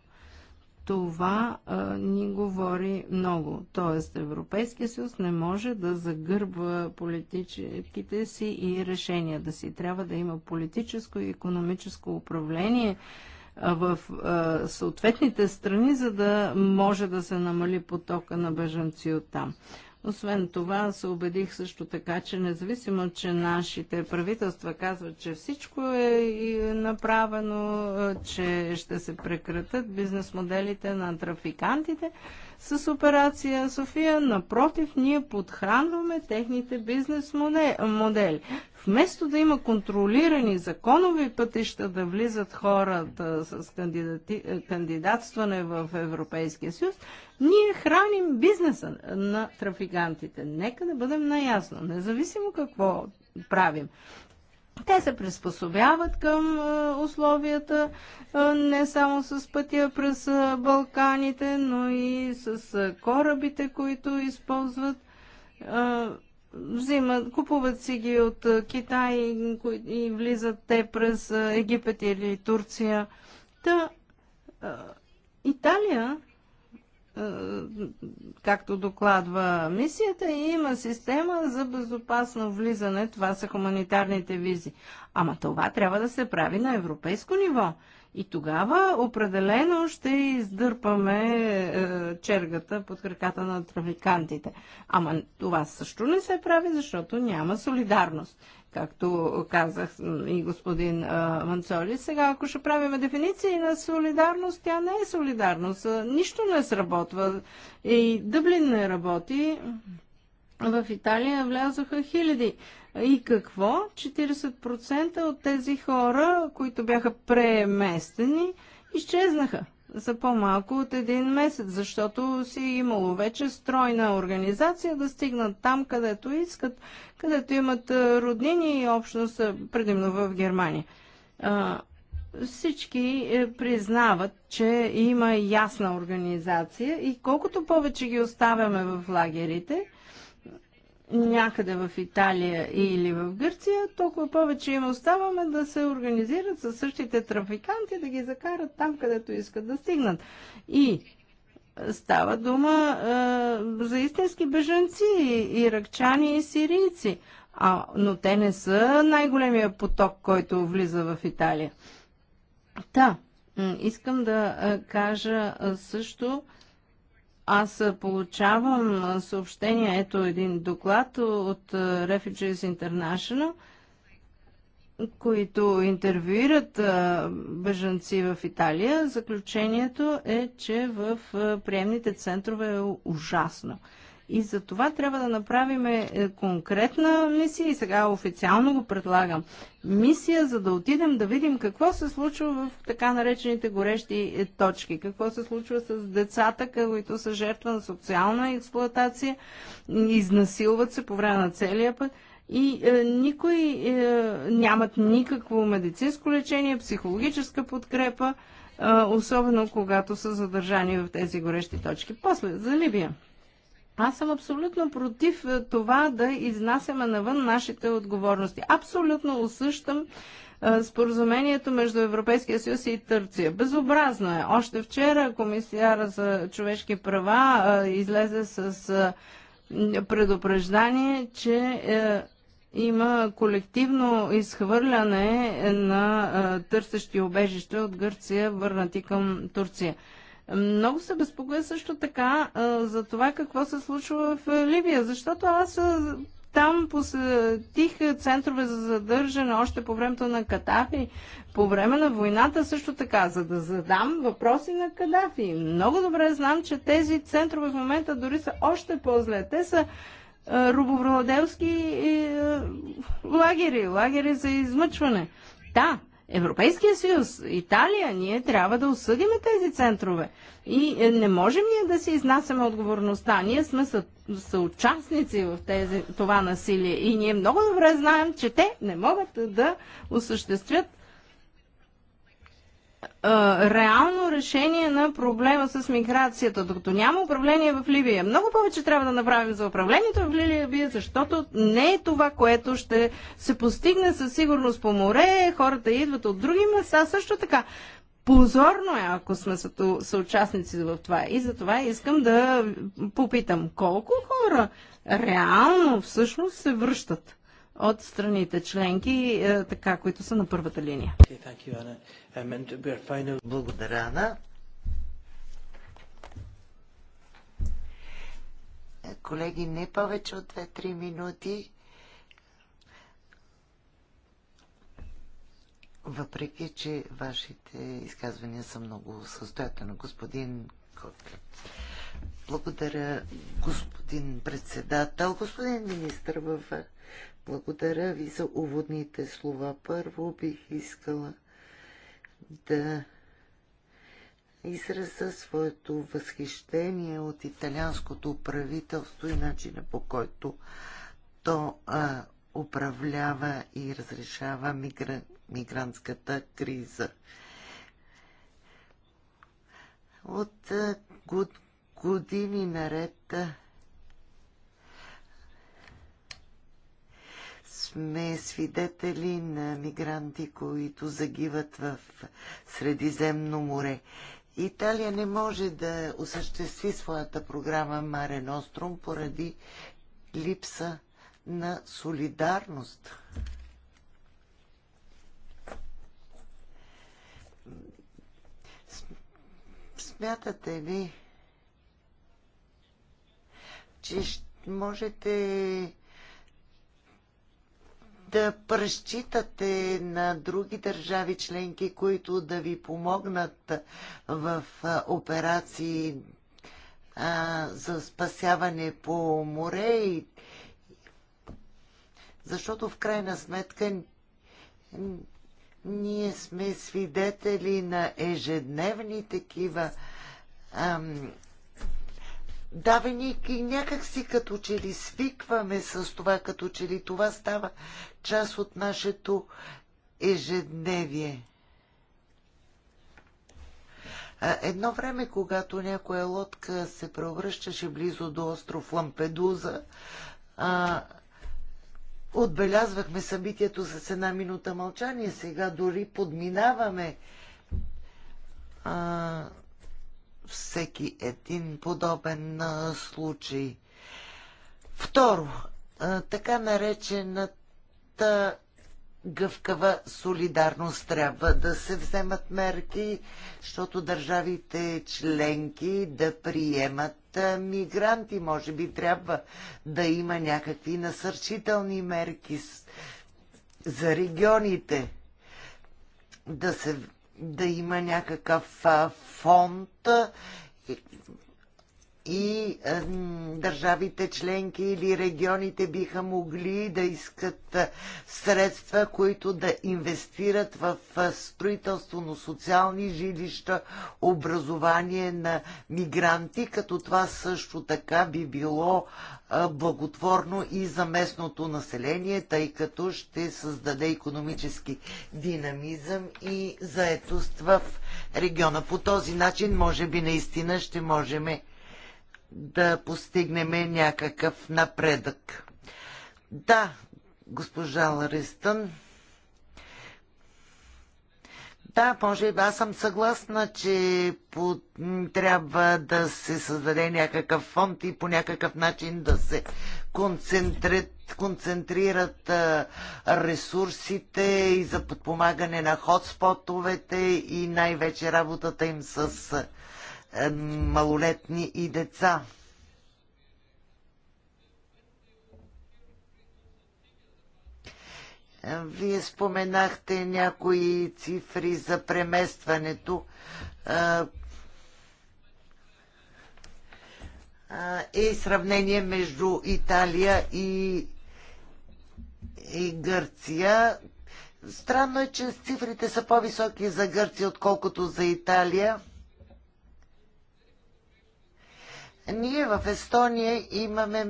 Това а, ни говори много. Тоест Европейския съюз не може да загърбва политическите си и решенията си. Трябва да има политическо и економическо управление в а, съответните страни, за да може да се намали потока на бежанци от там. Освен това, се убедих също така, че независимо, че нашите правителства казват, че всичко е направено, че ще се прекратят бизнес моделите на трафикантите, с операция София. Напротив, ние подхранваме техните бизнес модели. Вместо да има контролирани законови пътища да влизат хората с кандидати, кандидатстване в Европейския съюз, ние храним бизнеса на трафикантите. Нека да бъдем наясно, независимо какво правим. Те се приспособяват към е, условията е, не само с пътя през е, Балканите, но и с корабите, които използват. Взимат, купуват си ги от Китай и влизат те през Египет или Турция. Та, Италия е, както докладва мисията, и има система за безопасно влизане. Това са хуманитарните визи. Ама това трябва да се прави на европейско ниво. И тогава определено ще издърпаме е, чергата под краката на трафикантите. Ама това също не се прави, защото няма солидарност както казах и господин а, Манцоли. Сега, ако ще правим дефиниции на солидарност, тя не е солидарност. Нищо не сработва. И Дъблин не работи. В Италия влязоха хиляди. И какво? 40% от тези хора, които бяха преместени, изчезнаха за по-малко от един месец, защото си е имало вече стройна организация да стигнат там, където искат, където имат роднини и общност, предимно в Германия. Всички е, признават, че има ясна организация и колкото повече ги оставяме в лагерите, някъде в Италия или в Гърция, толкова повече им оставаме да се организират със същите трафиканти, да ги закарат там, където искат да стигнат. И става дума е, за истински бежанци, иракчани и сирийци, а, но те не са най-големия поток, който влиза в Италия. Та, да, искам да е, кажа е, също, аз получавам съобщение, ето един доклад от Refugees International, които интервюират бежанци в Италия. Заключението е, че в приемните центрове е ужасно. И за това трябва да направим е, конкретна мисия и сега официално го предлагам. Мисия, за да отидем да видим какво се случва в така наречените горещи е, точки, какво се случва с децата, които са жертва на социална експлоатация, изнасилват се по време на целия път. И е, никой е, нямат никакво медицинско лечение, психологическа подкрепа, е, особено когато са задържани в тези горещи точки. После, за Либия. Аз съм абсолютно против е, това да изнасяме навън нашите отговорности. Абсолютно осъщам е, споразумението между Европейския съюз и Търция. Безобразно е. Още вчера комисиара за човешки права е, излезе с предупреждание, че има колективно изхвърляне на търсещи обежища от Гърция, върнати към Турция. Много се безпокоя също така а, за това какво се случва в Ливия, защото аз а, там посетих центрове за задържане още по времето на Катафи, по време на войната също така, за да задам въпроси на Кадафи. Много добре знам, че тези центрове в момента дори са още по-зле. Те са а, рубовладелски лагери, лагери за измъчване. Да, Европейския съюз, Италия, ние трябва да осъдим тези центрове. И е, не можем ние да си изнасяме отговорността. Ние сме са, съучастници в тези, това насилие и ние много добре знаем, че те не могат да осъществят реално решение на проблема с миграцията, докато няма управление в Ливия. Много повече трябва да направим за управлението в Ливия, защото не е това, което ще се постигне със сигурност по море, хората идват от други места, също така. Позорно е, ако сме съучастници в това. И за това искам да попитам, колко хора реално всъщност се връщат? от страните членки, е, така, които са на първата линия. Um, Благодаря, Ана. Колеги, не повече от 2-3 минути. Въпреки, че вашите изказвания са много състоятелни, господин Котле. Благодаря, господин председател. Господин министр, в благодаря ви за уводните слова. Първо бих искала да израза своето възхищение от италианското правителство и начина по който то а, управлява и разрешава мигра... мигрантската криза. От а, год... години наред а, сме свидетели на мигранти, които загиват в Средиземно море. Италия не може да осъществи своята програма Маре Ностром поради липса на солидарност. Смятате ли, че можете да пръщитате на други държави членки, които да ви помогнат в операции а, за спасяване по море и защото в крайна сметка ние сме свидетели на ежедневни такива ам, дава ни и някакси като че ли свикваме с това, като че ли това става част от нашето ежедневие. Едно време, когато някоя лодка се превръщаше близо до остров Лампедуза, а, отбелязвахме събитието с една минута мълчание. Сега дори подминаваме а, всеки един подобен а, случай. Второ, а, така наречената гъвкава солидарност трябва да се вземат мерки, защото държавите членки да приемат мигранти. Може би трябва да има някакви насърчителни мерки за регионите. Да се да има някакъв фонд и е, държавите членки или регионите биха могли да искат средства, които да инвестират в строителство на социални жилища, образование на мигранти, като това също така би било благотворно и за местното население, тъй като ще създаде економически динамизъм и заетост в региона. По този начин, може би, наистина ще можем да постигнем някакъв напредък. Да, госпожа Ларистън. Да, може би аз съм съгласна, че по, трябва да се създаде някакъв фонд и по някакъв начин да се концентрират, а, ресурсите и за подпомагане на хотспотовете и най-вече работата им с е, малолетни и деца. Е, вие споменахте някои цифри за преместването. Е, и сравнение между Италия и, и Гърция. Странно е, че цифрите са по-високи за Гърция, отколкото за Италия. Ние в Естония имаме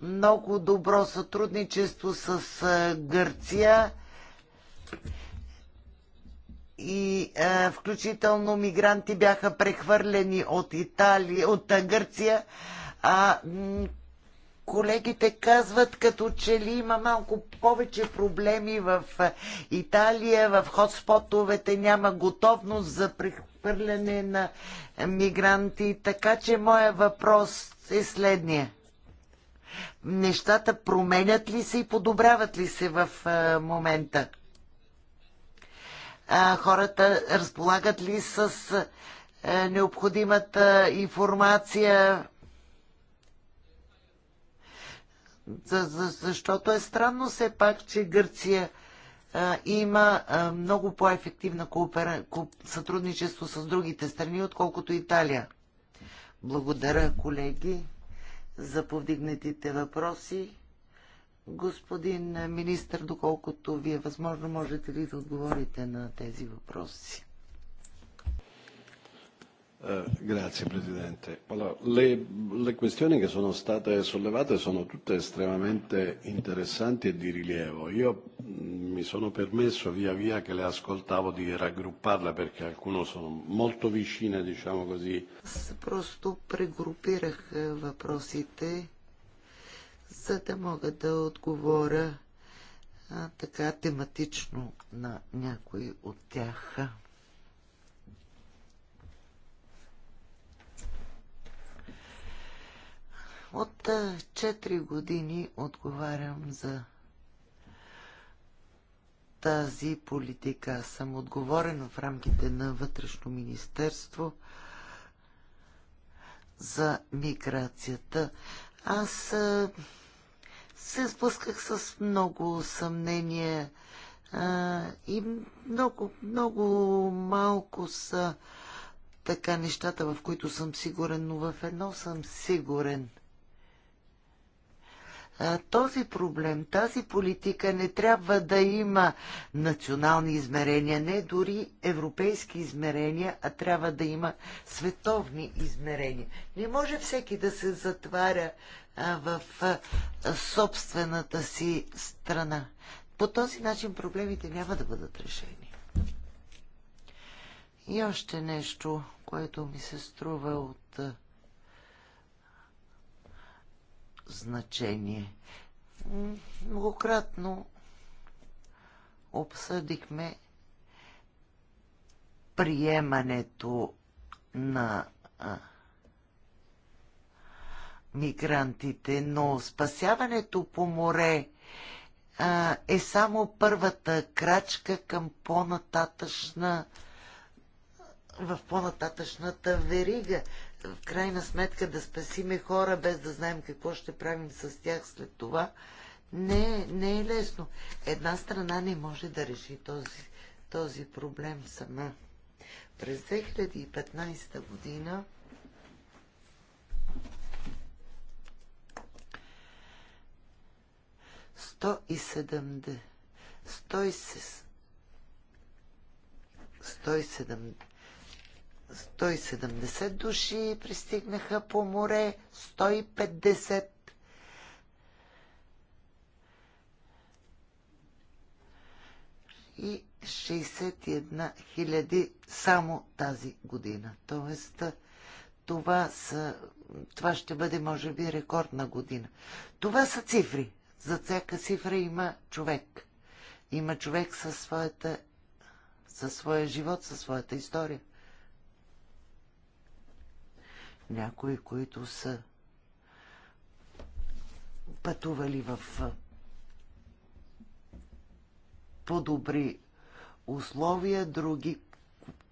много добро сътрудничество с Гърция и включително мигранти бяха прехвърлени от Италия, от Гърция. А колегите казват, като че ли има малко повече проблеми в Италия, в хотспотовете няма готовност за прехвърляне изхвърляне на мигранти. Така че моя въпрос е следния. Нещата променят ли се и подобряват ли се в момента? хората разполагат ли с необходимата информация? За, за, защото е странно все пак, че Гърция има много по-ефективна сътрудничество с другите страни, отколкото Италия. Благодаря, колеги, за повдигнатите въпроси. Господин министр, доколкото ви е възможно, можете ли да отговорите на тези въпроси? Grazie Presidente. Allora, le, le questioni che sono state sollevate sono tutte estremamente interessanti e di rilievo. Io mi sono permesso via via che le ascoltavo di raggrupparle perché alcune sono molto vicine, diciamo così. Просто прегрупирах въпросите, за да мога да отговоря така тематично на някои от тях. От 4 години отговарям за тази политика. съм отговорен в рамките на Вътрешно министерство за миграцията. Аз се спусках с много съмнения а, и много, много малко са така нещата, в които съм сигурен, но в едно съм сигурен – този проблем, тази политика не трябва да има национални измерения, не дори европейски измерения, а трябва да има световни измерения. Не може всеки да се затваря в собствената си страна. По този начин проблемите няма да бъдат решени. И още нещо, което ми се струва от значение. Многократно обсъдихме приемането на а, мигрантите, но спасяването по море а, е само първата крачка към по-нататъчна в по-нататъчната верига в крайна сметка да спасиме хора, без да знаем какво ще правим с тях след това, не, не е лесно. Една страна не може да реши този, този проблем сама. През 2015 година сто и седемде, сто и 170 170 души пристигнаха по море, 150 и 61 хиляди само тази година. Тоест, това, са, това ще бъде, може би, рекордна година. Това са цифри. За всяка цифра има човек. Има човек със, своята, със своя живот, със своята история някои, които са пътували в по-добри условия, други,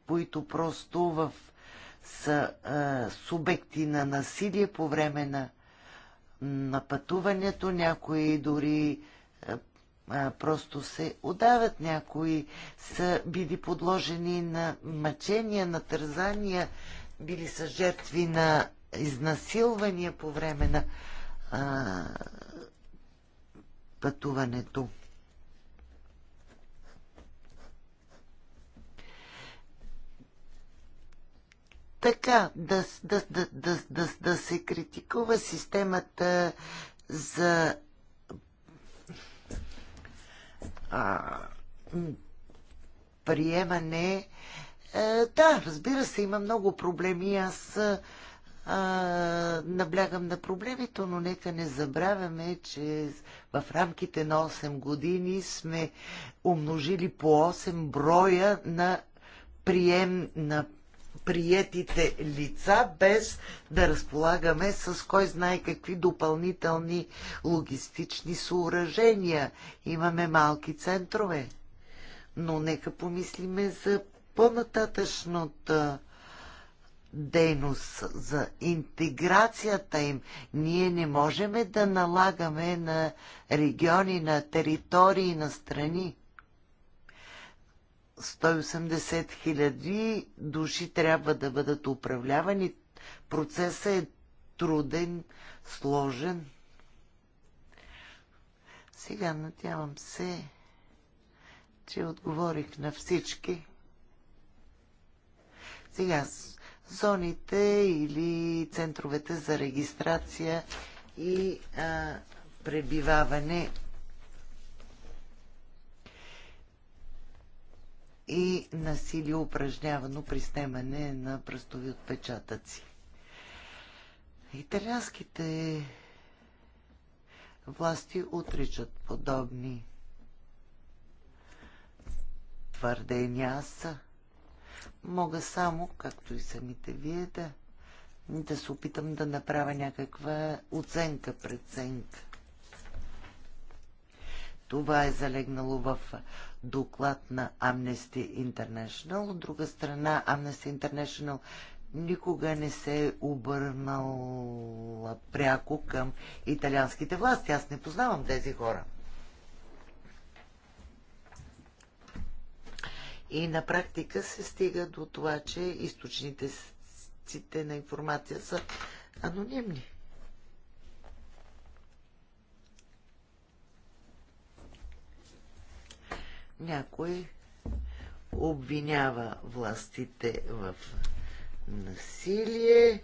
които просто в, са е, субекти на насилие по време на, на пътуването, някои дори е, е, просто се отдават, някои са били подложени на мъчения, на тързания, били са жертви на изнасилвания по време на а, пътуването. Така, да, да, да, да, да, да се критикува системата за а, приемане е, да, разбира се, има много проблеми. Аз е, а, наблягам на проблемите, но нека не забравяме, че в рамките на 8 години сме умножили по 8 броя на прием на приетите лица, без да разполагаме с кой знае какви допълнителни логистични съоръжения. Имаме малки центрове. Но нека помислиме за по-нататъчната дейност за интеграцията им, ние не можем да налагаме на региони, на територии, на страни. 180 хиляди души трябва да бъдат управлявани. Процесът е труден, сложен. Сега надявам се, че отговорих на всички. Сега, зоните или центровете за регистрация и а, пребиваване и насилие упражнявано при снемане на пръстови отпечатъци. Италианските власти отричат подобни твърдения. Аз мога само, както и самите вие, да, да се опитам да направя някаква оценка, преценка. Това е залегнало в доклад на Amnesty International. От друга страна, Amnesty International никога не се е обърнала пряко към италианските власти. Аз не познавам тези хора. И на практика се стига до това, че източниците на информация са анонимни. Някой обвинява властите в насилие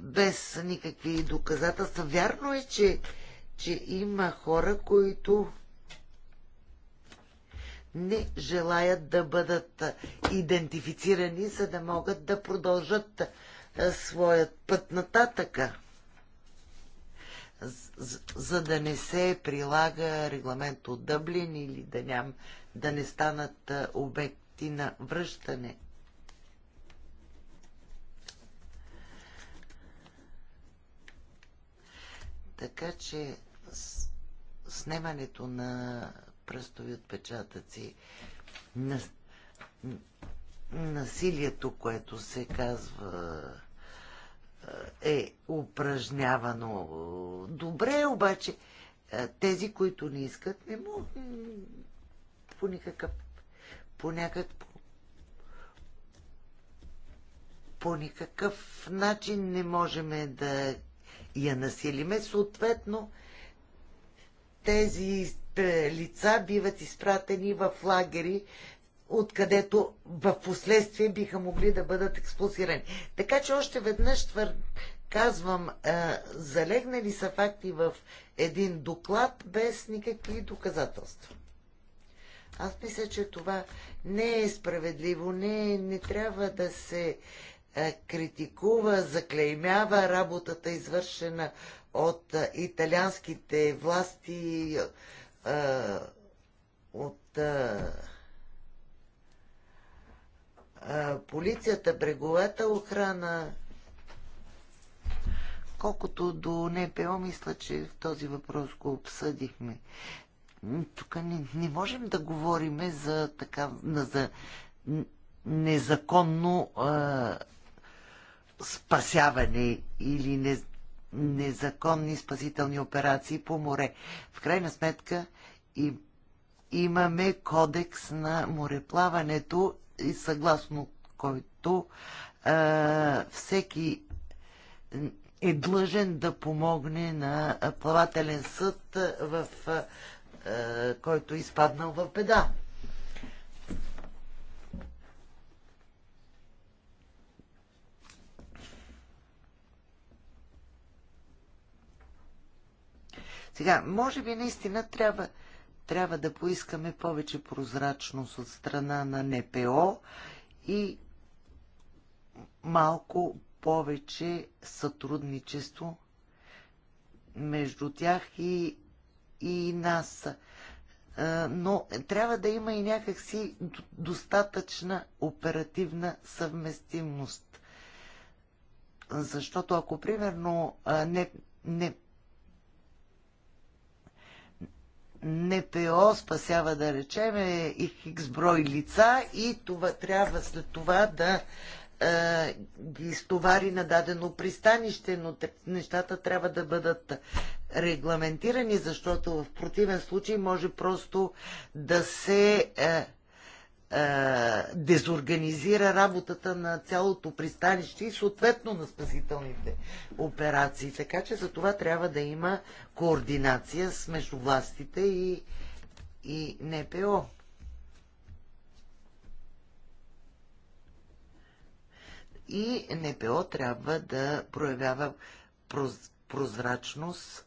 без никакви доказателства. Вярно е, че, че има хора, които не желаят да бъдат идентифицирани, за да могат да продължат е, своят път нататъка, за, за да не се прилага регламент от Дъблин или да, ням, да не станат е, обекти на връщане. Така че снимането на пръстови отпечатъци, на, насилието, което се казва е упражнявано добре, обаче е, тези, които не искат, не могат по никакъв по някакъв по никакъв начин не можем да я насилиме, съответно тези е, лица биват изпратени в лагери, откъдето в последствие биха могли да бъдат експлозирани. Така че още веднъж твър... казвам, а, е, залегнали са факти в един доклад без никакви доказателства. Аз мисля, че това не е справедливо, не, не трябва да се е, критикува, заклеймява работата, извършена от е, италианските власти, е, от полицията, бреговата охрана. Колкото до НПО, мисля, че в този въпрос го обсъдихме. Тук не, не можем да говорим за, така, за незаконно а, спасяване или не, незаконни спасителни операции по море. В крайна сметка и, имаме кодекс на мореплаването и съгласно който а, всеки е длъжен да помогне на плавателен съд, в, а, който е изпаднал в беда. Сега, може би наистина трябва, трябва да поискаме повече прозрачност от страна на НПО и малко повече сътрудничество между тях и, и нас. Но трябва да има и някакси достатъчна оперативна съвместимост. Защото ако, примерно, не, не, НПО спасява, да речем, и хикс брой лица и това трябва след това да е, ги изтовари на дадено пристанище, но нещата трябва да бъдат регламентирани, защото в противен случай може просто да се е, е, дезорганизира работата на цялото пристанище и съответно на спасителните операции. Така че за това трябва да има координация с между властите и, и НПО. И НПО трябва да проявява прозрачност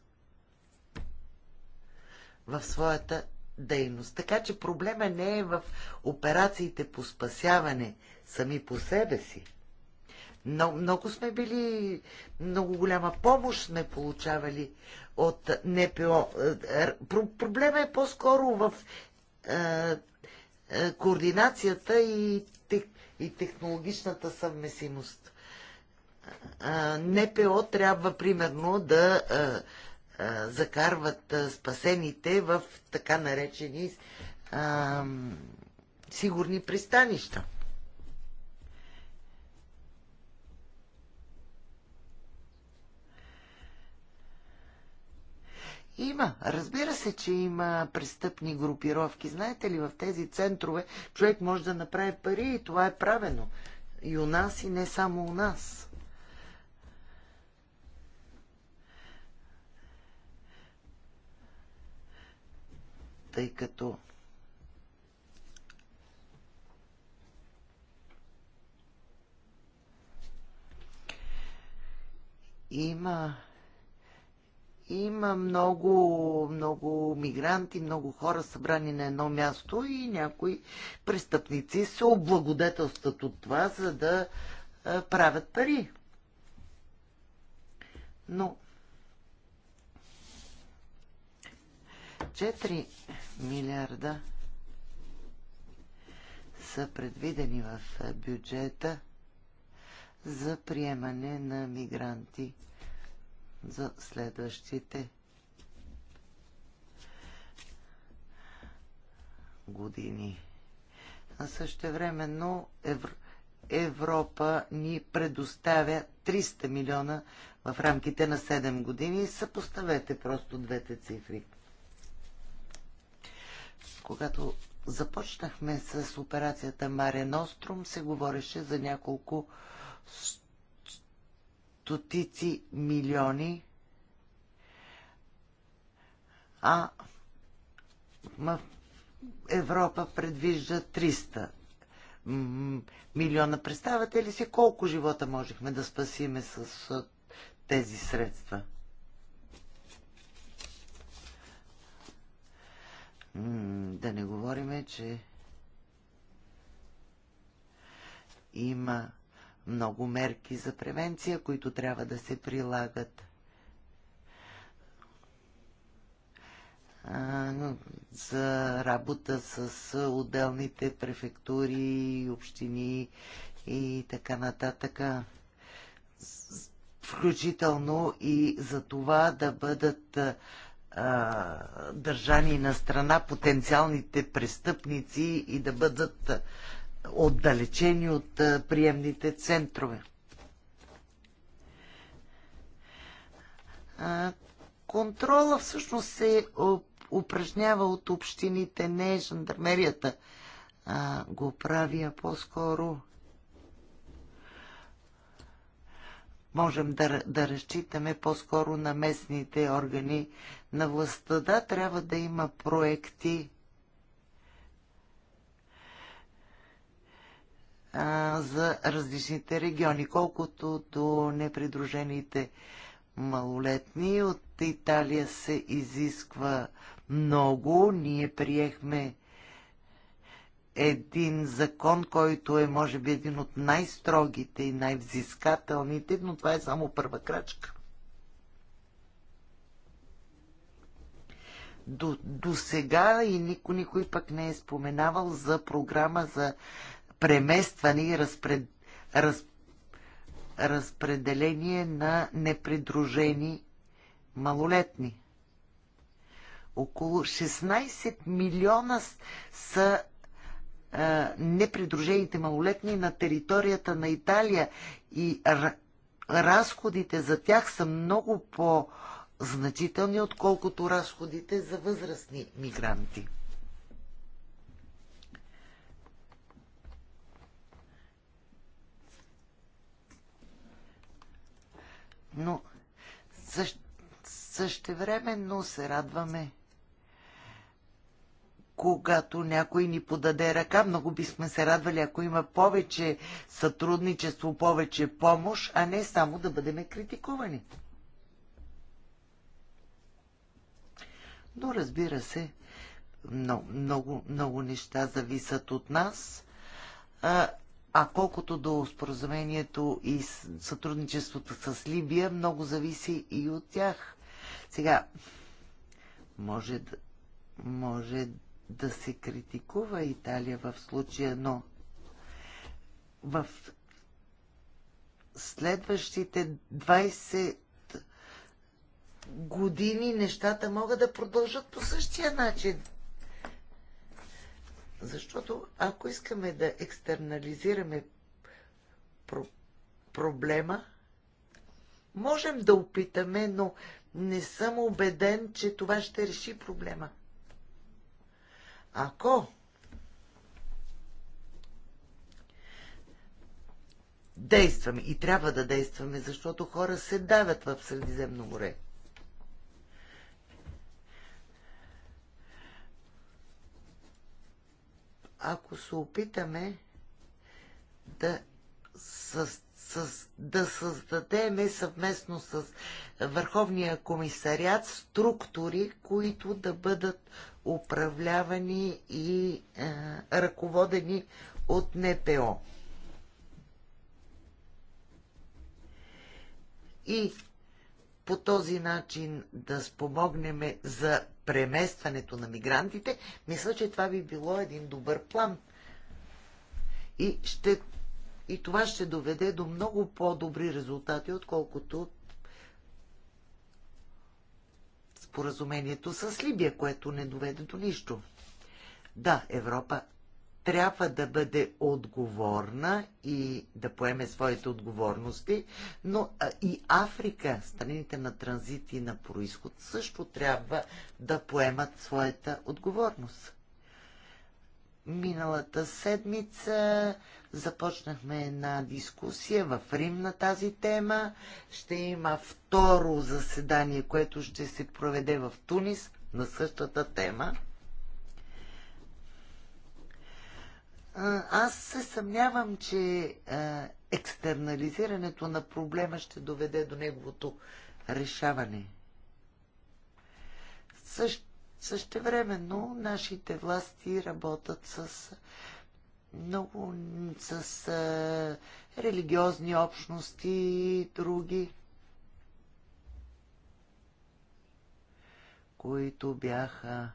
в своята дейност. Така че проблема не е в операциите по спасяване сами по себе си. Но много сме били, много голяма помощ сме получавали от НПО. Проблема е по-скоро в е, е, координацията и, и технологичната съвместимост. Е, НПО трябва примерно да закарват спасените в така наречени а, сигурни пристанища. Има. Разбира се, че има престъпни групировки. Знаете ли, в тези центрове човек може да направи пари и това е правено. И у нас, и не само у нас. тъй като има има много, много мигранти, много хора събрани на едно място и някои престъпници се облагодетелстват от това, за да правят пари. Но 4 милиарда са предвидени в е, бюджета за приемане на мигранти за следващите години. А също Евро... Европа ни предоставя 300 милиона в рамките на 7 години. Съпоставете просто двете цифри. Когато започнахме с операцията Маре Ностром, се говореше за няколко стотици милиони, а в Европа предвижда 300 милиона. Представете ли си колко живота можехме да спасиме с тези средства? Да не говориме, че има много мерки за превенция, които трябва да се прилагат. за работа с отделните префектури, общини и така нататък. Включително и за това да бъдат държани на страна потенциалните престъпници и да бъдат отдалечени от приемните центрове. контрола всъщност се упражнява от общините, не жандармерията а, го прави, а по-скоро можем да, да разчитаме по-скоро на местните органи на властта. Да, трябва да има проекти за различните региони. Колкото до непридружените малолетни, от Италия се изисква много. Ние приехме един закон, който е, може би, един от най-строгите и най-взискателните, но това е само първа крачка. до, до сега и никой, никой пък не е споменавал за програма за преместване и разпред, раз, разпределение на непридружени малолетни. Около 16 милиона са а, непридружените малолетни на територията на Италия и разходите за тях са много по- а, значителни отколкото разходите за възрастни мигранти. Но също, същевременно се радваме, когато някой ни подаде ръка. Много би сме се радвали, ако има повече сътрудничество, повече помощ, а не само да бъдем критикувани. Но разбира се, много, много, много неща зависят от нас. А, а колкото до споразумението и сътрудничеството с Либия, много зависи и от тях. Сега, може да, може да се критикува Италия в случая, но в следващите 20 години нещата могат да продължат по същия начин. Защото ако искаме да екстернализираме про- проблема, можем да опитаме, но не съм убеден, че това ще реши проблема. Ако действаме и трябва да действаме, защото хора се давят в Средиземно море. ако се опитаме да, с, с, да създадеме съвместно с Върховния комисариат структури, които да бъдат управлявани и е, ръководени от НПО. И по този начин да спомогнем за преместването на мигрантите, мисля, че това би било един добър план. И, ще, и това ще доведе до много по-добри резултати, отколкото споразумението с Либия, което не доведе до нищо. Да, Европа трябва да бъде отговорна и да поеме своите отговорности, но и Африка, страните на транзит и на происход, също трябва да поемат своята отговорност. Миналата седмица започнахме една дискусия в Рим на тази тема. Ще има второ заседание, което ще се проведе в Тунис на същата тема. Аз се съмнявам, че екстернализирането на проблема ще доведе до неговото решаване. Също Същевременно нашите власти работят с много с а, религиозни общности и други, които бяха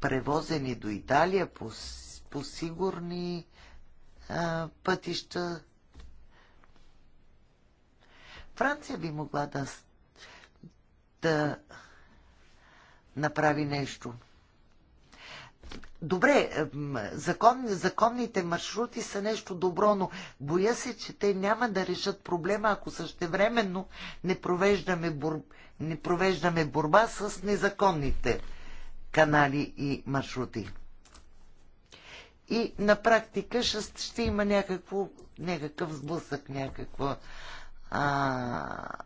превозени до Италия по, по сигурни а, пътища. Франция би могла да, да направи нещо. Добре, закон, законните маршрути са нещо добро, но боя се, че те няма да решат проблема, ако същевременно не провеждаме, бор... не провеждаме борба с незаконните канали и маршрути. И на практика ще, ще има някакво, някакъв сблъсък, някакво а,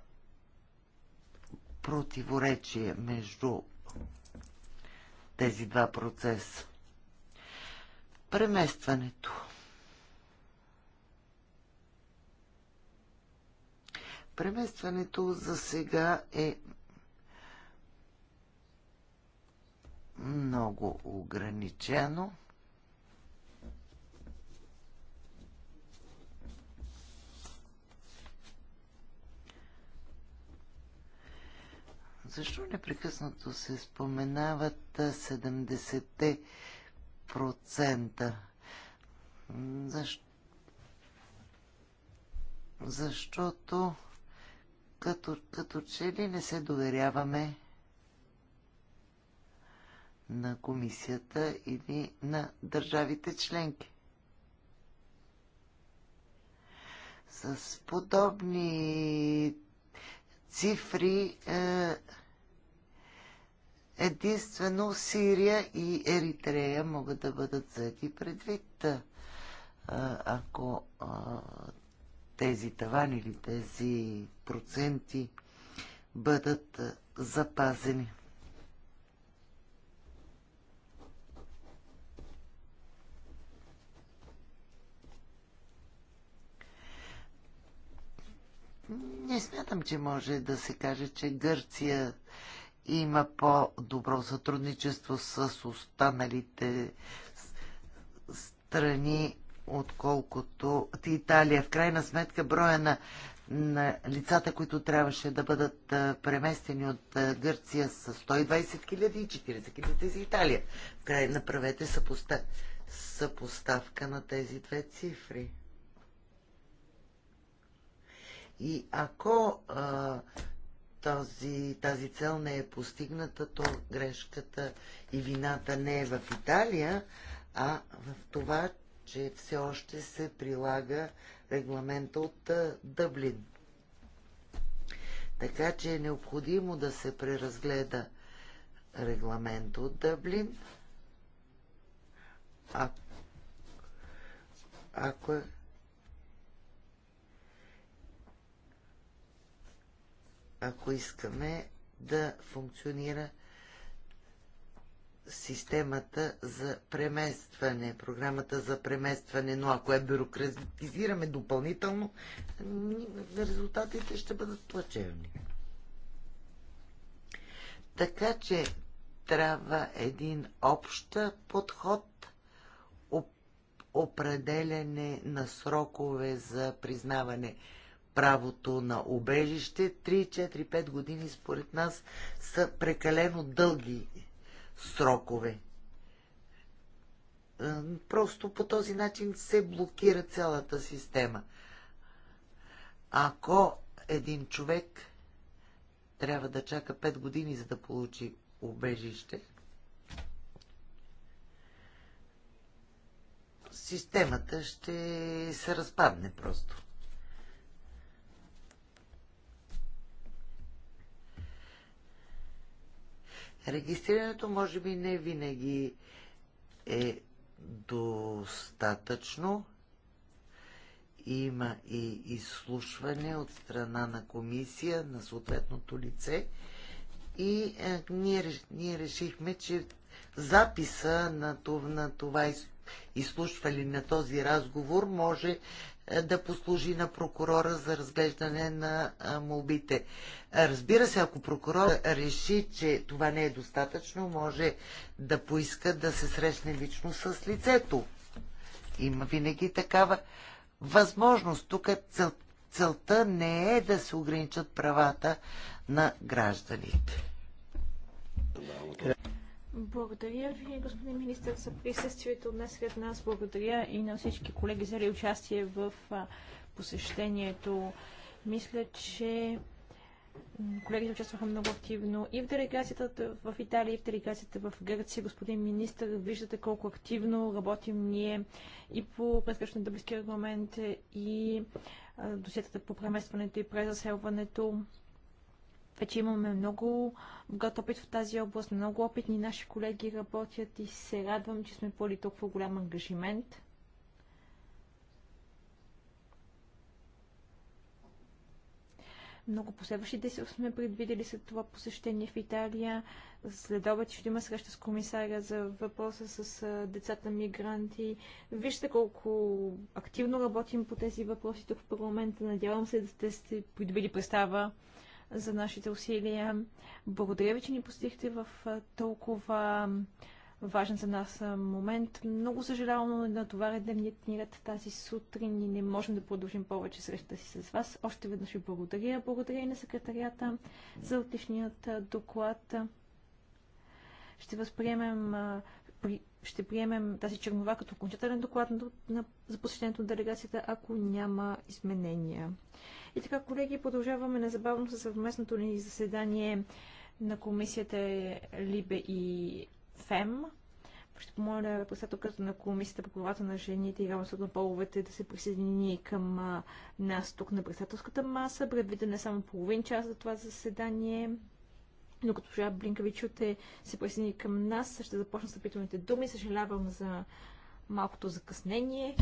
противоречие между тези два процеса. Преместването. Преместването за сега е много ограничено. Защо непрекъснато се споменават 70-те процента? Защо? Защото като, като че ли не се доверяваме на комисията или на държавите членки. С подобни цифри е, единствено Сирия и Еритрея могат да бъдат взети предвид, е, ако е, тези тавани или тези проценти бъдат запазени. Не смятам, че може да се каже, че Гърция има по-добро сътрудничество с останалите страни, отколкото Италия. В крайна сметка броя на, на лицата, които трябваше да бъдат преместени от Гърция са 120 хиляди и 40 хиляди за Италия. В край направете съпоставка на тези две цифри. И ако а, този, тази цел не е постигната, то грешката и вината не е в Италия, а в това, че все още се прилага регламента от Дъблин. Така че е необходимо да се преразгледа регламента от Дъблин. А, ако е- ако искаме да функционира системата за преместване, програмата за преместване, но ако я бюрократизираме допълнително, резултатите ще бъдат плачевни. Така че трябва един общ подход, определене на срокове за признаване правото на убежище. 3, 4, 5 години според нас са прекалено дълги срокове. Е, просто по този начин се блокира цялата система. Ако един човек трябва да чака 5 години, за да получи убежище, системата ще се разпадне просто. Регистрирането може би не винаги е достатъчно. Има и изслушване от страна на комисия на съответното лице. И е, ние, ние решихме, че записа на това, на това изслушване изслушвали на този разговор, може е, да послужи на прокурора за разглеждане на молбите. Разбира се, ако прокурор реши, че това не е достатъчно, може да поиска да се срещне лично с лицето. Има винаги такава възможност. Тук е цел, целта не е да се ограничат правата на гражданите. Благодаря ви, господин министр, за присъствието днес сред нас. Благодаря и на всички колеги, за участие в посещението. Мисля, че колегите участваха много активно и в делегацията в Италия, и в делегацията в Гърция. Господин министр, виждате колко активно работим ние и по предсрещна дъблински момент, и досетата по преместването и презаселването. Вече имаме много богат опит в тази област, много опитни наши колеги работят и се радвам, че сме поли толкова голям ангажимент. Много последващи действия сме предвидели след това посещение в Италия. След обед ще има среща с комисаря за въпроса с децата мигранти. Вижте колко активно работим по тези въпроси тук в парламента. Надявам се да сте придобили представа за нашите усилия. Благодаря ви, че ни посетихте в толкова важен за нас момент. Много съжалявам, но натоваря дневният ни ред тази сутрин и не можем да продължим повече срещата си с вас. Още веднъж ви благодаря. Благодаря и на секретарията за отличният доклад. Ще възприемем при... ще приемем тази чернова като окончателен доклад на, на, за посещението на делегацията, ако няма изменения. И така, колеги, продължаваме незабавно със съвместното ни заседание на комисията Либе и ФЕМ. Ще помоля председателката на комисията по правата на жените и равенството на половете да се присъедини към нас тук на председателската маса. Предвиден е само половин час за това заседание но госпожа Блинкавичуте се присъедини към нас. Ще започна с думи. Съжалявам за малкото закъснение.